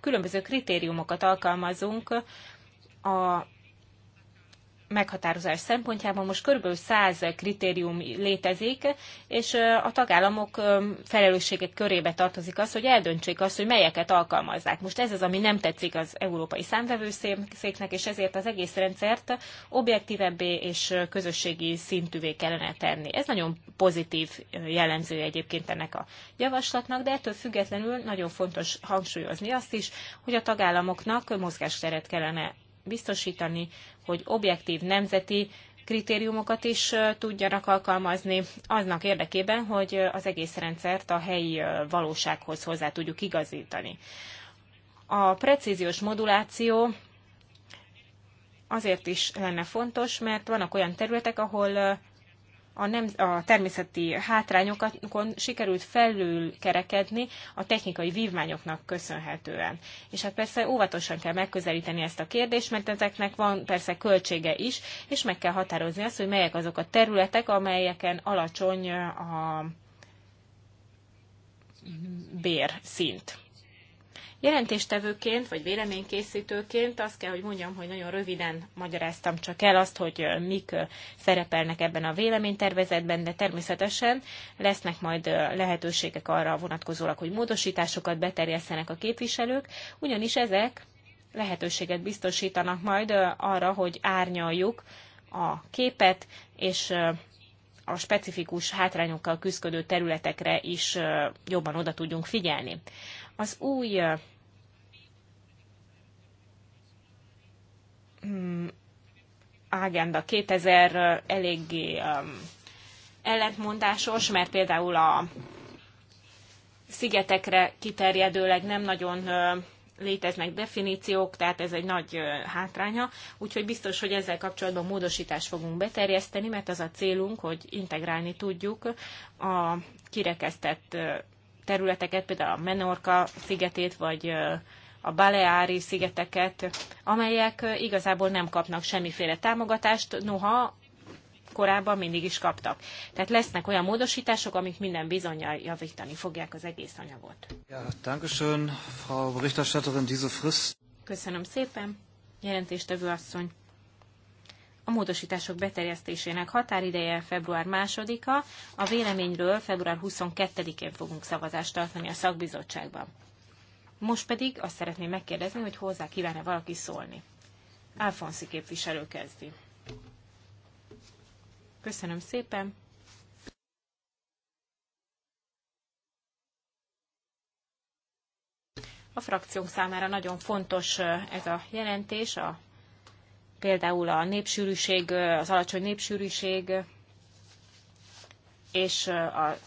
különböző kritériumokat alkalmazunk a meghatározás szempontjából most kb. 100 kritérium létezik, és a tagállamok felelősségek körébe tartozik az, hogy eldöntsék azt, hogy melyeket alkalmazzák. Most ez az, ami nem tetszik az európai számvevőszéknek, és ezért az egész rendszert objektívebbé és közösségi szintűvé kellene tenni. Ez nagyon pozitív jellemző egyébként ennek a javaslatnak, de ettől függetlenül nagyon fontos hangsúlyozni azt is, hogy a tagállamoknak mozgásteret kellene biztosítani, hogy objektív nemzeti kritériumokat is tudjanak alkalmazni, aznak érdekében, hogy az egész rendszert a helyi valósághoz hozzá tudjuk igazítani. A precíziós moduláció azért is lenne fontos, mert vannak olyan területek, ahol a, nem, a természeti hátrányokon sikerült felülkerekedni a technikai vívmányoknak köszönhetően. És hát persze óvatosan kell megközelíteni ezt a kérdést, mert ezeknek van persze költsége is, és meg kell határozni azt, hogy melyek azok a területek, amelyeken alacsony a bérszint. Jelentéstevőként, vagy véleménykészítőként azt kell, hogy mondjam, hogy nagyon röviden magyaráztam csak el azt, hogy mik szerepelnek ebben a véleménytervezetben, de természetesen lesznek majd lehetőségek arra vonatkozólag, hogy módosításokat beterjesztenek a képviselők, ugyanis ezek lehetőséget biztosítanak majd arra, hogy árnyaljuk a képet, és a specifikus hátrányokkal küzdködő területekre is jobban oda tudjunk figyelni. Az új hmm, Agenda 2000 eléggé ellentmondásos, mert például a szigetekre kiterjedőleg nem nagyon léteznek definíciók, tehát ez egy nagy hátránya, úgyhogy biztos, hogy ezzel kapcsolatban módosítást fogunk beterjeszteni, mert az a célunk, hogy integrálni tudjuk a kirekesztett területeket, például a Menorca szigetét, vagy a Baleári szigeteket, amelyek igazából nem kapnak semmiféle támogatást, noha korábban mindig is kaptak. Tehát lesznek olyan módosítások, amik minden bizonyal javítani fogják az egész anyagot. Ja, Frau Berichterstatterin, Köszönöm szépen, jelentéstevő asszony. A módosítások beterjesztésének határideje február 2-a, a véleményről február 22-én fogunk szavazást tartani a szakbizottságban. Most pedig azt szeretném megkérdezni, hogy hozzá kíván-e valaki szólni. Alfonszi képviselő kezdi. Köszönöm szépen! A frakciónk számára nagyon fontos ez a jelentés, a például a népsűrűség, az alacsony népsűrűség és a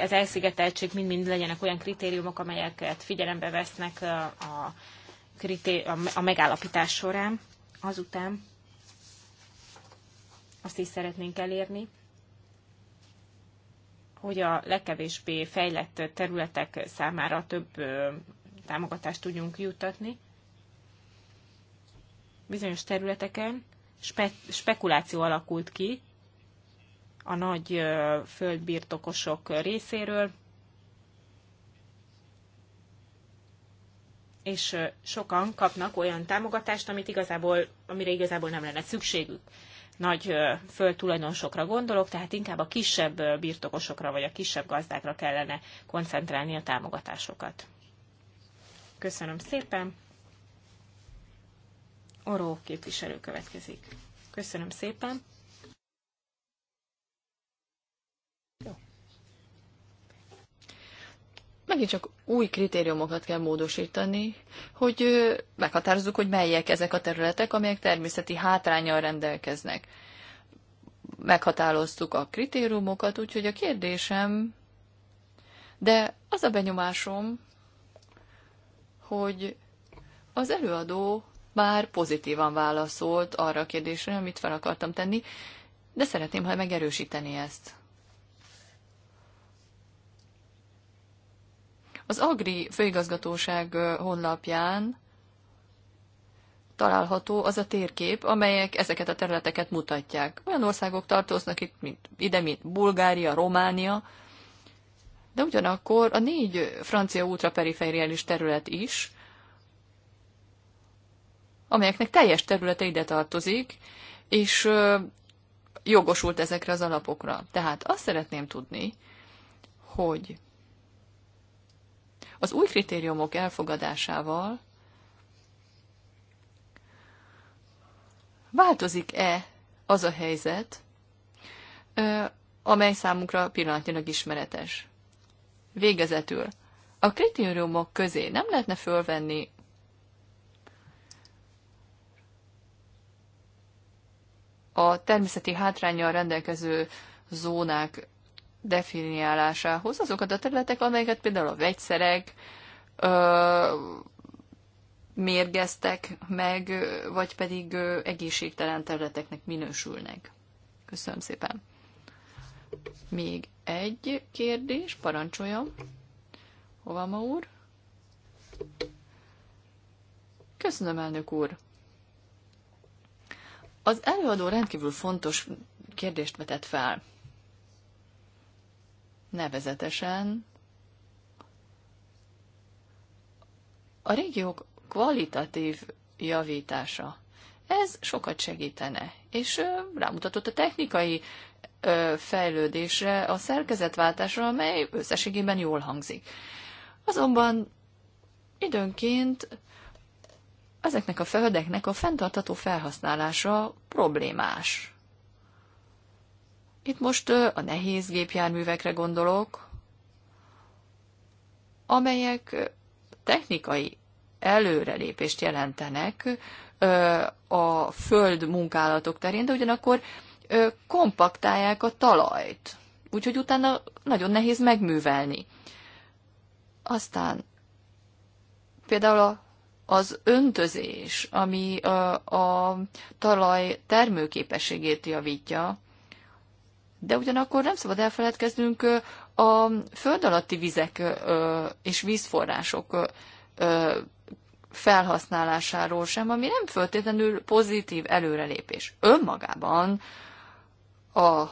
az elszigeteltség mind-mind legyenek olyan kritériumok, amelyeket figyelembe vesznek a, a megállapítás során. Azután azt is szeretnénk elérni, hogy a legkevésbé fejlett területek számára több támogatást tudjunk juttatni bizonyos területeken spe, spekuláció alakult ki a nagy földbirtokosok részéről, és sokan kapnak olyan támogatást, amit igazából, amire igazából nem lenne szükségük. Nagy földtulajdonosokra gondolok, tehát inkább a kisebb birtokosokra vagy a kisebb gazdákra kellene koncentrálni a támogatásokat. Köszönöm szépen! Oró képviselő következik. Köszönöm szépen. Megint csak új kritériumokat kell módosítani, hogy meghatározzuk, hogy melyek ezek a területek, amelyek természeti hátrányjal rendelkeznek. Meghatároztuk a kritériumokat, úgyhogy a kérdésem, de az a benyomásom, hogy az előadó bár pozitívan válaszolt arra a kérdésre, amit fel akartam tenni, de szeretném, ha megerősíteni ezt. Az Agri főigazgatóság honlapján található az a térkép, amelyek ezeket a területeket mutatják. Olyan országok tartoznak itt, mint ide, mint Bulgária, Románia, de ugyanakkor a négy francia ultraperifériális terület is, amelyeknek teljes területe ide tartozik, és jogosult ezekre az alapokra. Tehát azt szeretném tudni, hogy az új kritériumok elfogadásával változik-e az a helyzet, amely számunkra pillanatnyilag ismeretes. Végezetül, a kritériumok közé nem lehetne fölvenni a természeti hátrányjal rendelkező zónák definiálásához azokat a területek, amelyeket például a vegyszerek ö, mérgeztek meg, vagy pedig ö, egészségtelen területeknek minősülnek. Köszönöm szépen. Még egy kérdés, parancsoljam. Hova ma úr? Köszönöm, elnök úr. Az előadó rendkívül fontos kérdést vetett fel. Nevezetesen a régiók kvalitatív javítása. Ez sokat segítene, és rámutatott a technikai fejlődésre, a szerkezetváltásra, amely összességében jól hangzik. Azonban időnként ezeknek a földeknek a fenntartató felhasználása problémás. Itt most a nehéz gépjárművekre gondolok, amelyek technikai előrelépést jelentenek a föld munkálatok terén, de ugyanakkor kompaktálják a talajt, úgyhogy utána nagyon nehéz megművelni. Aztán például a az öntözés, ami a talaj termőképességét javítja, de ugyanakkor nem szabad elfeledkeznünk a föld alatti vizek és vízforrások felhasználásáról sem, ami nem föltétlenül pozitív előrelépés. Önmagában a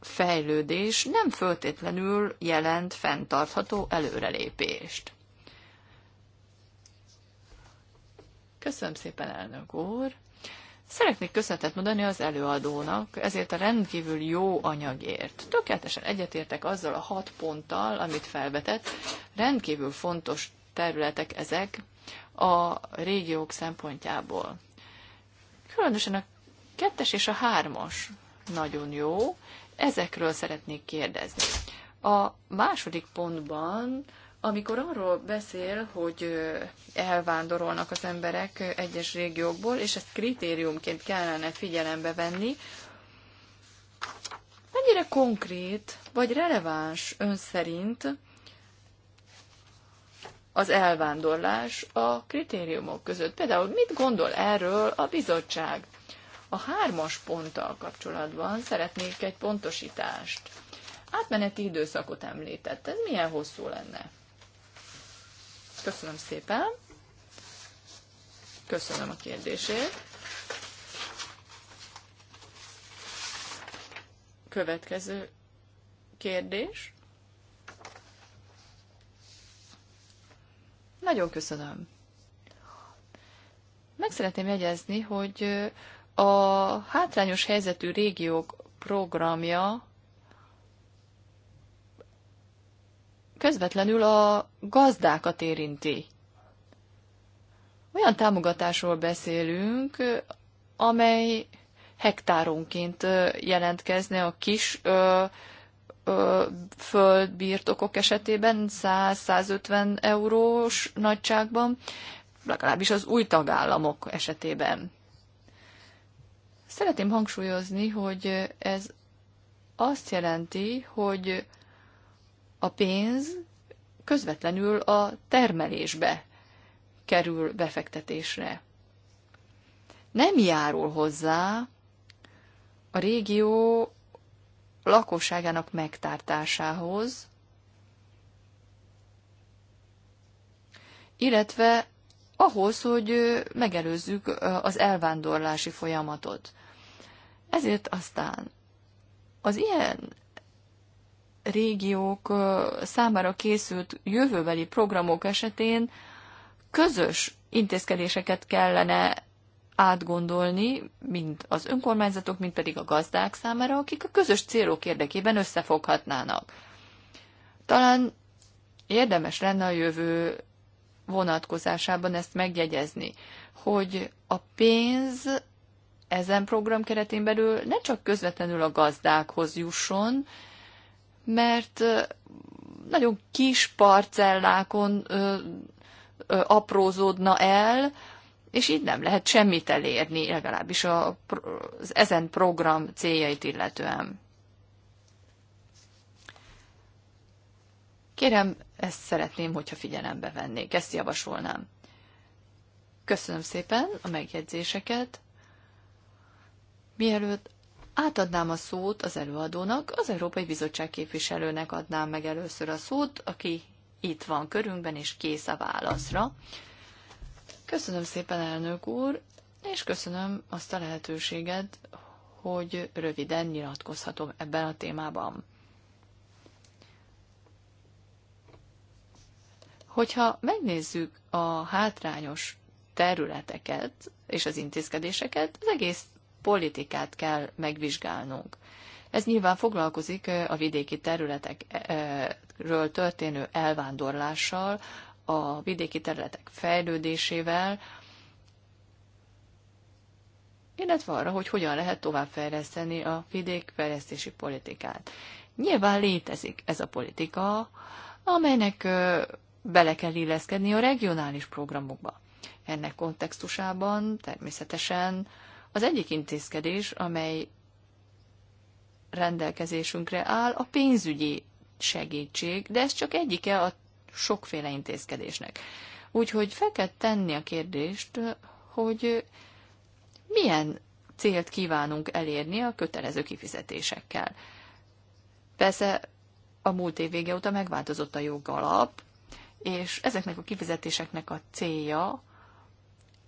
fejlődés nem föltétlenül jelent fenntartható előrelépést. Köszönöm szépen, elnök úr. Szeretnék köszönetet mondani az előadónak ezért a rendkívül jó anyagért. Tökéletesen egyetértek azzal a hat ponttal, amit felvetett. Rendkívül fontos területek ezek a régiók szempontjából. Különösen a kettes és a hármas nagyon jó. Ezekről szeretnék kérdezni. A második pontban amikor arról beszél, hogy elvándorolnak az emberek egyes régiókból, és ezt kritériumként kellene figyelembe venni, mennyire konkrét vagy releváns ön szerint az elvándorlás a kritériumok között? Például mit gondol erről a bizottság? A hármas ponttal kapcsolatban szeretnék egy pontosítást. Átmeneti időszakot említett. Ez milyen hosszú lenne? Köszönöm szépen. Köszönöm a kérdését. Következő kérdés. Nagyon köszönöm. Meg szeretném jegyezni, hogy a hátrányos helyzetű régiók programja közvetlenül a gazdákat érinti. Olyan támogatásról beszélünk, amely hektáronként jelentkezne a kis ö, ö, földbirtokok esetében 100-150 eurós nagyságban, legalábbis az új tagállamok esetében. Szeretném hangsúlyozni, hogy ez azt jelenti, hogy a pénz közvetlenül a termelésbe kerül befektetésre. Nem járul hozzá a régió lakosságának megtartásához, illetve ahhoz, hogy megelőzzük az elvándorlási folyamatot. Ezért aztán az ilyen régiók számára készült jövőbeli programok esetén közös intézkedéseket kellene átgondolni, mind az önkormányzatok, mind pedig a gazdák számára, akik a közös célok érdekében összefoghatnának. Talán érdemes lenne a jövő vonatkozásában ezt megjegyezni, hogy a pénz ezen program keretén belül ne csak közvetlenül a gazdákhoz jusson, mert nagyon kis parcellákon ö, ö, aprózódna el, és így nem lehet semmit elérni, legalábbis a, az ezen program céljait illetően. Kérem, ezt szeretném, hogyha figyelembe vennék, ezt javasolnám. Köszönöm szépen a megjegyzéseket. Mielőtt Átadnám a szót az előadónak, az Európai Bizottság képviselőnek adnám meg először a szót, aki itt van körünkben és kész a válaszra. Köszönöm szépen, elnök úr, és köszönöm azt a lehetőséget, hogy röviden nyilatkozhatom ebben a témában. Hogyha megnézzük a hátrányos területeket és az intézkedéseket, az egész politikát kell megvizsgálnunk. Ez nyilván foglalkozik a vidéki területekről történő elvándorlással, a vidéki területek fejlődésével, illetve arra, hogy hogyan lehet továbbfejleszteni a vidékfejlesztési politikát. Nyilván létezik ez a politika, amelynek bele kell illeszkedni a regionális programokba. Ennek kontextusában természetesen az egyik intézkedés, amely rendelkezésünkre áll, a pénzügyi segítség, de ez csak egyike a sokféle intézkedésnek. Úgyhogy fel kell tenni a kérdést, hogy milyen célt kívánunk elérni a kötelező kifizetésekkel. Persze a múlt év vége óta megváltozott a jogalap, és ezeknek a kifizetéseknek a célja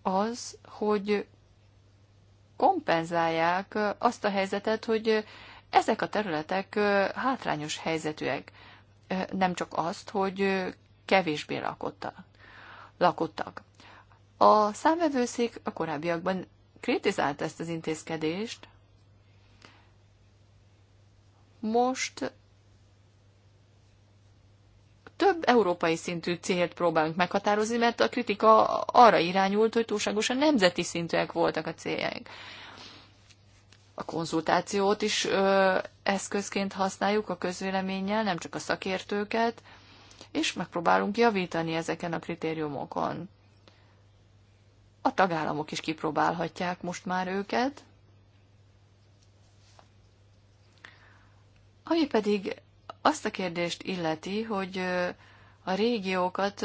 az, hogy kompenzálják azt a helyzetet, hogy ezek a területek hátrányos helyzetűek. Nem csak azt, hogy kevésbé lakottak. lakottak. A számvevőszék a korábbiakban kritizált ezt az intézkedést, most több európai szintű célt próbálunk meghatározni, mert a kritika arra irányult, hogy túlságosan nemzeti szintűek voltak a céljaink. A konzultációt is ö, eszközként használjuk a közvéleménnyel, nem csak a szakértőket, és megpróbálunk javítani ezeken a kritériumokon. A tagállamok is kipróbálhatják most már őket. Ami pedig azt a kérdést illeti, hogy a régiókat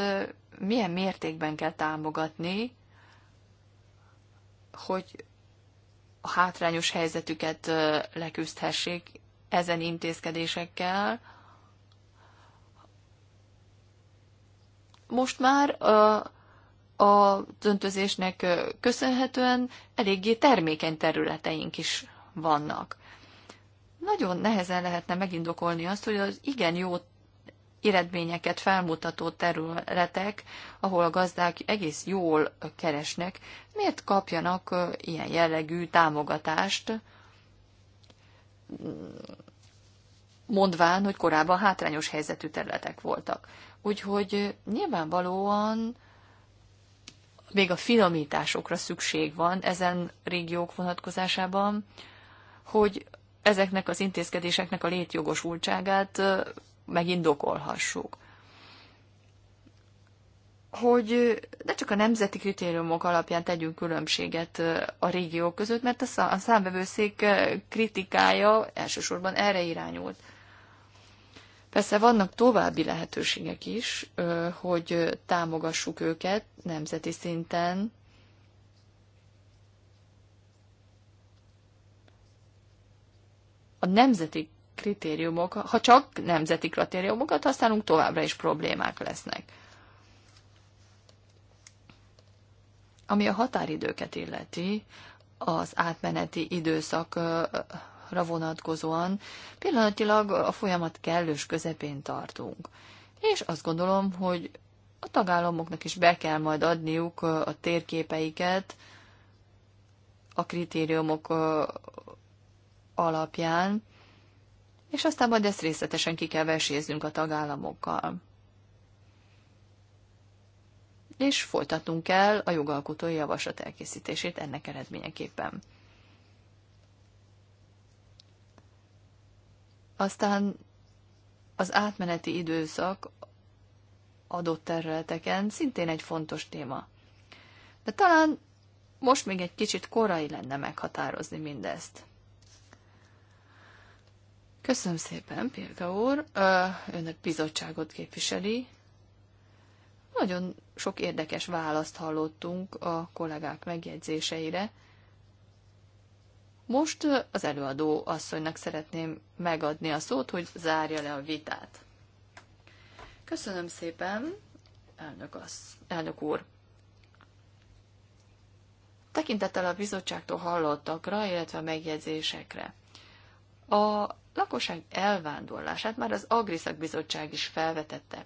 milyen mértékben kell támogatni, hogy a hátrányos helyzetüket leküzdhessék ezen intézkedésekkel. Most már a döntözésnek köszönhetően eléggé termékeny területeink is vannak nagyon nehezen lehetne megindokolni azt, hogy az igen jó eredményeket felmutató területek, ahol a gazdák egész jól keresnek, miért kapjanak ilyen jellegű támogatást, mondván, hogy korábban hátrányos helyzetű területek voltak. Úgyhogy nyilvánvalóan még a finomításokra szükség van ezen régiók vonatkozásában, hogy ezeknek az intézkedéseknek a létjogosultságát megindokolhassuk. Hogy ne csak a nemzeti kritériumok alapján tegyünk különbséget a régiók között, mert a számbevőszék kritikája elsősorban erre irányult. Persze vannak további lehetőségek is, hogy támogassuk őket nemzeti szinten, a nemzeti kritériumok, ha csak nemzeti kritériumokat használunk, továbbra is problémák lesznek. Ami a határidőket illeti, az átmeneti időszakra vonatkozóan pillanatilag a folyamat kellős közepén tartunk. És azt gondolom, hogy a tagállamoknak is be kell majd adniuk a térképeiket a kritériumok alapján, és aztán majd ezt részletesen ki kell versélyeznünk a tagállamokkal. És folytatnunk kell a jogalkotói javaslat elkészítését ennek eredményeképpen. Aztán az átmeneti időszak adott területeken szintén egy fontos téma. De talán most még egy kicsit korai lenne meghatározni mindezt. Köszönöm szépen, Pirga úr. Önök bizottságot képviseli. Nagyon sok érdekes választ hallottunk a kollégák megjegyzéseire. Most az előadó asszonynak szeretném megadni a szót, hogy zárja le a vitát. Köszönöm szépen, elnök, az, elnök úr. Tekintettel a bizottságtól hallottakra, illetve a megjegyzésekre. A lakosság elvándorlását már az Agriszak Bizottság is felvetette.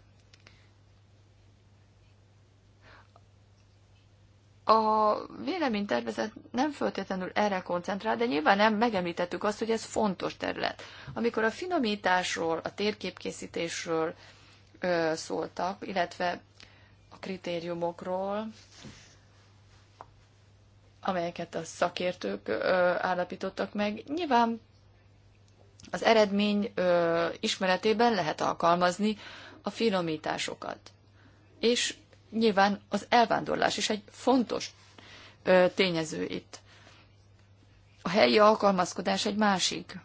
A véleménytervezet nem föltétlenül erre koncentrál, de nyilván nem megemlítettük azt, hogy ez fontos terület. Amikor a finomításról, a térképkészítésről ö, szóltak, illetve a kritériumokról, amelyeket a szakértők ö, állapítottak meg, nyilván az eredmény ö, ismeretében lehet alkalmazni a finomításokat. És nyilván az elvándorlás is egy fontos ö, tényező itt. A helyi alkalmazkodás egy másik.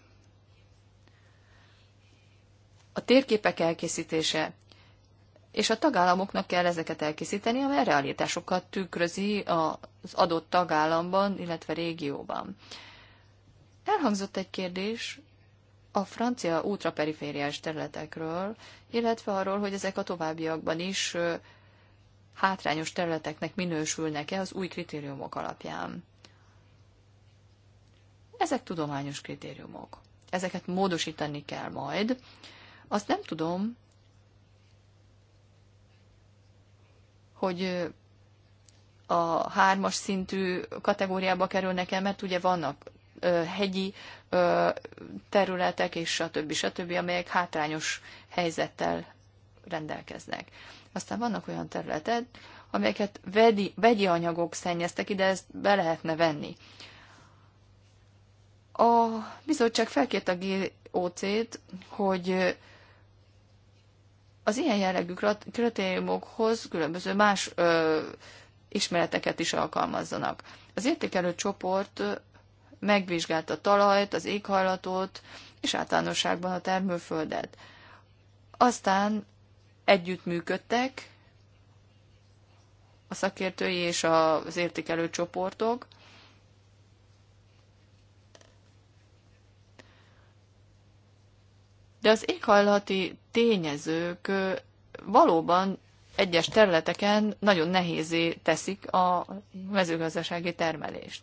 A térképek elkészítése, és a tagállamoknak kell ezeket elkészíteni, amely realitásokat tükrözi az adott tagállamban, illetve régióban. Elhangzott egy kérdés a francia ultraperifériás területekről, illetve arról, hogy ezek a továbbiakban is hátrányos területeknek minősülnek-e az új kritériumok alapján. Ezek tudományos kritériumok. Ezeket módosítani kell majd. Azt nem tudom, hogy a hármas szintű kategóriába kerülnek el, mert ugye vannak hegyi területek, és stb. stb., amelyek hátrányos helyzettel rendelkeznek. Aztán vannak olyan területek, amelyeket vedi, vegyi anyagok szennyeztek, ide ezt be lehetne venni. A bizottság felkért a GOC-t, hogy az ilyen jellegű kritériumokhoz különböző más ö, ismereteket is alkalmazzanak. Az értékelő csoport megvizsgálta a talajt, az éghajlatot, és általánosságban a termőföldet. Aztán együttműködtek a szakértői és az értékelő csoportok, De az éghajlati tényezők valóban egyes területeken nagyon nehézé teszik a mezőgazdasági termelést.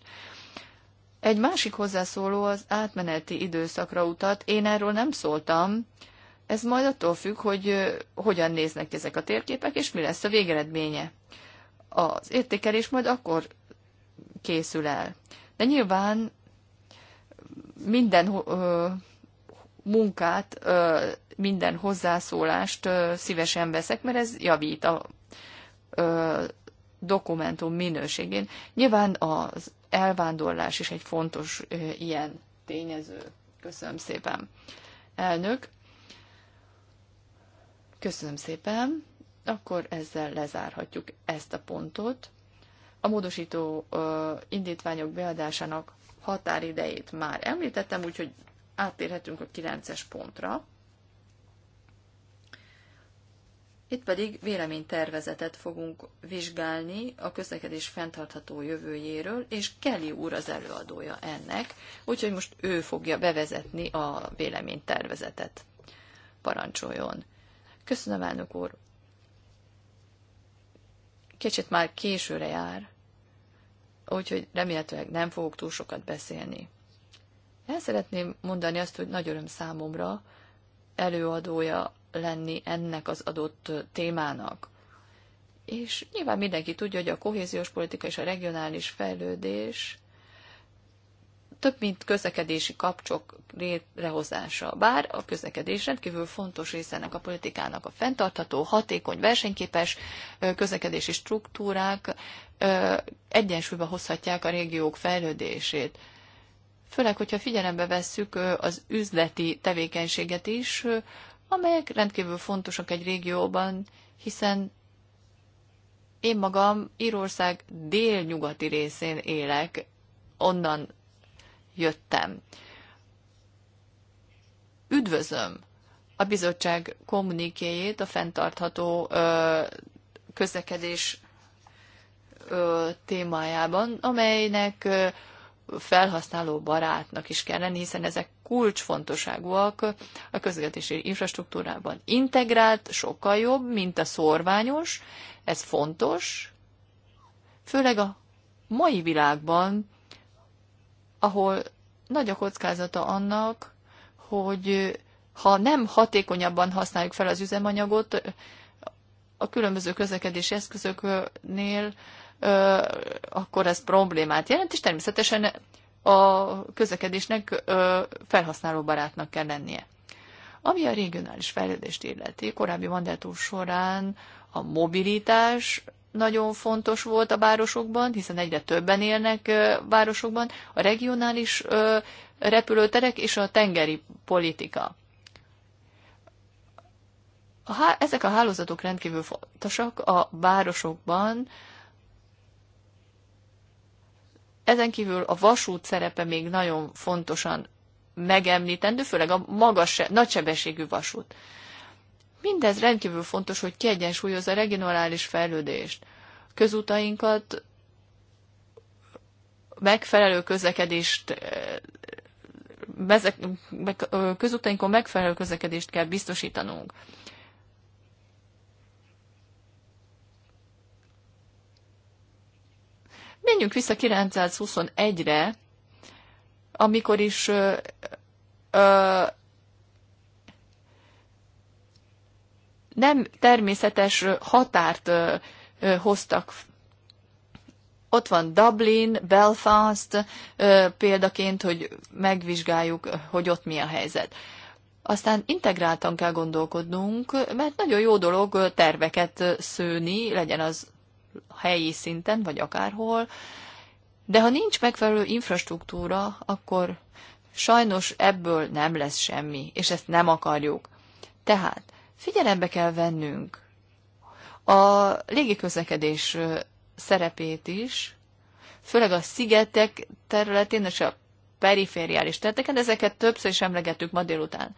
Egy másik hozzászóló az átmeneti időszakra utat. Én erről nem szóltam. Ez majd attól függ, hogy hogyan néznek ezek a térképek, és mi lesz a végeredménye. Az értékelés majd akkor készül el. De nyilván minden ö, munkát, ö, minden hozzászólást ö, szívesen veszek, mert ez javít a ö, dokumentum minőségén. Nyilván az elvándorlás is egy fontos ilyen tényező. Köszönöm szépen. Elnök, köszönöm szépen. Akkor ezzel lezárhatjuk ezt a pontot. A módosító indítványok beadásának határidejét már említettem, úgyhogy áttérhetünk a 9-es pontra. Itt pedig véleménytervezetet fogunk vizsgálni a közlekedés fenntartható jövőjéről, és Kelly úr az előadója ennek, úgyhogy most ő fogja bevezetni a véleménytervezetet. Parancsoljon! Köszönöm, elnök úr! Kicsit már későre jár, úgyhogy remélhetőleg nem fogok túl sokat beszélni. El szeretném mondani azt, hogy nagy öröm számomra előadója lenni ennek az adott témának. És nyilván mindenki tudja, hogy a kohéziós politika és a regionális fejlődés több, mint közlekedési kapcsok létrehozása. Bár a közlekedés rendkívül fontos része ennek a politikának a fenntartható, hatékony, versenyképes közlekedési struktúrák egyensúlyba hozhatják a régiók fejlődését. Főleg, hogyha figyelembe vesszük az üzleti tevékenységet is, amelyek rendkívül fontosak egy régióban, hiszen én magam Írország délnyugati részén élek, onnan jöttem. Üdvözlöm a bizottság kommunikéjét a fenntartható ö, közlekedés ö, témájában, amelynek ö, felhasználó barátnak is kell lenni, hiszen ezek kulcsfontosságúak a közlekedési infrastruktúrában. Integrált sokkal jobb, mint a szorványos, ez fontos, főleg a mai világban, ahol nagy a kockázata annak, hogy ha nem hatékonyabban használjuk fel az üzemanyagot, a különböző közlekedési eszközöknél, akkor ez problémát jelent, és természetesen a közlekedésnek felhasználóbarátnak kell lennie. Ami a regionális fejlődést illeti, korábbi mandátum során a mobilitás nagyon fontos volt a városokban, hiszen egyre többen élnek városokban, a regionális repülőterek és a tengeri politika. ezek a hálózatok rendkívül fontosak a városokban, ezen kívül a vasút szerepe még nagyon fontosan megemlítendő, főleg a magas, nagysebességű vasút. Mindez rendkívül fontos, hogy kiegyensúlyozza a regionális fejlődést. Közutainkat megfelelő közlekedést eh, közutainkon megfelelő közlekedést kell biztosítanunk. Menjünk vissza 921-re, amikor is ö, ö, nem természetes határt ö, ö, hoztak. Ott van Dublin, Belfast ö, példaként, hogy megvizsgáljuk, hogy ott mi a helyzet. Aztán integráltan kell gondolkodnunk, mert nagyon jó dolog terveket szőni, legyen az helyi szinten, vagy akárhol, de ha nincs megfelelő infrastruktúra, akkor sajnos ebből nem lesz semmi, és ezt nem akarjuk. Tehát figyelembe kell vennünk a légiközlekedés szerepét is, főleg a szigetek területén és a perifériális területeken, ezeket többször is emlegettük ma délután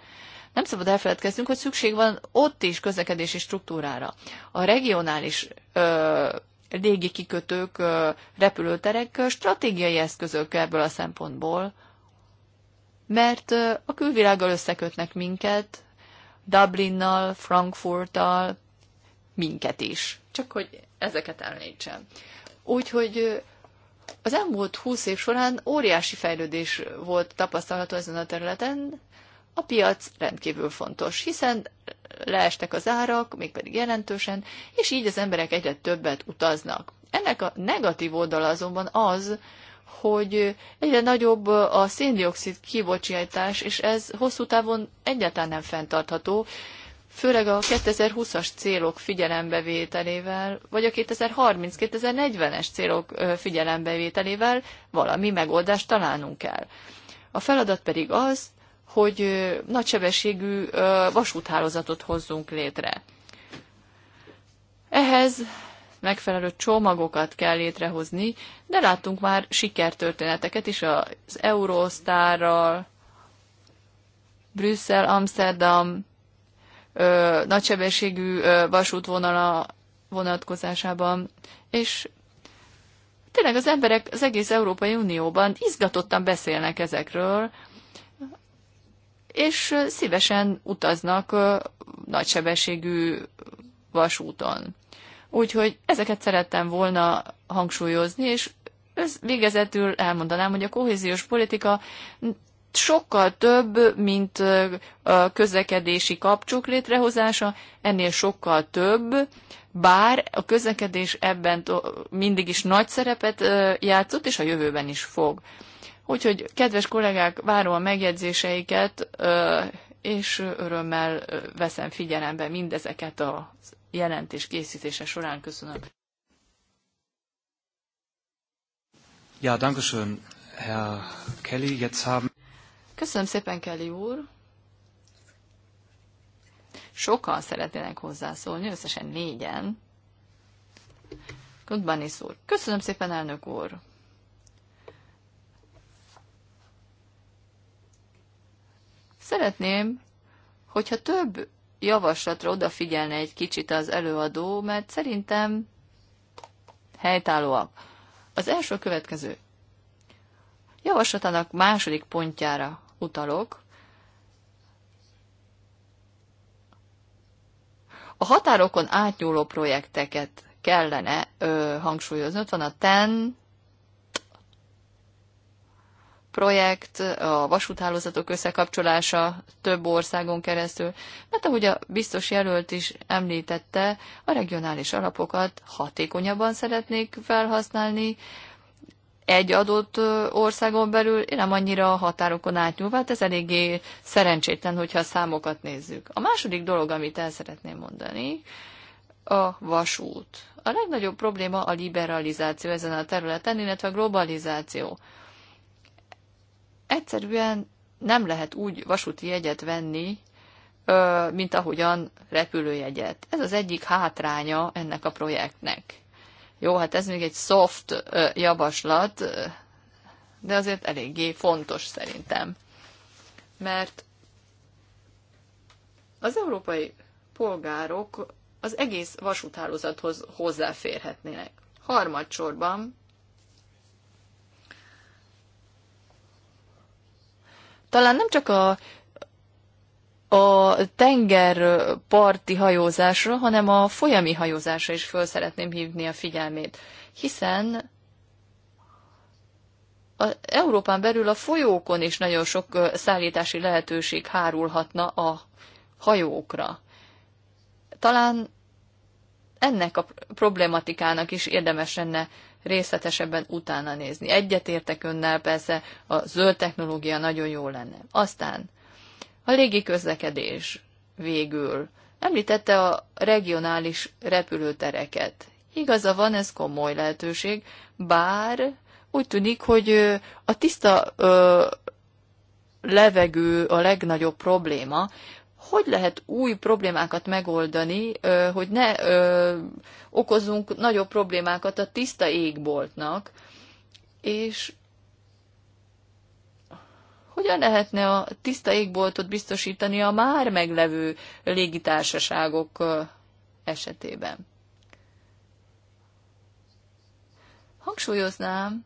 nem szabad elfeledkeznünk, hogy szükség van ott is közlekedési struktúrára. A regionális ö, légi kikötők, ö, repülőterek ö, stratégiai eszközök ebből a szempontból, mert ö, a külvilággal összekötnek minket, Dublinnal, Frankfurttal, minket is. Csak hogy ezeket említsem. Úgyhogy az elmúlt 20 év során óriási fejlődés volt tapasztalható ezen a területen, a piac rendkívül fontos, hiszen leestek az árak, mégpedig jelentősen, és így az emberek egyre többet utaznak. Ennek a negatív oldala azonban az, hogy egyre nagyobb a széndiokszid kibocsátás, és ez hosszú távon egyáltalán nem fenntartható, főleg a 2020-as célok figyelembevételével, vagy a 2030-2040-es célok figyelembevételével valami megoldást találnunk kell. A feladat pedig az, hogy nagysebességű vasúthálózatot hozzunk létre. Ehhez megfelelő csomagokat kell létrehozni, de láttunk már sikertörténeteket is az Eurostárral, Brüsszel, Amsterdam, ö, nagysebességű ö, vasútvonala vonatkozásában, és tényleg az emberek az egész Európai Unióban izgatottan beszélnek ezekről, és szívesen utaznak nagysebességű vasúton. Úgyhogy ezeket szerettem volna hangsúlyozni, és ez végezetül elmondanám, hogy a kohéziós politika sokkal több, mint a közlekedési kapcsok létrehozása, ennél sokkal több, bár a közlekedés ebben mindig is nagy szerepet játszott, és a jövőben is fog. Úgyhogy, kedves kollégák, várom a megjegyzéseiket, és örömmel veszem figyelembe mindezeket a jelentés készítése során. Köszönöm. Ja, dankeschön, Herr Kelly. Jetzt haben... Köszönöm szépen, Kelly úr. Sokan szeretnének hozzászólni, összesen négyen. Köszönöm szépen, elnök úr. Szeretném, hogyha több javaslatra odafigyelne egy kicsit az előadó, mert szerintem helytállóak. Az első következő. Javaslatának második pontjára utalok. A határokon átnyúló projekteket kellene ö, hangsúlyozni. Ott van a TEN, projekt, a vasúthálózatok összekapcsolása több országon keresztül, mert ahogy a biztos jelölt is említette, a regionális alapokat hatékonyabban szeretnék felhasználni, egy adott országon belül, nem annyira a határokon átnyúlva, hát ez eléggé szerencsétlen, hogyha a számokat nézzük. A második dolog, amit el szeretném mondani, a vasút. A legnagyobb probléma a liberalizáció ezen a területen, illetve a globalizáció. Egyszerűen nem lehet úgy vasúti jegyet venni, mint ahogyan repülőjegyet. Ez az egyik hátránya ennek a projektnek. Jó, hát ez még egy soft javaslat, de azért eléggé fontos szerintem. Mert az európai polgárok az egész vasúthálózathoz hozzáférhetnének. Harmadsorban talán nem csak a, a tengerparti hajózásra, hanem a folyami hajózásra is föl szeretném hívni a figyelmét, hiszen a Európán belül a folyókon is nagyon sok szállítási lehetőség hárulhatna a hajókra. Talán ennek a problématikának is érdemes lenne részletesebben utána nézni. Egyetértek önnel persze, a zöld technológia nagyon jó lenne. Aztán a légi közlekedés végül. Említette a regionális repülőtereket. Igaza van, ez komoly lehetőség, bár úgy tűnik, hogy a tiszta ö, levegő a legnagyobb probléma, hogy lehet új problémákat megoldani, hogy ne okozunk nagyobb problémákat a tiszta égboltnak, és hogyan lehetne a tiszta égboltot biztosítani a már meglevő légitársaságok esetében? Hangsúlyoznám,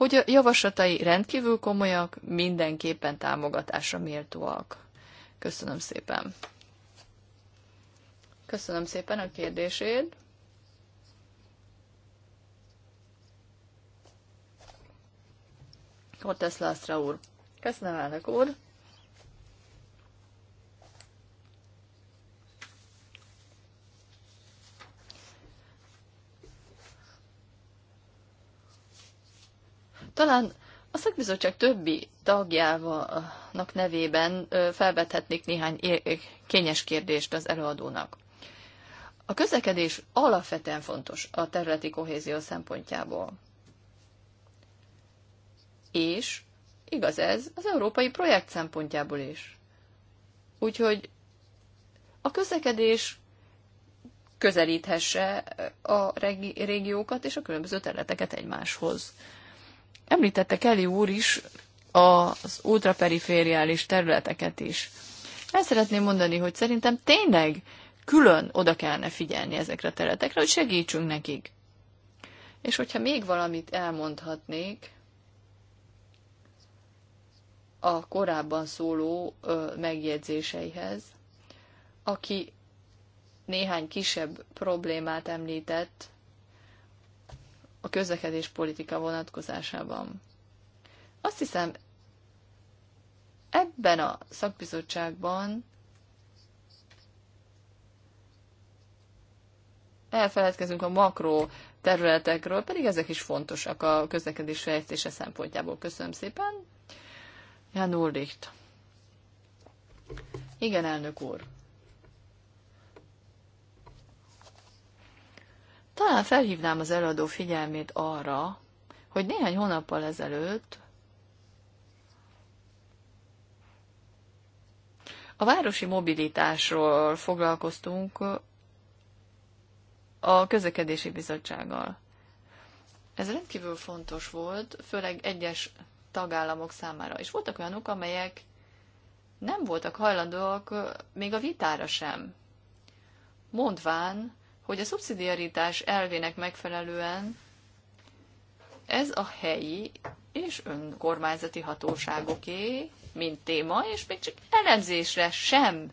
hogy a javaslatai rendkívül komolyak, mindenképpen támogatásra méltóak. Köszönöm szépen. Köszönöm szépen a kérdését. Hortesz László úr. Köszönöm, elnök úr. Talán a szakbizottság többi tagjának nevében felvethetnék néhány kényes kérdést az előadónak. A közlekedés alapvetően fontos a területi kohézió szempontjából. És igaz ez az európai projekt szempontjából is. Úgyhogy a közlekedés közelíthesse a régiókat és a különböző területeket egymáshoz. Említette Kelly úr is az ultraperifériális területeket is. El szeretném mondani, hogy szerintem tényleg külön oda kellene figyelni ezekre a területekre, hogy segítsünk nekik. És hogyha még valamit elmondhatnék, a korábban szóló ö, megjegyzéseihez, aki néhány kisebb problémát említett, a közlekedés politika vonatkozásában. Azt hiszem, ebben a szakbizottságban elfeledkezünk a makró területekről, pedig ezek is fontosak a közlekedés fejlesztése szempontjából. Köszönöm szépen. Jan Ulricht. Igen, elnök úr. Talán felhívnám az előadó figyelmét arra, hogy néhány hónappal ezelőtt a városi mobilitásról foglalkoztunk a közlekedési bizottsággal. Ez rendkívül fontos volt, főleg egyes tagállamok számára. És voltak olyanok, amelyek nem voltak hajlandóak még a vitára sem. Mondván, hogy a szubszidiaritás elvének megfelelően ez a helyi és önkormányzati hatóságoké, mint téma, és még csak elemzésre sem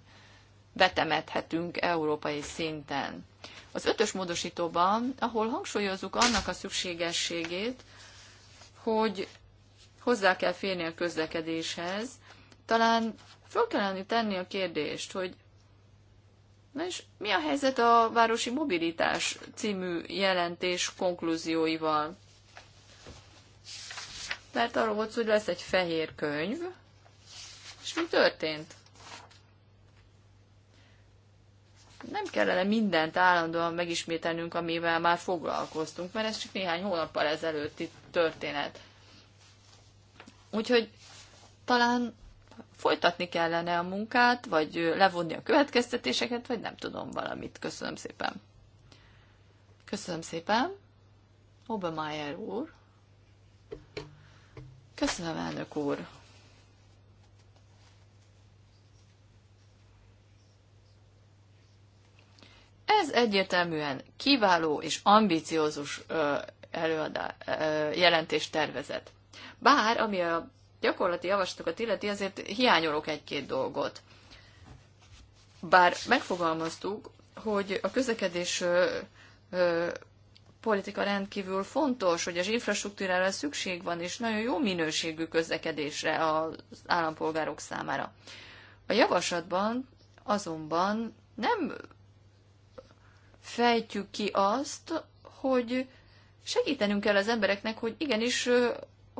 betemethetünk európai szinten. Az ötös módosítóban, ahol hangsúlyozzuk annak a szükségességét, hogy hozzá kell férni a közlekedéshez, talán föl kellene tenni a kérdést, hogy Na és mi a helyzet a Városi Mobilitás című jelentés konklúzióival? Mert arról volt hogy lesz egy fehér könyv, és mi történt? Nem kellene mindent állandóan megismételnünk, amivel már foglalkoztunk, mert ez csak néhány hónappal ezelőtti történet. Úgyhogy talán folytatni kellene a munkát, vagy levonni a következtetéseket, vagy nem tudom valamit. Köszönöm szépen. Köszönöm szépen. Obermeyer úr. Köszönöm, elnök úr. Ez egyértelműen kiváló és ambiciózus előadá, jelentés tervezet. Bár, ami a gyakorlati javaslatokat illeti, azért hiányolok egy-két dolgot. Bár megfogalmaztuk, hogy a közlekedés politika rendkívül fontos, hogy az infrastruktúrára szükség van, és nagyon jó minőségű közlekedésre az állampolgárok számára. A javaslatban azonban nem fejtjük ki azt, hogy segítenünk kell az embereknek, hogy igenis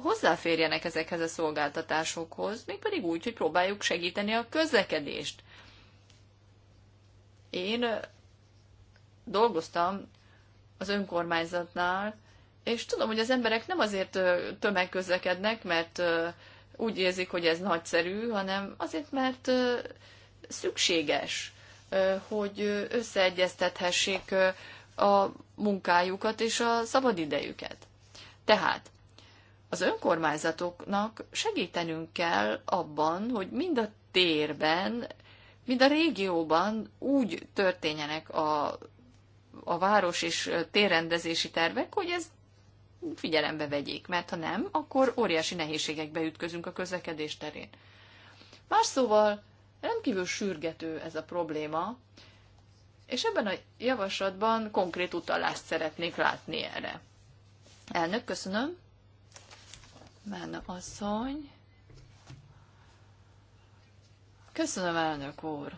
hozzáférjenek ezekhez a szolgáltatásokhoz, mégpedig úgy, hogy próbáljuk segíteni a közlekedést. Én dolgoztam az önkormányzatnál, és tudom, hogy az emberek nem azért tömegközlekednek, mert úgy érzik, hogy ez nagyszerű, hanem azért, mert szükséges, hogy összeegyeztethessék a munkájukat és a szabadidejüket. Tehát az önkormányzatoknak segítenünk kell abban, hogy mind a térben, mind a régióban úgy történjenek a, a város és térrendezési tervek, hogy ez figyelembe vegyék, mert ha nem, akkor óriási nehézségekbe ütközünk a közlekedés terén. Más szóval rendkívül sürgető ez a probléma, és ebben a javaslatban konkrét utalást szeretnék látni erre. Elnök, köszönöm. Mána asszony. Köszönöm, elnök úr.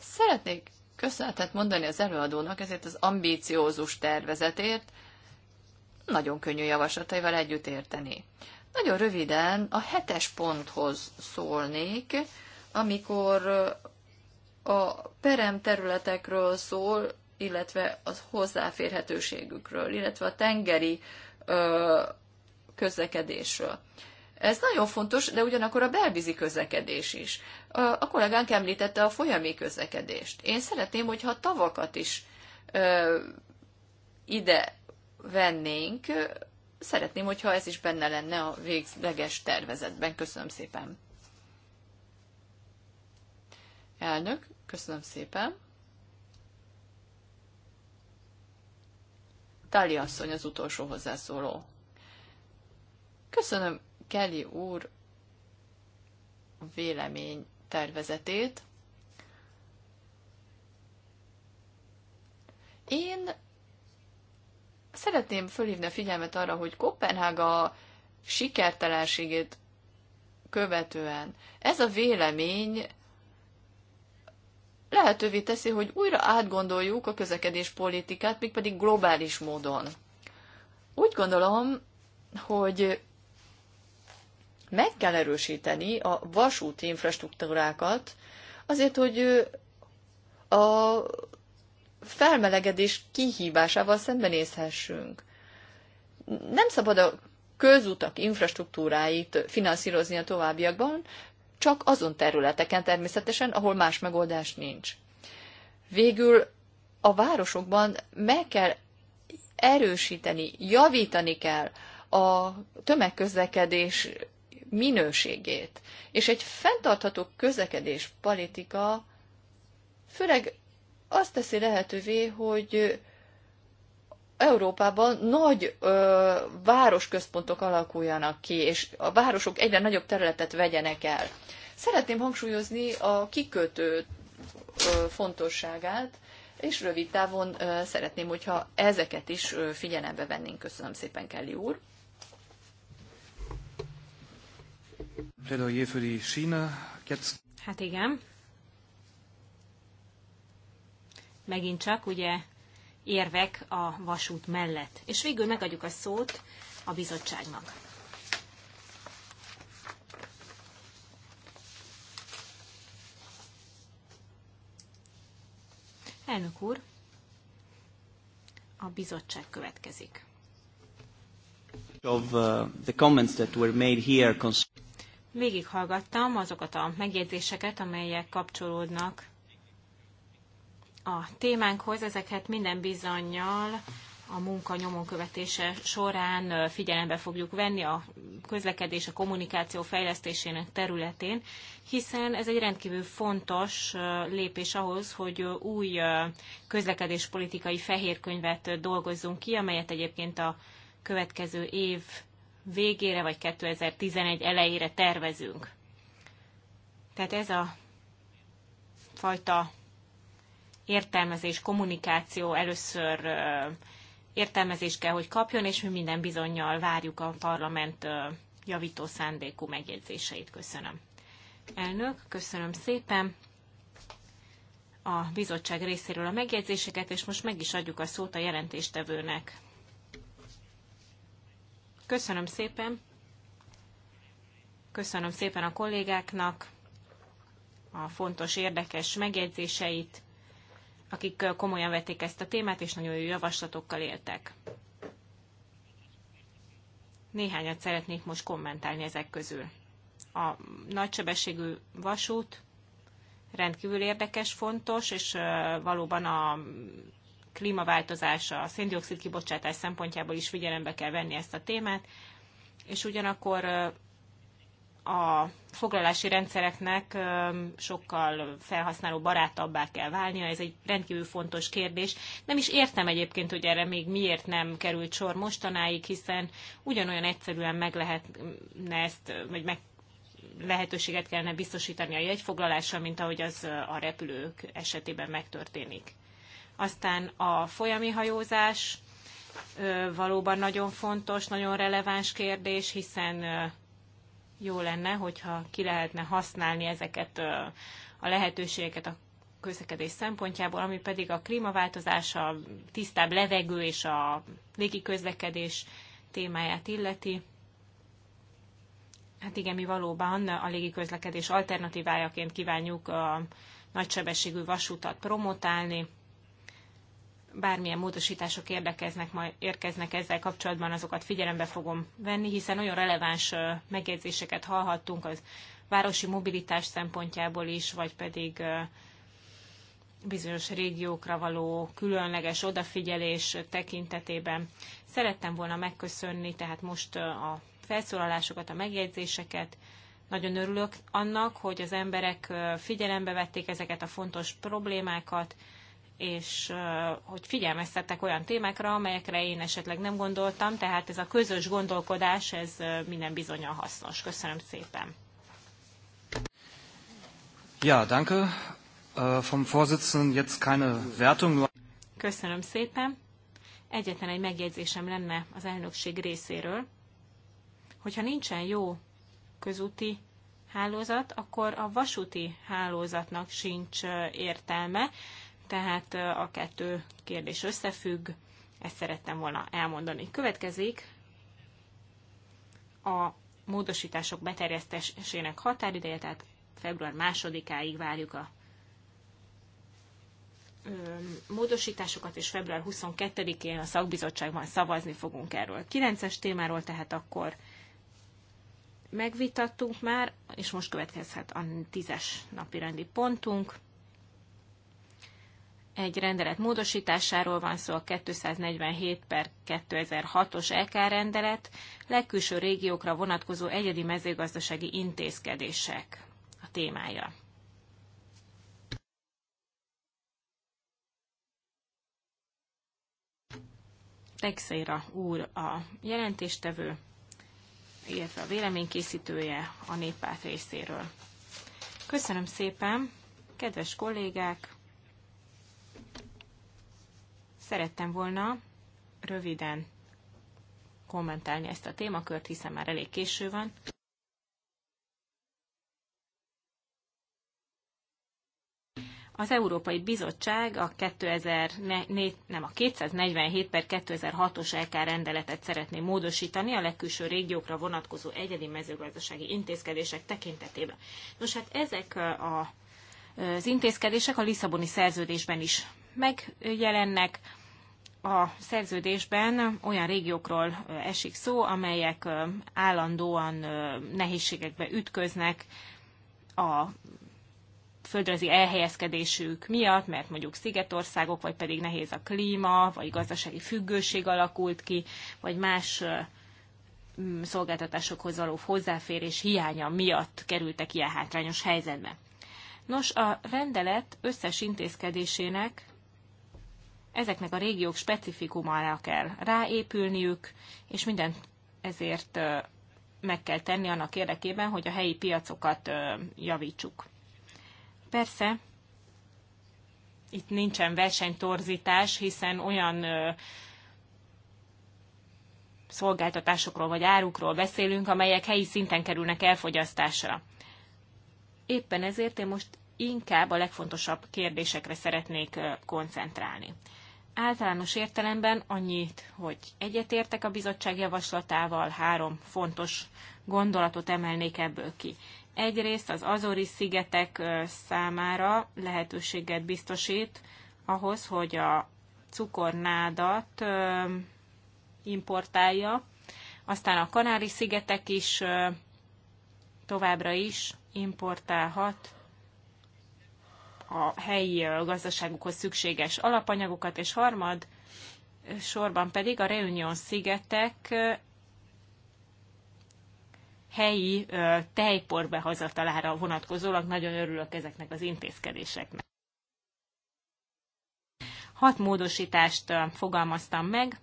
Szeretnék köszönetet mondani az előadónak ezért az ambíciózus tervezetért. Nagyon könnyű javaslataival együtt érteni. Nagyon röviden a hetes ponthoz szólnék, amikor a perem területekről szól, illetve az hozzáférhetőségükről, illetve a tengeri közlekedésről. Ez nagyon fontos, de ugyanakkor a belvízi közlekedés is. A kollégánk említette a folyami közlekedést. Én szeretném, hogyha tavakat is ö, ide vennénk. Szeretném, hogyha ez is benne lenne a végleges tervezetben. Köszönöm szépen. Elnök, köszönöm szépen. Táli asszony az utolsó hozzászóló. Köszönöm Kelly úr vélemény tervezetét. Én szeretném fölhívni a figyelmet arra, hogy Kopenhága sikertelenségét követően ez a vélemény lehetővé teszi, hogy újra átgondoljuk a közlekedés politikát, mégpedig globális módon. Úgy gondolom, hogy meg kell erősíteni a vasúti infrastruktúrákat, azért, hogy a felmelegedés kihívásával szembenézhessünk. Nem szabad a közutak infrastruktúráit finanszírozni a továbbiakban, csak azon területeken természetesen, ahol más megoldás nincs. Végül a városokban meg kell erősíteni, javítani kell a tömegközlekedés minőségét. És egy fenntartható közlekedés politika főleg azt teszi lehetővé, hogy Európában nagy ö, városközpontok alakuljanak ki, és a városok egyre nagyobb területet vegyenek el. Szeretném hangsúlyozni a kikötő ö, fontosságát, és rövid távon ö, szeretném, hogyha ezeket is ö, figyelembe vennénk. Köszönöm szépen, Kelly úr. Plädoyer für die Schiene. Jetzt... Hát igen. Megint csak ugye érvek a vasút mellett. És végül megadjuk a szót a bizottságnak. Elnök úr, a bizottság következik. Of, uh, the comments that were made here végighallgattam azokat a megjegyzéseket, amelyek kapcsolódnak a témánkhoz. Ezeket minden bizonyal a munka nyomon követése során figyelembe fogjuk venni a közlekedés, a kommunikáció fejlesztésének területén, hiszen ez egy rendkívül fontos lépés ahhoz, hogy új közlekedéspolitikai fehérkönyvet dolgozzunk ki, amelyet egyébként a következő év végére vagy 2011 elejére tervezünk. Tehát ez a fajta értelmezés, kommunikáció először értelmezés kell, hogy kapjon, és mi minden bizonyal várjuk a parlament javító szándékú megjegyzéseit. Köszönöm. Elnök, köszönöm szépen a bizottság részéről a megjegyzéseket, és most meg is adjuk a szót a jelentéstevőnek. Köszönöm szépen. Köszönöm szépen a kollégáknak a fontos, érdekes megjegyzéseit, akik komolyan vették ezt a témát, és nagyon jó javaslatokkal éltek. Néhányat szeretnék most kommentálni ezek közül. A nagysebességű vasút rendkívül érdekes, fontos, és valóban a klímaváltozása, a széndiokszid kibocsátás szempontjából is figyelembe kell venni ezt a témát, és ugyanakkor a foglalási rendszereknek sokkal felhasználó barátabbá kell válnia, ez egy rendkívül fontos kérdés. Nem is értem egyébként, hogy erre még miért nem került sor mostanáig, hiszen ugyanolyan egyszerűen meg lehetne ezt, vagy meg lehetőséget kellene biztosítani a jegyfoglalásra, mint ahogy az a repülők esetében megtörténik. Aztán a folyami hajózás valóban nagyon fontos, nagyon releváns kérdés, hiszen jó lenne, hogyha ki lehetne használni ezeket a lehetőségeket a közlekedés szempontjából, ami pedig a klímaváltozás, a tisztább levegő és a légi közlekedés témáját illeti. Hát igen, mi valóban a légi közlekedés alternatívájaként kívánjuk a nagysebességű vasútat promotálni bármilyen módosítások érdekeznek, majd érkeznek ezzel kapcsolatban, azokat figyelembe fogom venni, hiszen olyan releváns megjegyzéseket hallhattunk az városi mobilitás szempontjából is, vagy pedig bizonyos régiókra való különleges odafigyelés tekintetében. Szerettem volna megköszönni tehát most a felszólalásokat, a megjegyzéseket. Nagyon örülök annak, hogy az emberek figyelembe vették ezeket a fontos problémákat, és hogy figyelmeztettek olyan témákra, amelyekre én esetleg nem gondoltam, tehát ez a közös gondolkodás, ez minden bizonyal hasznos. Köszönöm szépen. Ja, danke. Äh, vom Vorsitzenden jetzt keine Wertung. Nur... Köszönöm szépen. Egyetlen egy megjegyzésem lenne az elnökség részéről. Hogyha nincsen jó közúti hálózat, akkor a vasúti hálózatnak sincs értelme, tehát a kettő kérdés összefügg, ezt szerettem volna elmondani. Következik a módosítások beterjesztésének határideje, tehát február másodikáig várjuk a módosításokat, és február 22-én a szakbizottságban szavazni fogunk erről. 9-es témáról tehát akkor megvitattunk már, és most következhet a 10-es napi rendi pontunk egy rendelet módosításáról van szó, a 247 per 2006-os EK rendelet, legkülső régiókra vonatkozó egyedi mezőgazdasági intézkedések a témája. Texeira úr a jelentéstevő, illetve a véleménykészítője a néppárt részéről. Köszönöm szépen, kedves kollégák! Szerettem volna röviden kommentálni ezt a témakört, hiszen már elég késő van. Az Európai Bizottság a 2004, nem a 247 per 2006-os LK rendeletet szeretné módosítani a legkülső régiókra vonatkozó egyedi mezőgazdasági intézkedések tekintetében. Nos, hát ezek a, az intézkedések a Lisszaboni szerződésben is megjelennek a szerződésben olyan régiókról esik szó, amelyek állandóan nehézségekbe ütköznek a földrajzi elhelyezkedésük miatt, mert mondjuk szigetországok, vagy pedig nehéz a klíma, vagy gazdasági függőség alakult ki, vagy más szolgáltatásokhoz való hozzáférés hiánya miatt kerültek ilyen hátrányos helyzetbe. Nos, a rendelet összes intézkedésének ezeknek a régiók specifikumára kell ráépülniük, és mindent ezért meg kell tenni annak érdekében, hogy a helyi piacokat javítsuk. Persze, itt nincsen versenytorzítás, hiszen olyan szolgáltatásokról vagy árukról beszélünk, amelyek helyi szinten kerülnek elfogyasztásra. Éppen ezért én most inkább a legfontosabb kérdésekre szeretnék koncentrálni általános értelemben annyit, hogy egyetértek a bizottság javaslatával, három fontos gondolatot emelnék ebből ki. Egyrészt az Azori szigetek számára lehetőséget biztosít ahhoz, hogy a cukornádat importálja, aztán a Kanári szigetek is továbbra is importálhat a helyi gazdaságukhoz szükséges alapanyagokat, és harmad sorban pedig a Reunion szigetek helyi tejpor behazatalára vonatkozólag nagyon örülök ezeknek az intézkedéseknek. Hat módosítást fogalmaztam meg,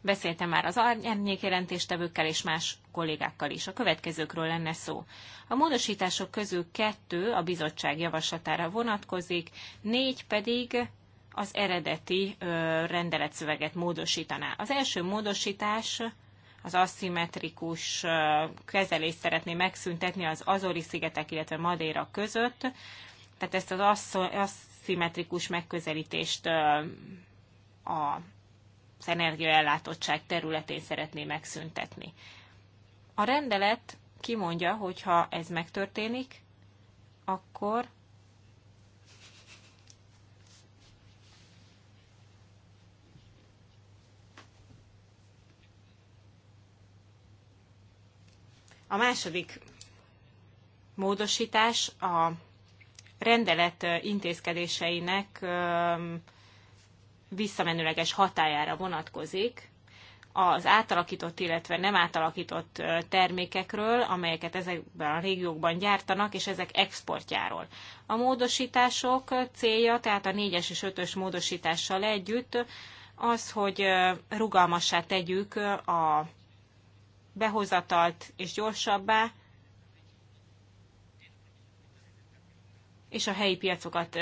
beszéltem már az árnyékjelentéstevőkkel és más kollégákkal is. A következőkről lenne szó. A módosítások közül kettő a bizottság javaslatára vonatkozik, négy pedig az eredeti rendeletszöveget módosítaná. Az első módosítás az aszimmetrikus kezelést szeretné megszüntetni az Azori-szigetek, illetve Madéra között. Tehát ezt az aszimmetrikus megközelítést a az energiaellátottság területén szeretné megszüntetni. A rendelet kimondja, hogy ha ez megtörténik, akkor A második módosítás a rendelet intézkedéseinek visszamenőleges hatájára vonatkozik, az átalakított, illetve nem átalakított termékekről, amelyeket ezekben a régiókban gyártanak, és ezek exportjáról. A módosítások célja, tehát a 4-es és 5-ös módosítással együtt az, hogy rugalmassá tegyük a behozatalt és gyorsabbá, és a helyi piacokat,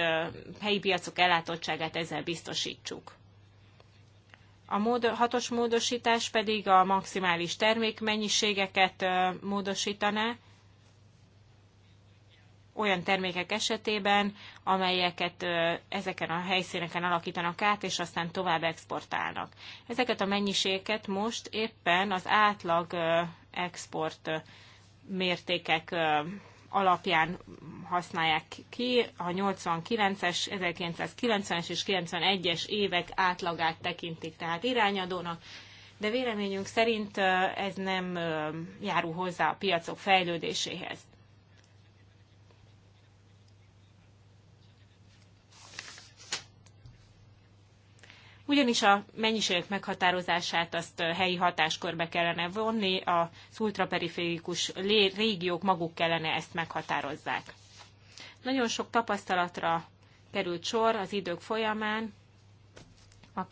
helyi piacok ellátottságát ezzel biztosítsuk. A mód, hatos módosítás pedig a maximális termékmennyiségeket módosítaná olyan termékek esetében, amelyeket ezeken a helyszíneken alakítanak át, és aztán tovább exportálnak. Ezeket a mennyiségeket most éppen az átlag export mértékek alapján használják ki a 89-es, 1990-es és 91-es évek átlagát tekintik, tehát irányadónak, de véleményünk szerint ez nem járul hozzá a piacok fejlődéséhez. ugyanis a mennyiségek meghatározását azt helyi hatáskörbe kellene vonni, a ultraperiférikus régiók maguk kellene ezt meghatározzák. Nagyon sok tapasztalatra került sor az idők folyamán, a, a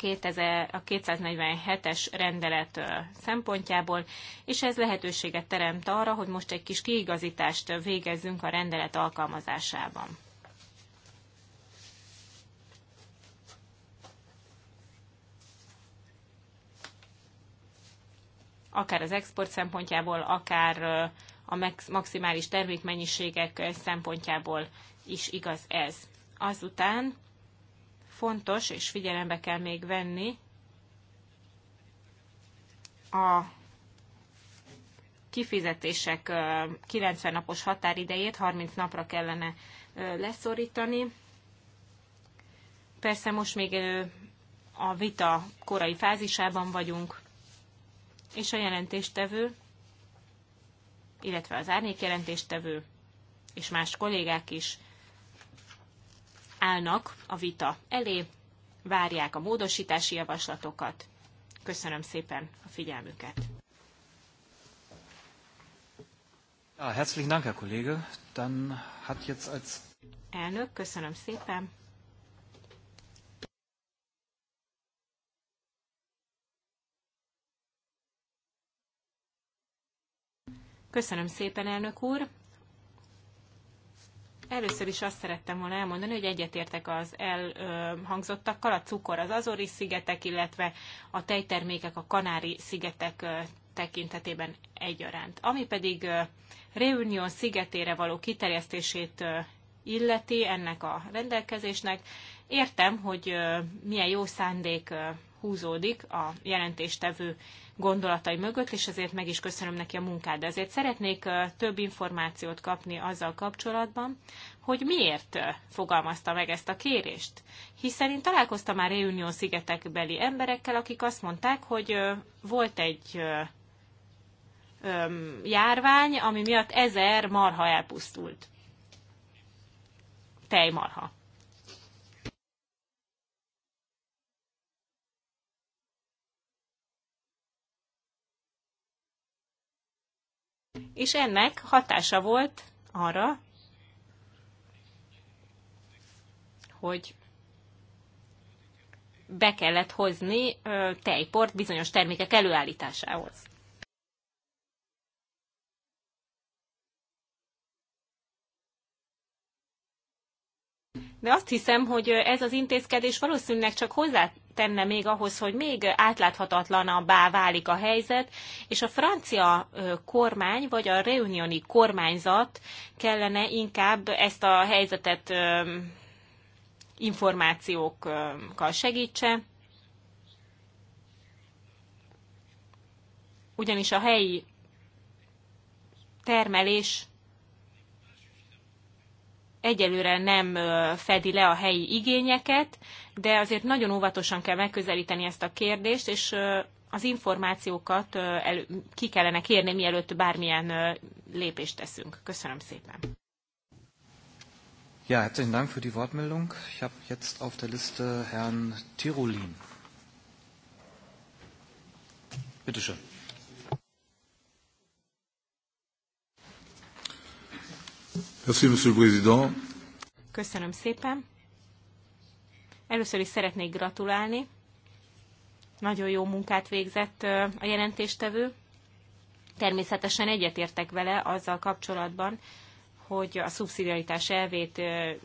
247-es rendelet szempontjából, és ez lehetőséget teremt arra, hogy most egy kis kiigazítást végezzünk a rendelet alkalmazásában. akár az export szempontjából, akár a maximális termékmennyiségek szempontjából is igaz ez. Azután fontos, és figyelembe kell még venni a kifizetések 90 napos határidejét 30 napra kellene leszorítani. Persze most még a vita korai fázisában vagyunk, és a jelentéstevő, illetve az árnyék jelentéstevő és más kollégák is állnak a vita elé, várják a módosítási javaslatokat. Köszönöm szépen a figyelmüket. Ja, herzlichen Dank, Herr Kollege. Dann hat jetzt als Elnök, köszönöm szépen. Köszönöm szépen, elnök úr. Először is azt szerettem volna elmondani, hogy egyetértek az elhangzottakkal, a cukor az Azori-szigetek, illetve a tejtermékek a Kanári-szigetek tekintetében egyaránt. Ami pedig Réunion szigetére való kiterjesztését illeti ennek a rendelkezésnek, értem, hogy milyen jó szándék húzódik a jelentéstevő gondolatai mögött, és ezért meg is köszönöm neki a munkát. De azért szeretnék több információt kapni azzal kapcsolatban, hogy miért fogalmazta meg ezt a kérést. Hiszen én találkoztam már Réunió szigetekbeli emberekkel, akik azt mondták, hogy volt egy járvány, ami miatt ezer marha elpusztult. Tejmarha. és ennek hatása volt arra, hogy be kellett hozni tejport bizonyos termékek előállításához. De azt hiszem, hogy ez az intézkedés valószínűleg csak hozzá tenne még ahhoz, hogy még átláthatatlanabbá válik a helyzet, és a francia kormány vagy a reunioni kormányzat kellene inkább ezt a helyzetet információkkal segítse, ugyanis a helyi termelés egyelőre nem fedi le a helyi igényeket, de azért nagyon óvatosan kell megközelíteni ezt a kérdést, és az információkat elő, ki kellene kérni, mielőtt bármilyen lépést teszünk. Köszönöm szépen. Ja, herzlichen Dank für die Wortmeldung. Ich habe jetzt auf der Liste Herrn Tirolin. Bitte schön. Merci, Monsieur le Président. Köszönöm szépen. Először is szeretnék gratulálni. Nagyon jó munkát végzett a jelentéstevő. Természetesen egyetértek vele azzal kapcsolatban, hogy a szubszidiaritás elvét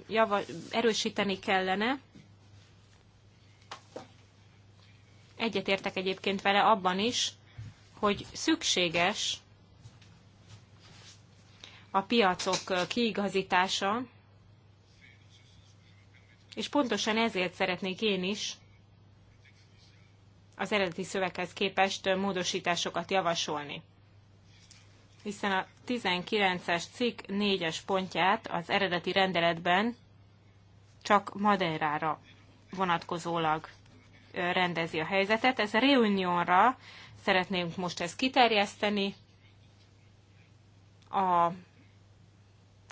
java, erősíteni kellene. Egyetértek egyébként vele abban is, hogy szükséges a piacok kiigazítása és pontosan ezért szeretnék én is az eredeti szöveghez képest módosításokat javasolni. Hiszen a 19-es cikk 4-es pontját az eredeti rendeletben csak Madeirára vonatkozólag rendezi a helyzetet. Ez a Reunionra szeretnénk most ezt kiterjeszteni. A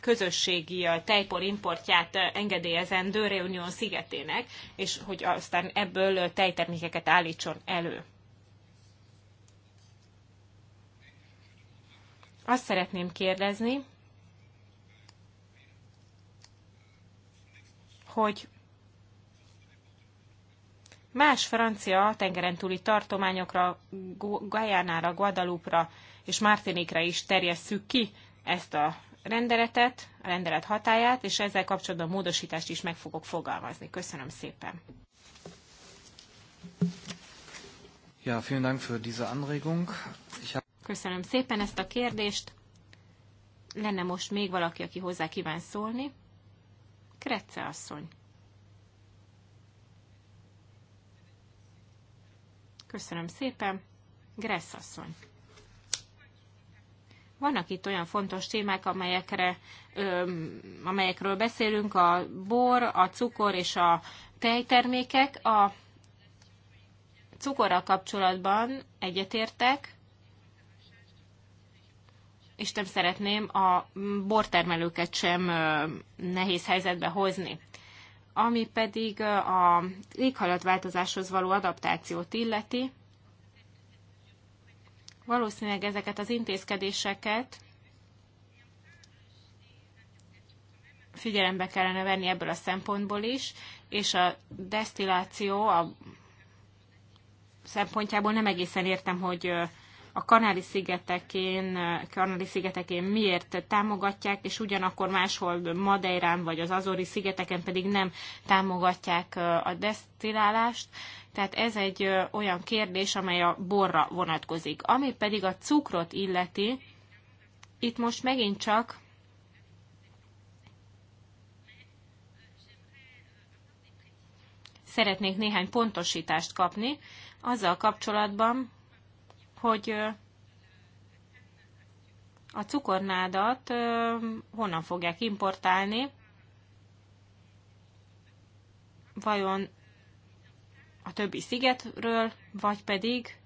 közösségi tejpor importját eh, engedélyezendő Reunion szigetének, és hogy aztán ebből eh, tejtermékeket állítson elő. Azt szeretném kérdezni, hogy más francia tengeren túli tartományokra, Guyanára, Guadalupe-ra és Martinikra is terjesszük ki ezt a rendeletet, a rendelet hatáját, és ezzel kapcsolatban módosítást is meg fogok fogalmazni. Köszönöm szépen. Ja, vielen Dank für diese Anregung. Ich hab... Köszönöm szépen ezt a kérdést. Lenne most még valaki, aki hozzá kíván szólni? Kretze asszony. Köszönöm szépen. Gressz asszony. Vannak itt olyan fontos témák, amelyekre, ö, amelyekről beszélünk, a bor, a cukor és a tejtermékek. A cukorral kapcsolatban egyetértek, és nem szeretném a bortermelőket sem nehéz helyzetbe hozni. Ami pedig a éghajlatváltozáshoz való adaptációt illeti, valószínűleg ezeket az intézkedéseket figyelembe kellene venni ebből a szempontból is, és a desztilláció a szempontjából nem egészen értem, hogy a kanári szigetekén, kanári szigetekén miért támogatják, és ugyanakkor máshol Madeirán vagy az Azori szigeteken pedig nem támogatják a desztilálást. Tehát ez egy olyan kérdés, amely a borra vonatkozik. Ami pedig a cukrot illeti, itt most megint csak szeretnék néhány pontosítást kapni azzal kapcsolatban, hogy a cukornádat honnan fogják importálni, vajon a többi szigetről, vagy pedig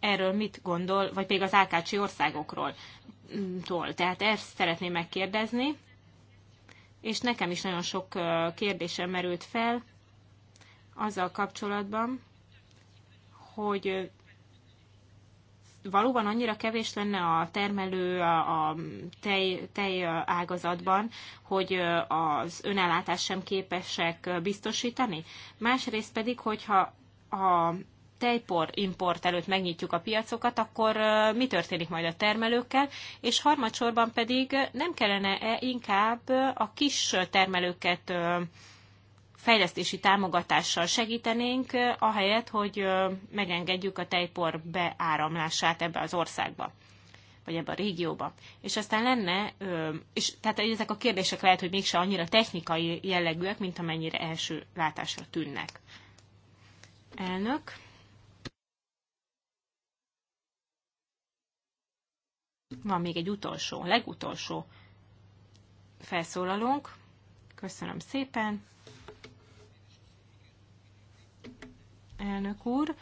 erről mit gondol, vagy pedig az Ákácsi országokról. Tól. Tehát ezt szeretném megkérdezni, és nekem is nagyon sok kérdésem merült fel azzal kapcsolatban, hogy valóban annyira kevés lenne a termelő a, a tej, tej ágazatban, hogy az önellátás sem képesek biztosítani. Másrészt pedig, hogyha a tejpor import előtt megnyitjuk a piacokat, akkor mi történik majd a termelőkkel, és harmadsorban pedig nem kellene -e inkább a kis termelőket fejlesztési támogatással segítenénk, eh, ahelyett, hogy eh, megengedjük a tejpor beáramlását ebbe az országba vagy ebbe a régióba. És aztán lenne, eh, és tehát ezek a kérdések lehet, hogy mégse annyira technikai jellegűek, mint amennyire első látásra tűnnek. Elnök. Van még egy utolsó, legutolsó felszólalónk. Köszönöm szépen. elnök úr.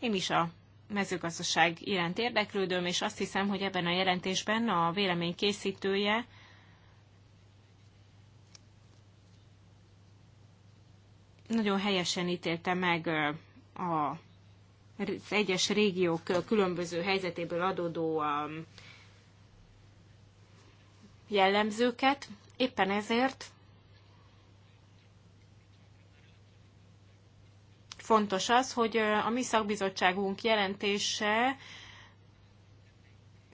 Én is a mezőgazdaság iránt érdeklődöm, és azt hiszem, hogy ebben a jelentésben a vélemény készítője nagyon helyesen ítélte meg a az egyes régiók különböző helyzetéből adódó jellemzőket. Éppen ezért fontos az, hogy a mi szakbizottságunk jelentése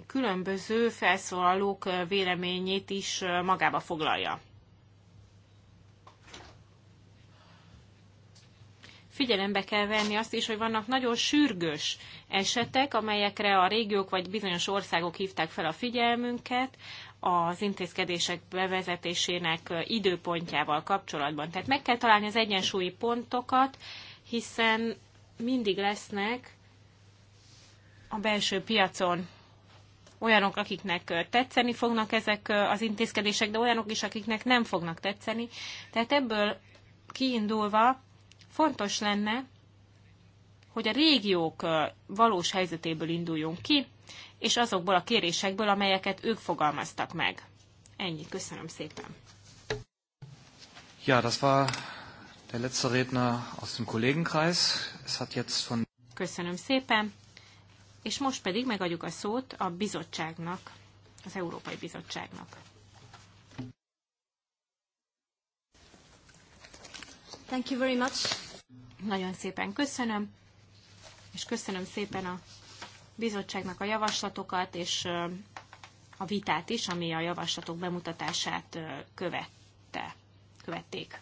különböző felszólalók véleményét is magába foglalja. Figyelembe kell venni azt is, hogy vannak nagyon sürgős esetek, amelyekre a régiók vagy bizonyos országok hívták fel a figyelmünket az intézkedések bevezetésének időpontjával kapcsolatban. Tehát meg kell találni az egyensúlyi pontokat, hiszen mindig lesznek a belső piacon olyanok, akiknek tetszeni fognak ezek az intézkedések, de olyanok is, akiknek nem fognak tetszeni. Tehát ebből kiindulva fontos lenne, hogy a régiók valós helyzetéből induljunk ki, és azokból a kérésekből, amelyeket ők fogalmaztak meg. Ennyi, köszönöm szépen. Ja, das war Der letzte Redner aus dem Kollegenkreis. Es hat jetzt von Köszönöm szépen. És most pedig megadjuk a szót a bizottságnak, az Európai Bizottságnak. Thank you very much. Nagyon szépen köszönöm, és köszönöm szépen a bizottságnak a javaslatokat, és a vitát is, ami a javaslatok bemutatását követte, követték.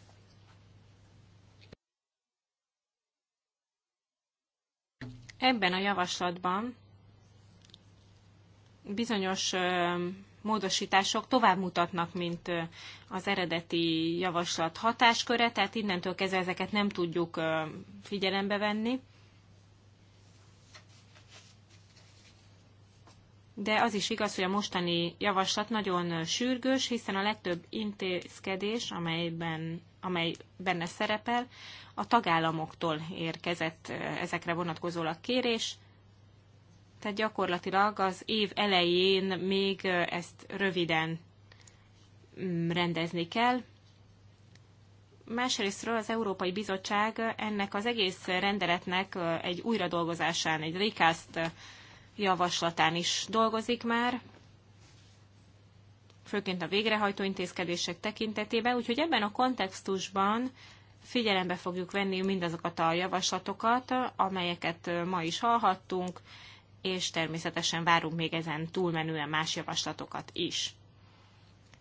Ebben a javaslatban bizonyos módosítások tovább mutatnak, mint az eredeti javaslat hatásköre, tehát innentől kezdve ezeket nem tudjuk figyelembe venni. De az is igaz, hogy a mostani javaslat nagyon sürgős, hiszen a legtöbb intézkedés, amelyben, amely benne szerepel, a tagállamoktól érkezett ezekre vonatkozólag kérés, tehát gyakorlatilag az év elején még ezt röviden mm, rendezni kell. Másrésztről az Európai Bizottság ennek az egész rendeletnek egy újradolgozásán, egy recast javaslatán is dolgozik már, főként a végrehajtó intézkedések tekintetében, úgyhogy ebben a kontextusban figyelembe fogjuk venni mindazokat a javaslatokat, amelyeket ma is hallhattunk, és természetesen várunk még ezen túlmenően más javaslatokat is.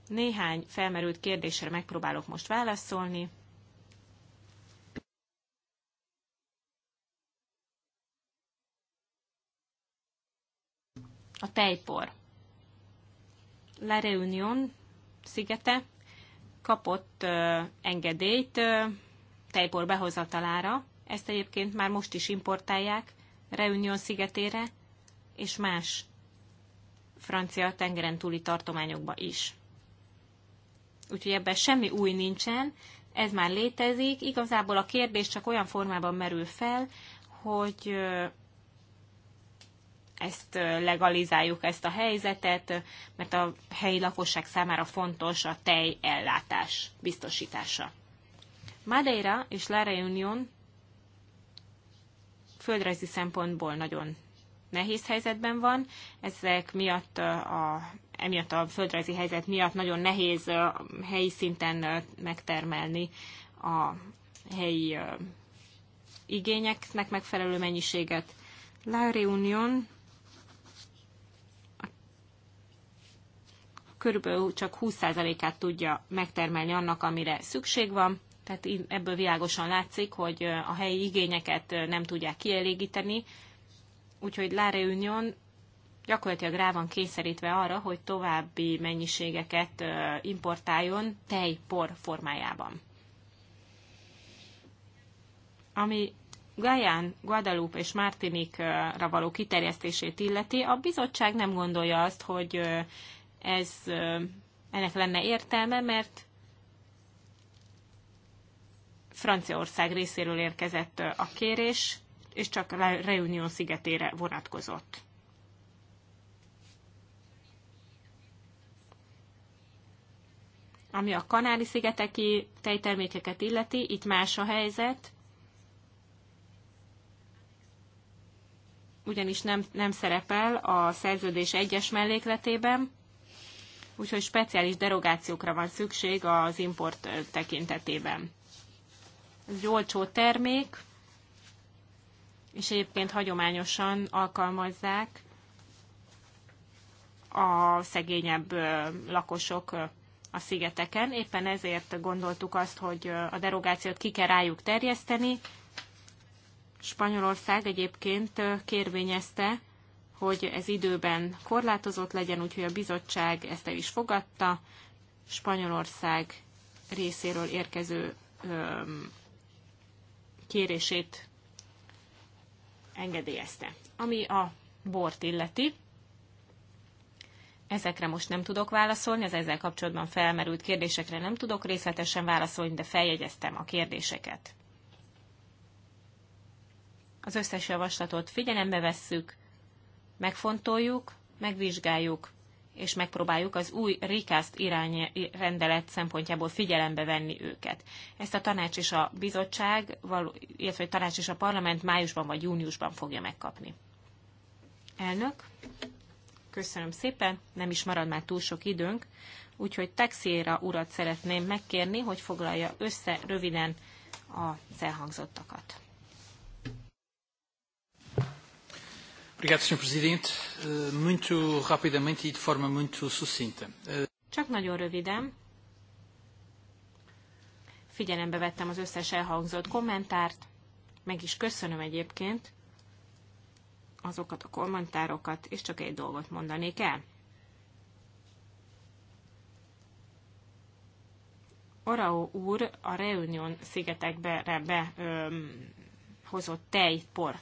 Néhány felmerült kérdésre megpróbálok most válaszolni. A tejpor. La Reunion szigete kapott engedélyt tejbor behozatalára. Ezt egyébként már most is importálják Reunion szigetére és más francia tengeren túli tartományokba is. Úgyhogy ebben semmi új nincsen, ez már létezik. Igazából a kérdés csak olyan formában merül fel, hogy ezt legalizáljuk, ezt a helyzetet, mert a helyi lakosság számára fontos a tej ellátás biztosítása. Madeira és La Reunion földrajzi szempontból nagyon nehéz helyzetben van. Ezek miatt a, emiatt a földrajzi helyzet miatt nagyon nehéz helyi szinten megtermelni a helyi igényeknek megfelelő mennyiséget. La Reunion körülbelül csak 20%-át tudja megtermelni annak, amire szükség van. Tehát ebből világosan látszik, hogy a helyi igényeket nem tudják kielégíteni, úgyhogy La Reunion gyakorlatilag rá van kényszerítve arra, hogy további mennyiségeket importáljon tejpor formájában. Ami Gaján, Guadalupe és Martinikra való kiterjesztését illeti, a bizottság nem gondolja azt, hogy ez ennek lenne értelme, mert Franciaország részéről érkezett a kérés, és csak a Reunion szigetére vonatkozott. Ami a Kanári-szigeteki tejtermékeket illeti, itt más a helyzet, ugyanis nem, nem szerepel a szerződés egyes mellékletében, úgyhogy speciális derogációkra van szükség az import tekintetében. Ez egy olcsó termék, és egyébként hagyományosan alkalmazzák a szegényebb lakosok a szigeteken. Éppen ezért gondoltuk azt, hogy a derogációt ki kell rájuk terjeszteni. Spanyolország egyébként kérvényezte, hogy ez időben korlátozott legyen, úgyhogy a bizottság ezt el is fogadta. Spanyolország részéről érkező kérését engedélyezte. Ami a bort illeti, ezekre most nem tudok válaszolni, az ezzel kapcsolatban felmerült kérdésekre nem tudok részletesen válaszolni, de feljegyeztem a kérdéseket. Az összes javaslatot figyelembe vesszük, megfontoljuk, megvizsgáljuk, és megpróbáljuk az új RICAST irányrendelet szempontjából figyelembe venni őket. Ezt a tanács és a bizottság, illetve a tanács és a parlament májusban vagy júniusban fogja megkapni. Elnök, köszönöm szépen, nem is marad már túl sok időnk, úgyhogy Texiera urat szeretném megkérni, hogy foglalja össze röviden az elhangzottakat. Obrigado, Sr. Presidente. Eh, muito rapidamente e de forma muito sucinta. Eh, csak nagyon röviden. Figyelembe vettem az összes elhangzott kommentárt. Meg is köszönöm egyébként azokat a kommentárokat, és csak egy dolgot mondanék el. Orao úr a Reunion szigetekbe be, ö, hozott tejpor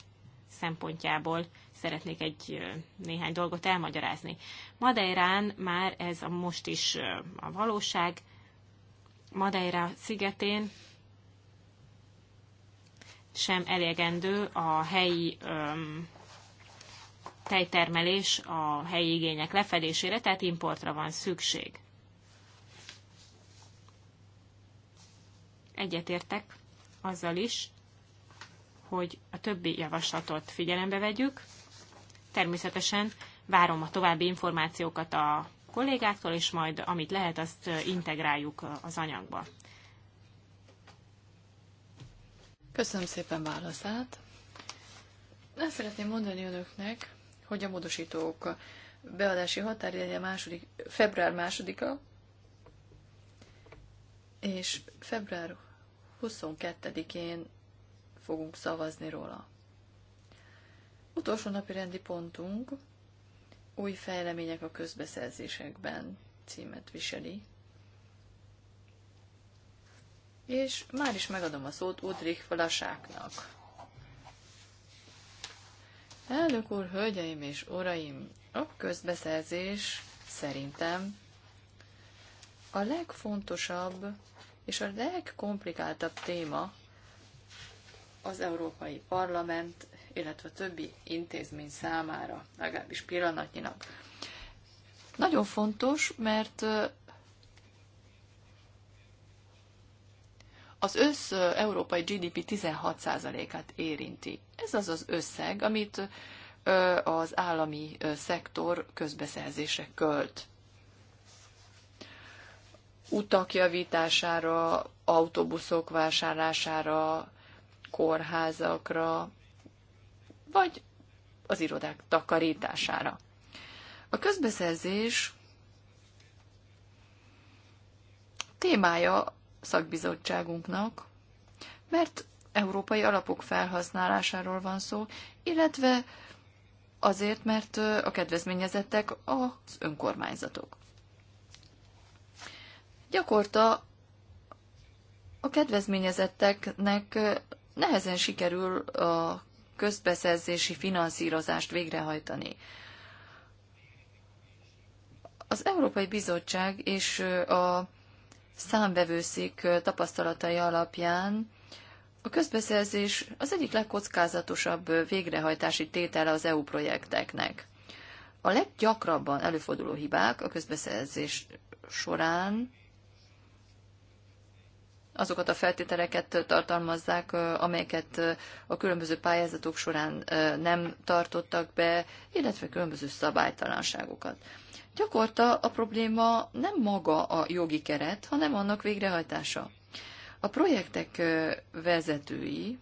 szempontjából szeretnék egy néhány dolgot elmagyarázni. Madeirán már ez a most is a valóság. Madeira szigetén sem elégendő a helyi öm, tejtermelés a helyi igények lefedésére, tehát importra van szükség. Egyetértek azzal is, hogy a többi javaslatot figyelembe vegyük, természetesen várom a további információkat a kollégáktól, és majd amit lehet, azt integráljuk az anyagba. Köszönöm szépen válaszát. Nem szeretném mondani önöknek, hogy a módosítók beadási határideje második, február másodika, és február 22-én fogunk szavazni róla. Utolsó napi rendi pontunk új fejlemények a közbeszerzésekben címet viseli. És már is megadom a szót Udrich Vlasáknak. Elnök úr, hölgyeim és uraim, a közbeszerzés szerintem a legfontosabb és a legkomplikáltabb téma az Európai Parlament illetve a többi intézmény számára, legalábbis pillanatnyilag. Nagyon fontos, mert az össz európai GDP 16%-át érinti. Ez az az összeg, amit az állami szektor közbeszerzése költ. Utak javítására, autóbuszok vásárlására, kórházakra, vagy az irodák takarítására. A közbeszerzés témája szakbizottságunknak, mert európai alapok felhasználásáról van szó, illetve azért, mert a kedvezményezettek az önkormányzatok. Gyakorta a kedvezményezetteknek nehezen sikerül a közbeszerzési finanszírozást végrehajtani. Az Európai Bizottság és a számbevőszék tapasztalatai alapján a közbeszerzés az egyik legkockázatosabb végrehajtási tétele az EU projekteknek. A leggyakrabban előforduló hibák a közbeszerzés során azokat a feltételeket tartalmazzák, amelyeket a különböző pályázatok során nem tartottak be, illetve különböző szabálytalanságokat. Gyakorta a probléma nem maga a jogi keret, hanem annak végrehajtása. A projektek vezetői,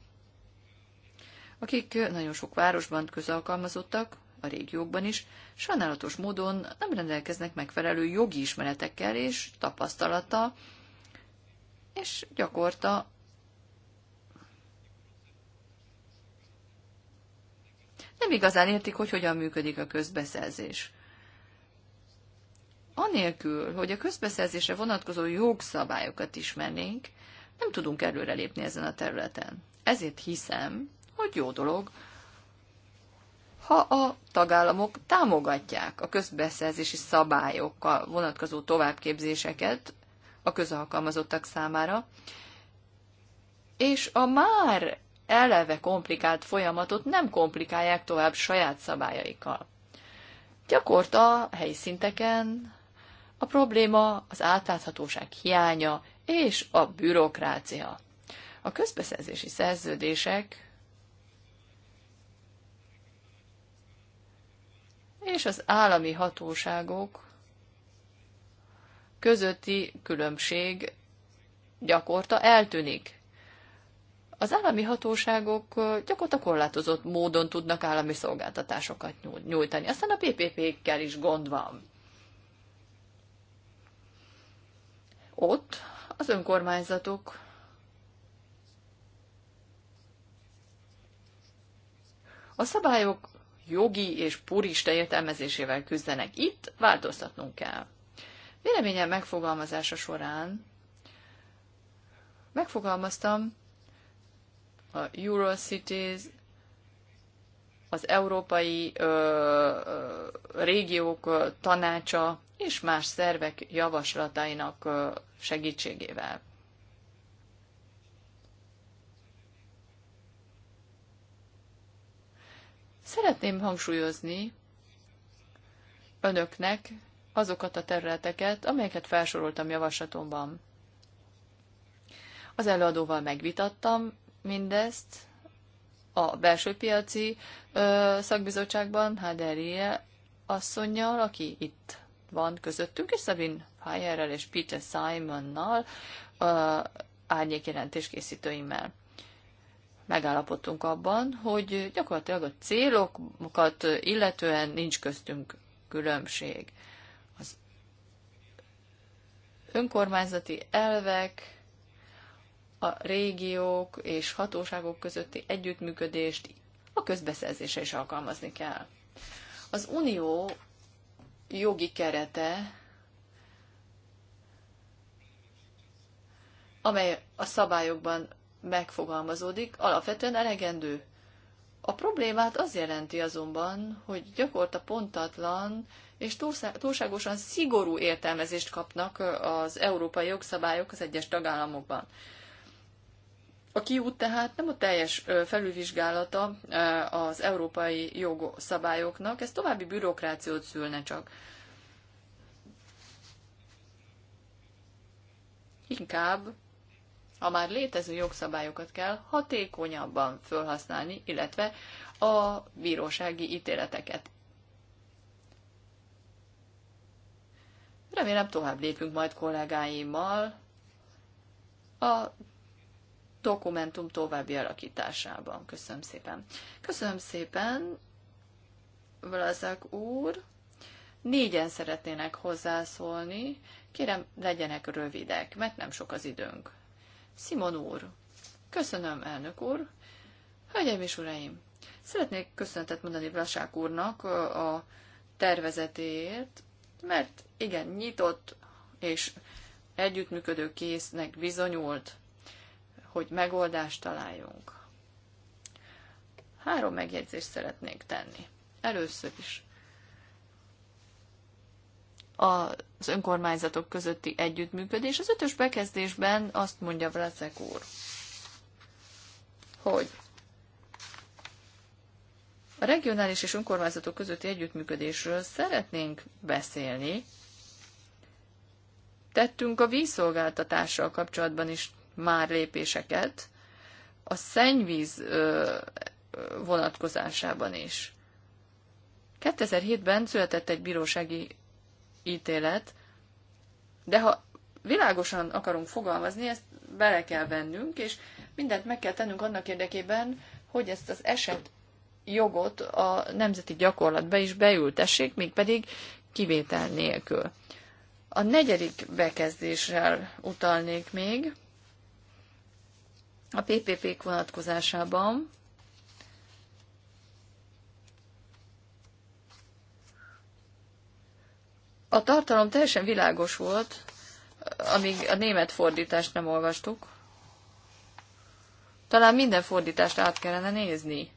akik nagyon sok városban közalkalmazottak, a régiókban is, sajnálatos módon nem rendelkeznek megfelelő jogi ismeretekkel és tapasztalata, és gyakorta nem igazán értik, hogy hogyan működik a közbeszerzés. Anélkül, hogy a közbeszerzésre vonatkozó jogszabályokat ismernénk, nem tudunk előrelépni ezen a területen. Ezért hiszem, hogy jó dolog, ha a tagállamok támogatják a közbeszerzési szabályokkal vonatkozó továbbképzéseket a közalkalmazottak számára, és a már eleve komplikált folyamatot nem komplikálják tovább saját szabályaikkal. Gyakorta helyszinteken a probléma az átláthatóság hiánya és a bürokrácia. A közbeszerzési szerződések és az állami hatóságok közötti különbség gyakorta eltűnik. Az állami hatóságok gyakorta korlátozott módon tudnak állami szolgáltatásokat nyújtani. Aztán a PPP-kkel is gond van. Ott az önkormányzatok a szabályok jogi és purista értelmezésével küzdenek. Itt változtatnunk kell. Véleményem megfogalmazása során megfogalmaztam a Eurocities, az Európai ö, ö, Régiók ö, Tanácsa és más szervek javaslatainak ö, segítségével. Szeretném hangsúlyozni önöknek azokat a területeket, amelyeket felsoroltam javaslatomban. Az előadóval megvitattam mindezt a belső piaci ö, szakbizottságban, Haderie asszonynal, aki itt van közöttünk, és Szabin Fájerrel és Peter Simonnal, árnyékjelentés készítőimmel. Megállapodtunk abban, hogy gyakorlatilag a célokat illetően nincs köztünk különbség önkormányzati elvek, a régiók és hatóságok közötti együttműködést a közbeszerzése is alkalmazni kell. Az unió jogi kerete, amely a szabályokban megfogalmazódik, alapvetően elegendő. A problémát az jelenti azonban, hogy gyakorta pontatlan és túlságosan szigorú értelmezést kapnak az európai jogszabályok az egyes tagállamokban. A kiút tehát nem a teljes felülvizsgálata az európai jogszabályoknak, ez további bürokrációt szülne csak. Inkább a már létező jogszabályokat kell hatékonyabban felhasználni, illetve a bírósági ítéleteket. Remélem tovább lépünk majd kollégáimmal a dokumentum további alakításában. Köszönöm szépen. Köszönöm szépen, Vlazak úr. Négyen szeretnének hozzászólni. Kérem, legyenek rövidek, mert nem sok az időnk. Simon úr. Köszönöm, elnök úr. Hölgyeim és uraim, szeretnék köszönetet mondani Blasák úrnak a tervezetéért, mert igen, nyitott és együttműködő késznek bizonyult, hogy megoldást találjunk. Három megjegyzést szeretnék tenni. Először is az önkormányzatok közötti együttműködés. Az ötös bekezdésben azt mondja Vlacek úr, hogy a regionális és önkormányzatok közötti együttműködésről szeretnénk beszélni. Tettünk a vízszolgáltatással kapcsolatban is már lépéseket, a szennyvíz vonatkozásában is. 2007-ben született egy bírósági ítélet, de ha világosan akarunk fogalmazni, ezt bele kell vennünk, és mindent meg kell tennünk annak érdekében, hogy ezt az eset jogot a nemzeti gyakorlatba is beültessék, mégpedig kivétel nélkül. A negyedik bekezdéssel utalnék még, a PPP-k vonatkozásában A tartalom teljesen világos volt, amíg a német fordítást nem olvastuk. Talán minden fordítást át kellene nézni.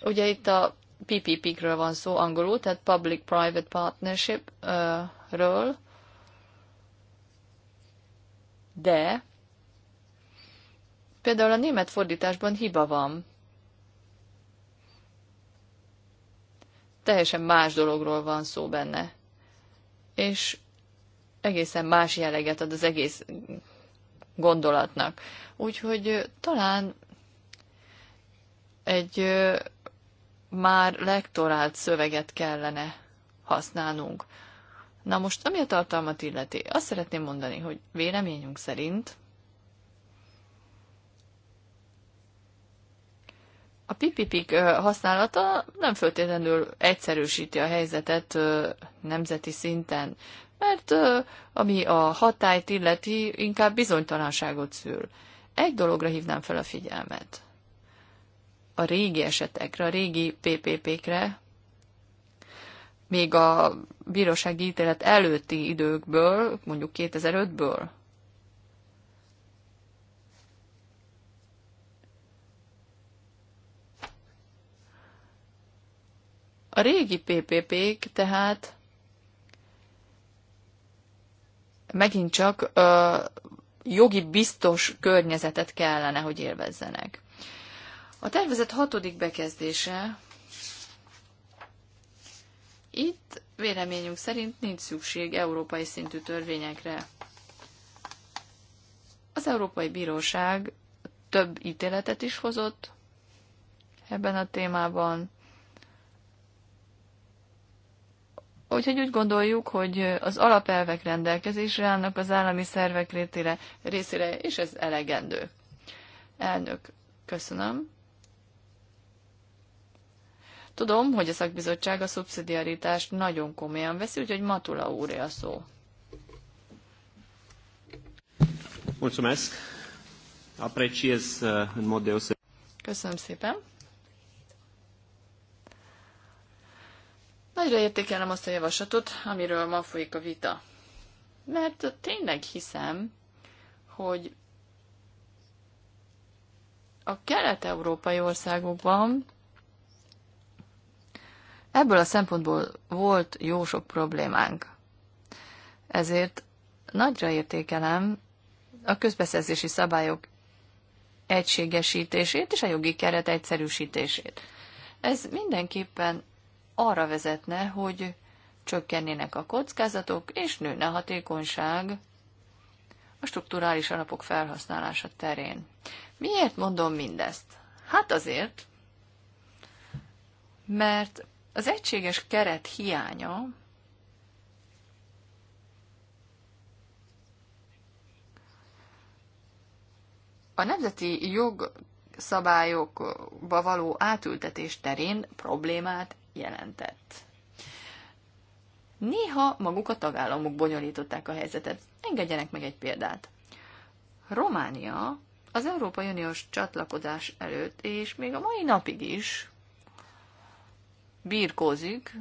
Ugye itt a ppp ről van szó angolul, tehát Public-Private Partnership-ről, de például a német fordításban hiba van. teljesen más dologról van szó benne. És egészen más jelleget ad az egész gondolatnak. Úgyhogy talán egy már lektorált szöveget kellene használnunk. Na most, ami a tartalmat illeti, azt szeretném mondani, hogy véleményünk szerint a pipipik használata nem föltétlenül egyszerűsíti a helyzetet nemzeti szinten, mert ami a hatályt illeti, inkább bizonytalanságot szül. Egy dologra hívnám fel a figyelmet. A régi esetekre, a régi PPP-kre, még a bírósági ítélet előtti időkből, mondjuk 2005-ből, A régi PPP-k tehát megint csak ö, jogi biztos környezetet kellene, hogy élvezzenek. A tervezet hatodik bekezdése itt véleményünk szerint nincs szükség európai szintű törvényekre. Az Európai Bíróság több ítéletet is hozott ebben a témában, Úgyhogy úgy gondoljuk, hogy az alapelvek rendelkezésre állnak az állami szervek létére, részére, és ez elegendő. Elnök, köszönöm. Tudom, hogy a szakbizottság a szubszidiaritást nagyon komolyan veszi, úgyhogy Matula úré a szó. Mulțumesc. Apreciez uh, în mod deosebit. Köszönöm szépen. Nagyra értékelem azt a javaslatot, amiről ma folyik a vita. Mert tényleg hiszem, hogy a kelet-európai országokban ebből a szempontból volt jó sok problémánk. Ezért nagyra értékelem a közbeszerzési szabályok egységesítését és a jogi keret egyszerűsítését. Ez mindenképpen arra vezetne, hogy csökkennének a kockázatok, és nőne a hatékonyság a strukturális alapok felhasználása terén. Miért mondom mindezt? Hát azért, mert az egységes keret hiánya a nemzeti jogszabályokba való átültetés terén problémát jelentett. Néha maguk a tagállamok bonyolították a helyzetet. Engedjenek meg egy példát. Románia az Európai Uniós csatlakozás előtt, és még a mai napig is birkózik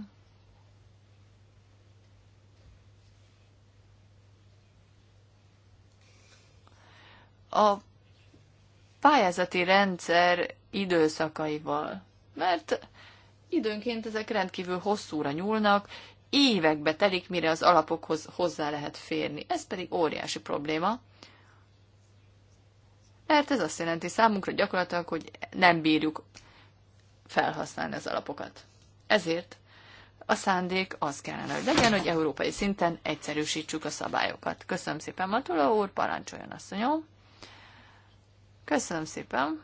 a pályázati rendszer időszakaival. Mert Időnként ezek rendkívül hosszúra nyúlnak, évekbe telik, mire az alapokhoz hozzá lehet férni. Ez pedig óriási probléma, mert ez azt jelenti számunkra gyakorlatilag, hogy nem bírjuk felhasználni az alapokat. Ezért a szándék az kellene, hogy legyen, hogy európai szinten egyszerűsítsük a szabályokat. Köszönöm szépen, Matula úr, parancsoljon asszonyom. Köszönöm szépen.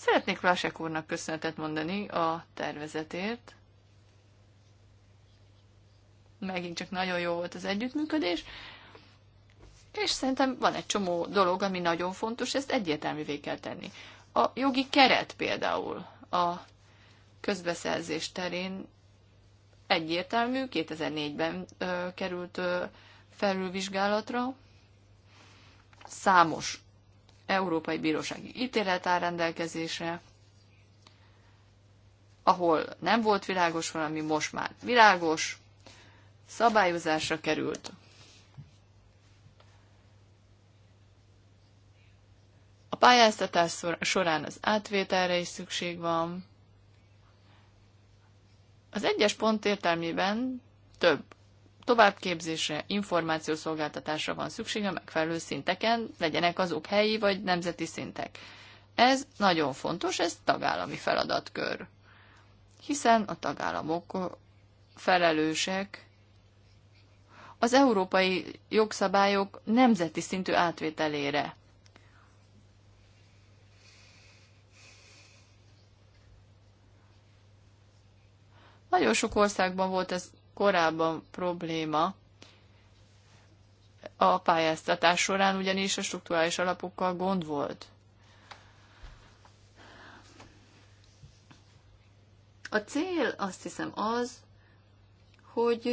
Szeretnék Vlasek úrnak köszönetet mondani a tervezetért. Megint csak nagyon jó volt az együttműködés, és szerintem van egy csomó dolog, ami nagyon fontos, ezt egyértelművé kell tenni. A jogi keret például a közbeszerzés terén egyértelmű, 2004-ben került ö, felülvizsgálatra, számos Európai Bírósági ítélet áll rendelkezésre, ahol nem volt világos valami, most már világos, szabályozásra került. A pályáztatás során az átvételre is szükség van. Az egyes pont értelmében több továbbképzésre, információszolgáltatásra van szüksége megfelelő szinteken, legyenek azok helyi vagy nemzeti szintek. Ez nagyon fontos, ez tagállami feladatkör, hiszen a tagállamok felelősek az európai jogszabályok nemzeti szintű átvételére. Nagyon sok országban volt ez korábban probléma a pályáztatás során, ugyanis a strukturális alapokkal gond volt. A cél azt hiszem az, hogy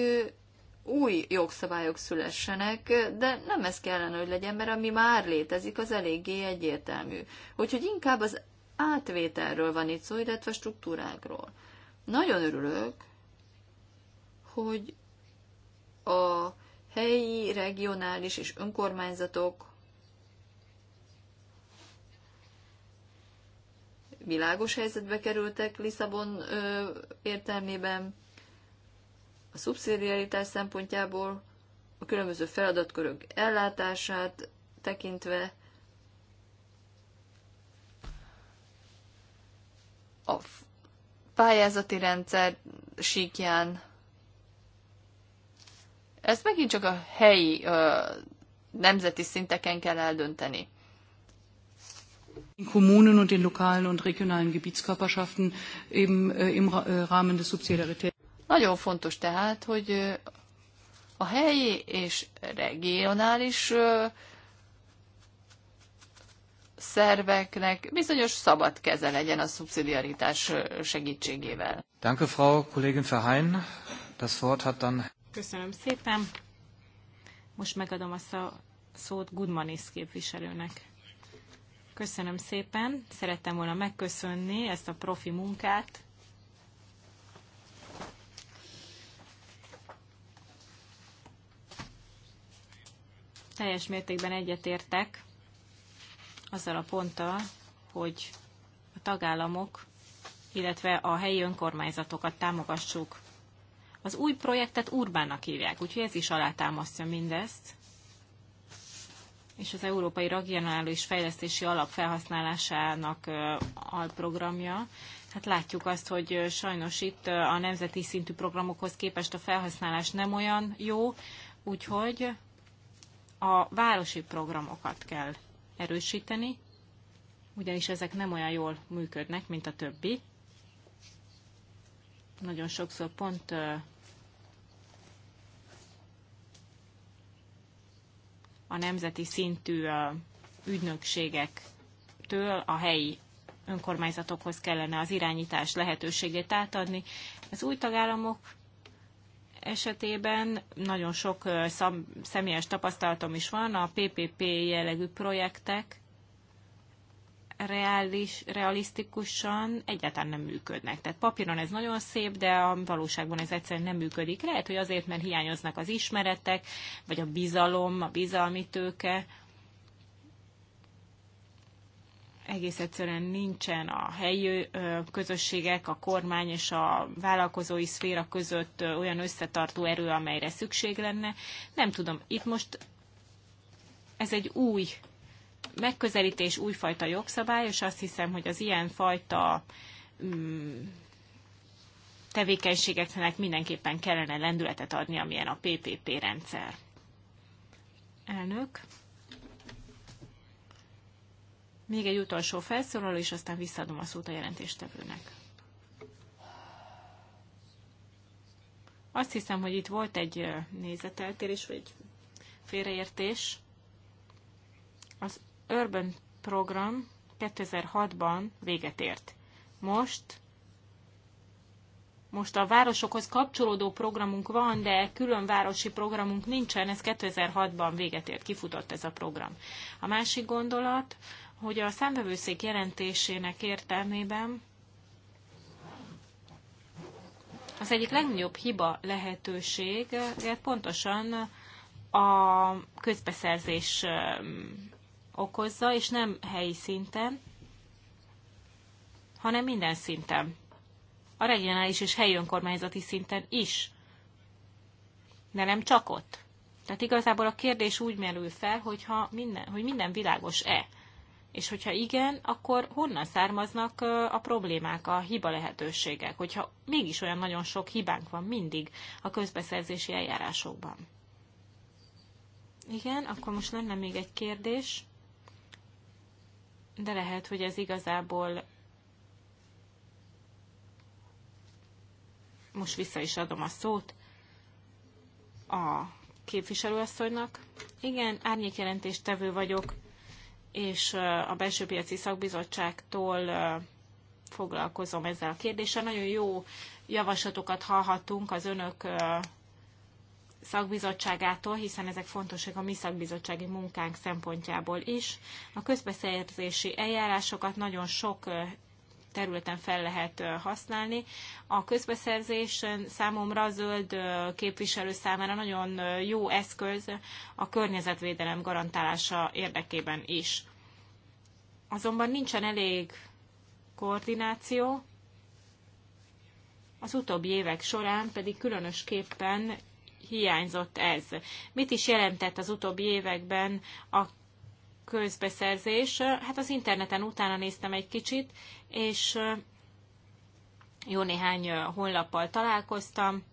új jogszabályok szülessenek, de nem ez kellene, hogy legyen, mert ami már létezik, az eléggé egyértelmű. Úgyhogy inkább az átvételről van itt szó, illetve struktúrákról. Nagyon örülök, hogy a helyi, regionális és önkormányzatok világos helyzetbe kerültek Lisszabon ö, értelmében, a szubszidiaritás szempontjából, a különböző feladatkörök ellátását tekintve, a pályázati rendszer síkján ezt megint csak a helyi ö, nemzeti szinteken kell eldönteni. In Kommunen und den lokalen und regionalen Gebietskörperschaften eben äh, im äh, Rahmen des Subsidiarität. Nagyon fontos tehát, hogy a helyi és regionális szerveknek bizonyos szabad keze legyen a szubszidiaritás segítségével. Danke, Frau Kollegin Verheyen. Das Wort hat dann... Köszönöm szépen. Most megadom a szót Gudmanis képviselőnek. Köszönöm szépen. Szerettem volna megköszönni ezt a profi munkát. Teljes mértékben egyetértek azzal a ponttal, hogy a tagállamok, illetve a helyi önkormányzatokat támogassuk az új projektet Urbának hívják, úgyhogy ez is alátámasztja mindezt. És az Európai Regionális Fejlesztési Alap felhasználásának alprogramja. Hát látjuk azt, hogy sajnos itt a nemzeti szintű programokhoz képest a felhasználás nem olyan jó, úgyhogy a városi programokat kell erősíteni, ugyanis ezek nem olyan jól működnek, mint a többi. Nagyon sokszor pont a nemzeti szintű ügynökségektől a helyi önkormányzatokhoz kellene az irányítás lehetőségét átadni. Az új tagállamok esetében nagyon sok személyes tapasztalatom is van, a PPP jellegű projektek reális, realisztikusan egyáltalán nem működnek. Tehát papíron ez nagyon szép, de a valóságban ez egyszerűen nem működik. Lehet, hogy azért, mert hiányoznak az ismeretek, vagy a bizalom, a bizalmi tőke. Egész egyszerűen nincsen a helyi közösségek, a kormány és a vállalkozói szféra között olyan összetartó erő, amelyre szükség lenne. Nem tudom, itt most ez egy új megközelítés, újfajta jogszabály, és azt hiszem, hogy az ilyen ilyenfajta mm, tevékenységeknek mindenképpen kellene lendületet adni, amilyen a PPP rendszer. Elnök. Még egy utolsó felszólaló, és aztán visszaadom a szót a jelentéstevőnek. Azt hiszem, hogy itt volt egy nézeteltérés, vagy félreértés. Urban program 2006-ban véget ért. Most most a városokhoz kapcsolódó programunk van, de külön városi programunk nincsen, ez 2006-ban véget ért, kifutott ez a program. A másik gondolat, hogy a számbevőszék jelentésének értelmében az egyik legnagyobb hiba lehetőség, pontosan a közbeszerzés okozza, és nem helyi szinten, hanem minden szinten. A regionális és helyi önkormányzati szinten is. De nem csak ott. Tehát igazából a kérdés úgy merül fel, hogyha minden, hogy minden világos-e. És hogyha igen, akkor honnan származnak a problémák, a hiba lehetőségek, hogyha mégis olyan nagyon sok hibánk van mindig a közbeszerzési eljárásokban. Igen, akkor most lenne még egy kérdés de lehet, hogy ez igazából most vissza is adom a szót a képviselőasszonynak. Igen, tevő vagyok, és a Belső Piaci Szakbizottságtól foglalkozom ezzel a kérdéssel. Nagyon jó javaslatokat hallhattunk az önök szakbizottságától, hiszen ezek fontosak a mi szakbizottsági munkánk szempontjából is. A közbeszerzési eljárásokat nagyon sok területen fel lehet használni. A közbeszerzés számomra a zöld képviselő számára nagyon jó eszköz a környezetvédelem garantálása érdekében is. Azonban nincsen elég koordináció, az utóbbi évek során pedig különösképpen hiányzott ez. Mit is jelentett az utóbbi években a közbeszerzés? Hát az interneten utána néztem egy kicsit, és eh, jó néhány eh, honlappal találkoztam,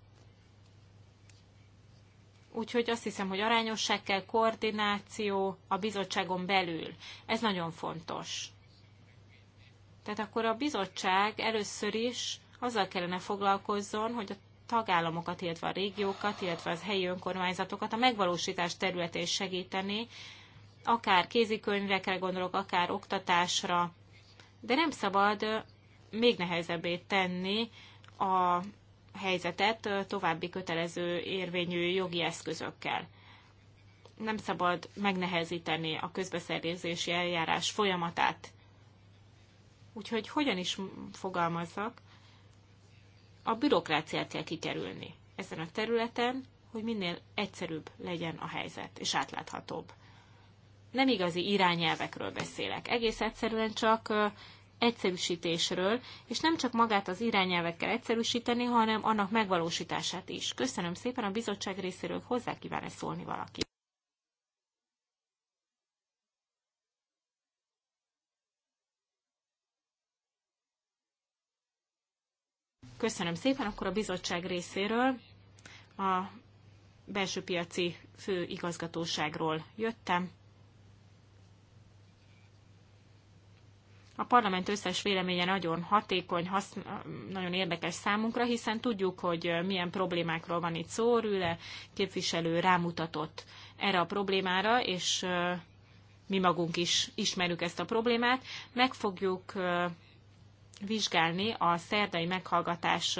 Úgyhogy azt hiszem, hogy arányosság kell, koordináció a bizottságon belül. Ez nagyon fontos. Tehát akkor a bizottság először is azzal kellene foglalkozzon, hogy a tagállamokat, illetve a régiókat, illetve az helyi önkormányzatokat a megvalósítás területén segíteni, akár kézikönyvekre gondolok, akár oktatásra, de nem szabad még nehezebbé tenni a helyzetet további kötelező érvényű jogi eszközökkel. Nem szabad megnehezíteni a közbeszerzési eljárás folyamatát. Úgyhogy hogyan is fogalmazzak, a bürokráciát kell kikerülni ezen a területen, hogy minél egyszerűbb legyen a helyzet, és átláthatóbb. Nem igazi irányelvekről beszélek, egész egyszerűen csak egyszerűsítésről, és nem csak magát az irányelvekkel egyszerűsíteni, hanem annak megvalósítását is. Köszönöm szépen a bizottság részéről, hozzá kíván -e szólni valaki. Köszönöm szépen, akkor a bizottság részéről a belső piaci főigazgatóságról jöttem. A parlament összes véleménye nagyon hatékony, haszn- nagyon érdekes számunkra, hiszen tudjuk, hogy milyen problémákról van itt szó. Rüle képviselő rámutatott erre a problémára, és mi magunk is ismerjük ezt a problémát. Meg fogjuk vizsgálni a szerdai meghallgatás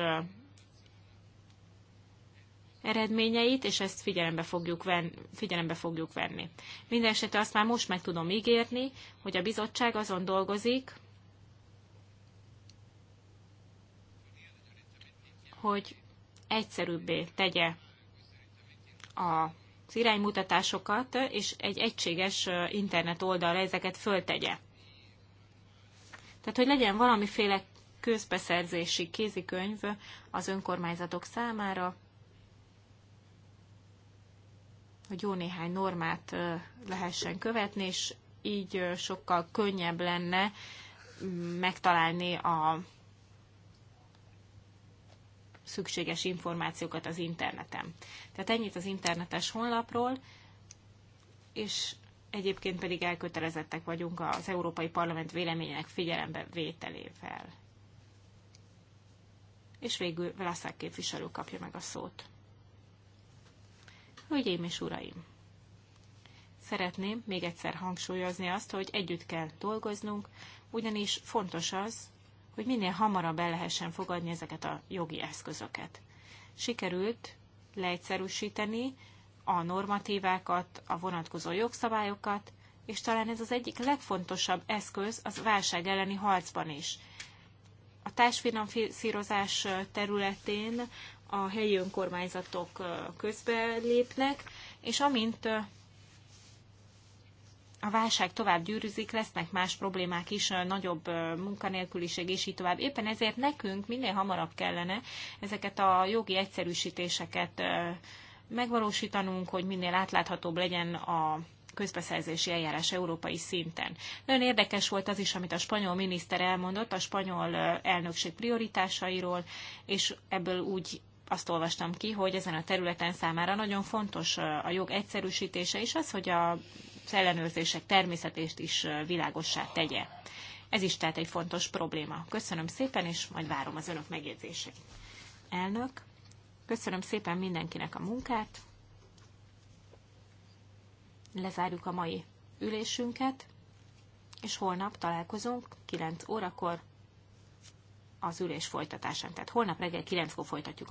eredményeit, és ezt figyelembe fogjuk, ven, figyelembe fogjuk venni. Mindenesetre azt már most meg tudom ígérni, hogy a bizottság azon dolgozik, hogy egyszerűbbé tegye az iránymutatásokat, és egy egységes internet oldalra ezeket föltegye. Tehát, hogy legyen valamiféle közbeszerzési kézikönyv az önkormányzatok számára, hogy jó néhány normát lehessen követni, és így sokkal könnyebb lenne mm, megtalálni a szükséges információkat az interneten. Tehát ennyit az internetes honlapról, és egyébként pedig elkötelezettek vagyunk az Európai Parlament véleményének figyelembe vételével. És végül Vlaszák képviselő kapja meg a szót. Hölgyeim és uraim! Szeretném még egyszer hangsúlyozni azt, hogy együtt kell dolgoznunk, ugyanis fontos az, hogy minél hamarabb el lehessen fogadni ezeket a jogi eszközöket. Sikerült leegyszerűsíteni a normatívákat, a vonatkozó jogszabályokat, és talán ez az egyik legfontosabb eszköz az válság elleni harcban is. A társfinanszírozás területén a helyi önkormányzatok közbe lépnek, és amint a válság tovább gyűrűzik, lesznek más problémák is, nagyobb munkanélküliség és így tovább. Éppen ezért nekünk minél hamarabb kellene ezeket a jogi egyszerűsítéseket megvalósítanunk, hogy minél átláthatóbb legyen a közbeszerzési eljárás európai szinten. Nagyon érdekes volt az is, amit a spanyol miniszter elmondott a spanyol elnökség prioritásairól, és ebből úgy azt olvastam ki, hogy ezen a területen számára nagyon fontos a jog egyszerűsítése, és az, hogy a ellenőrzések természetést is világossá tegye. Ez is tehát egy fontos probléma. Köszönöm szépen, és majd várom az önök megjegyzéseit. Elnök. Köszönöm szépen mindenkinek a munkát. Lezárjuk a mai ülésünket, és holnap találkozunk 9 órakor az ülés folytatásán. Tehát holnap reggel 9-kor folytatjuk a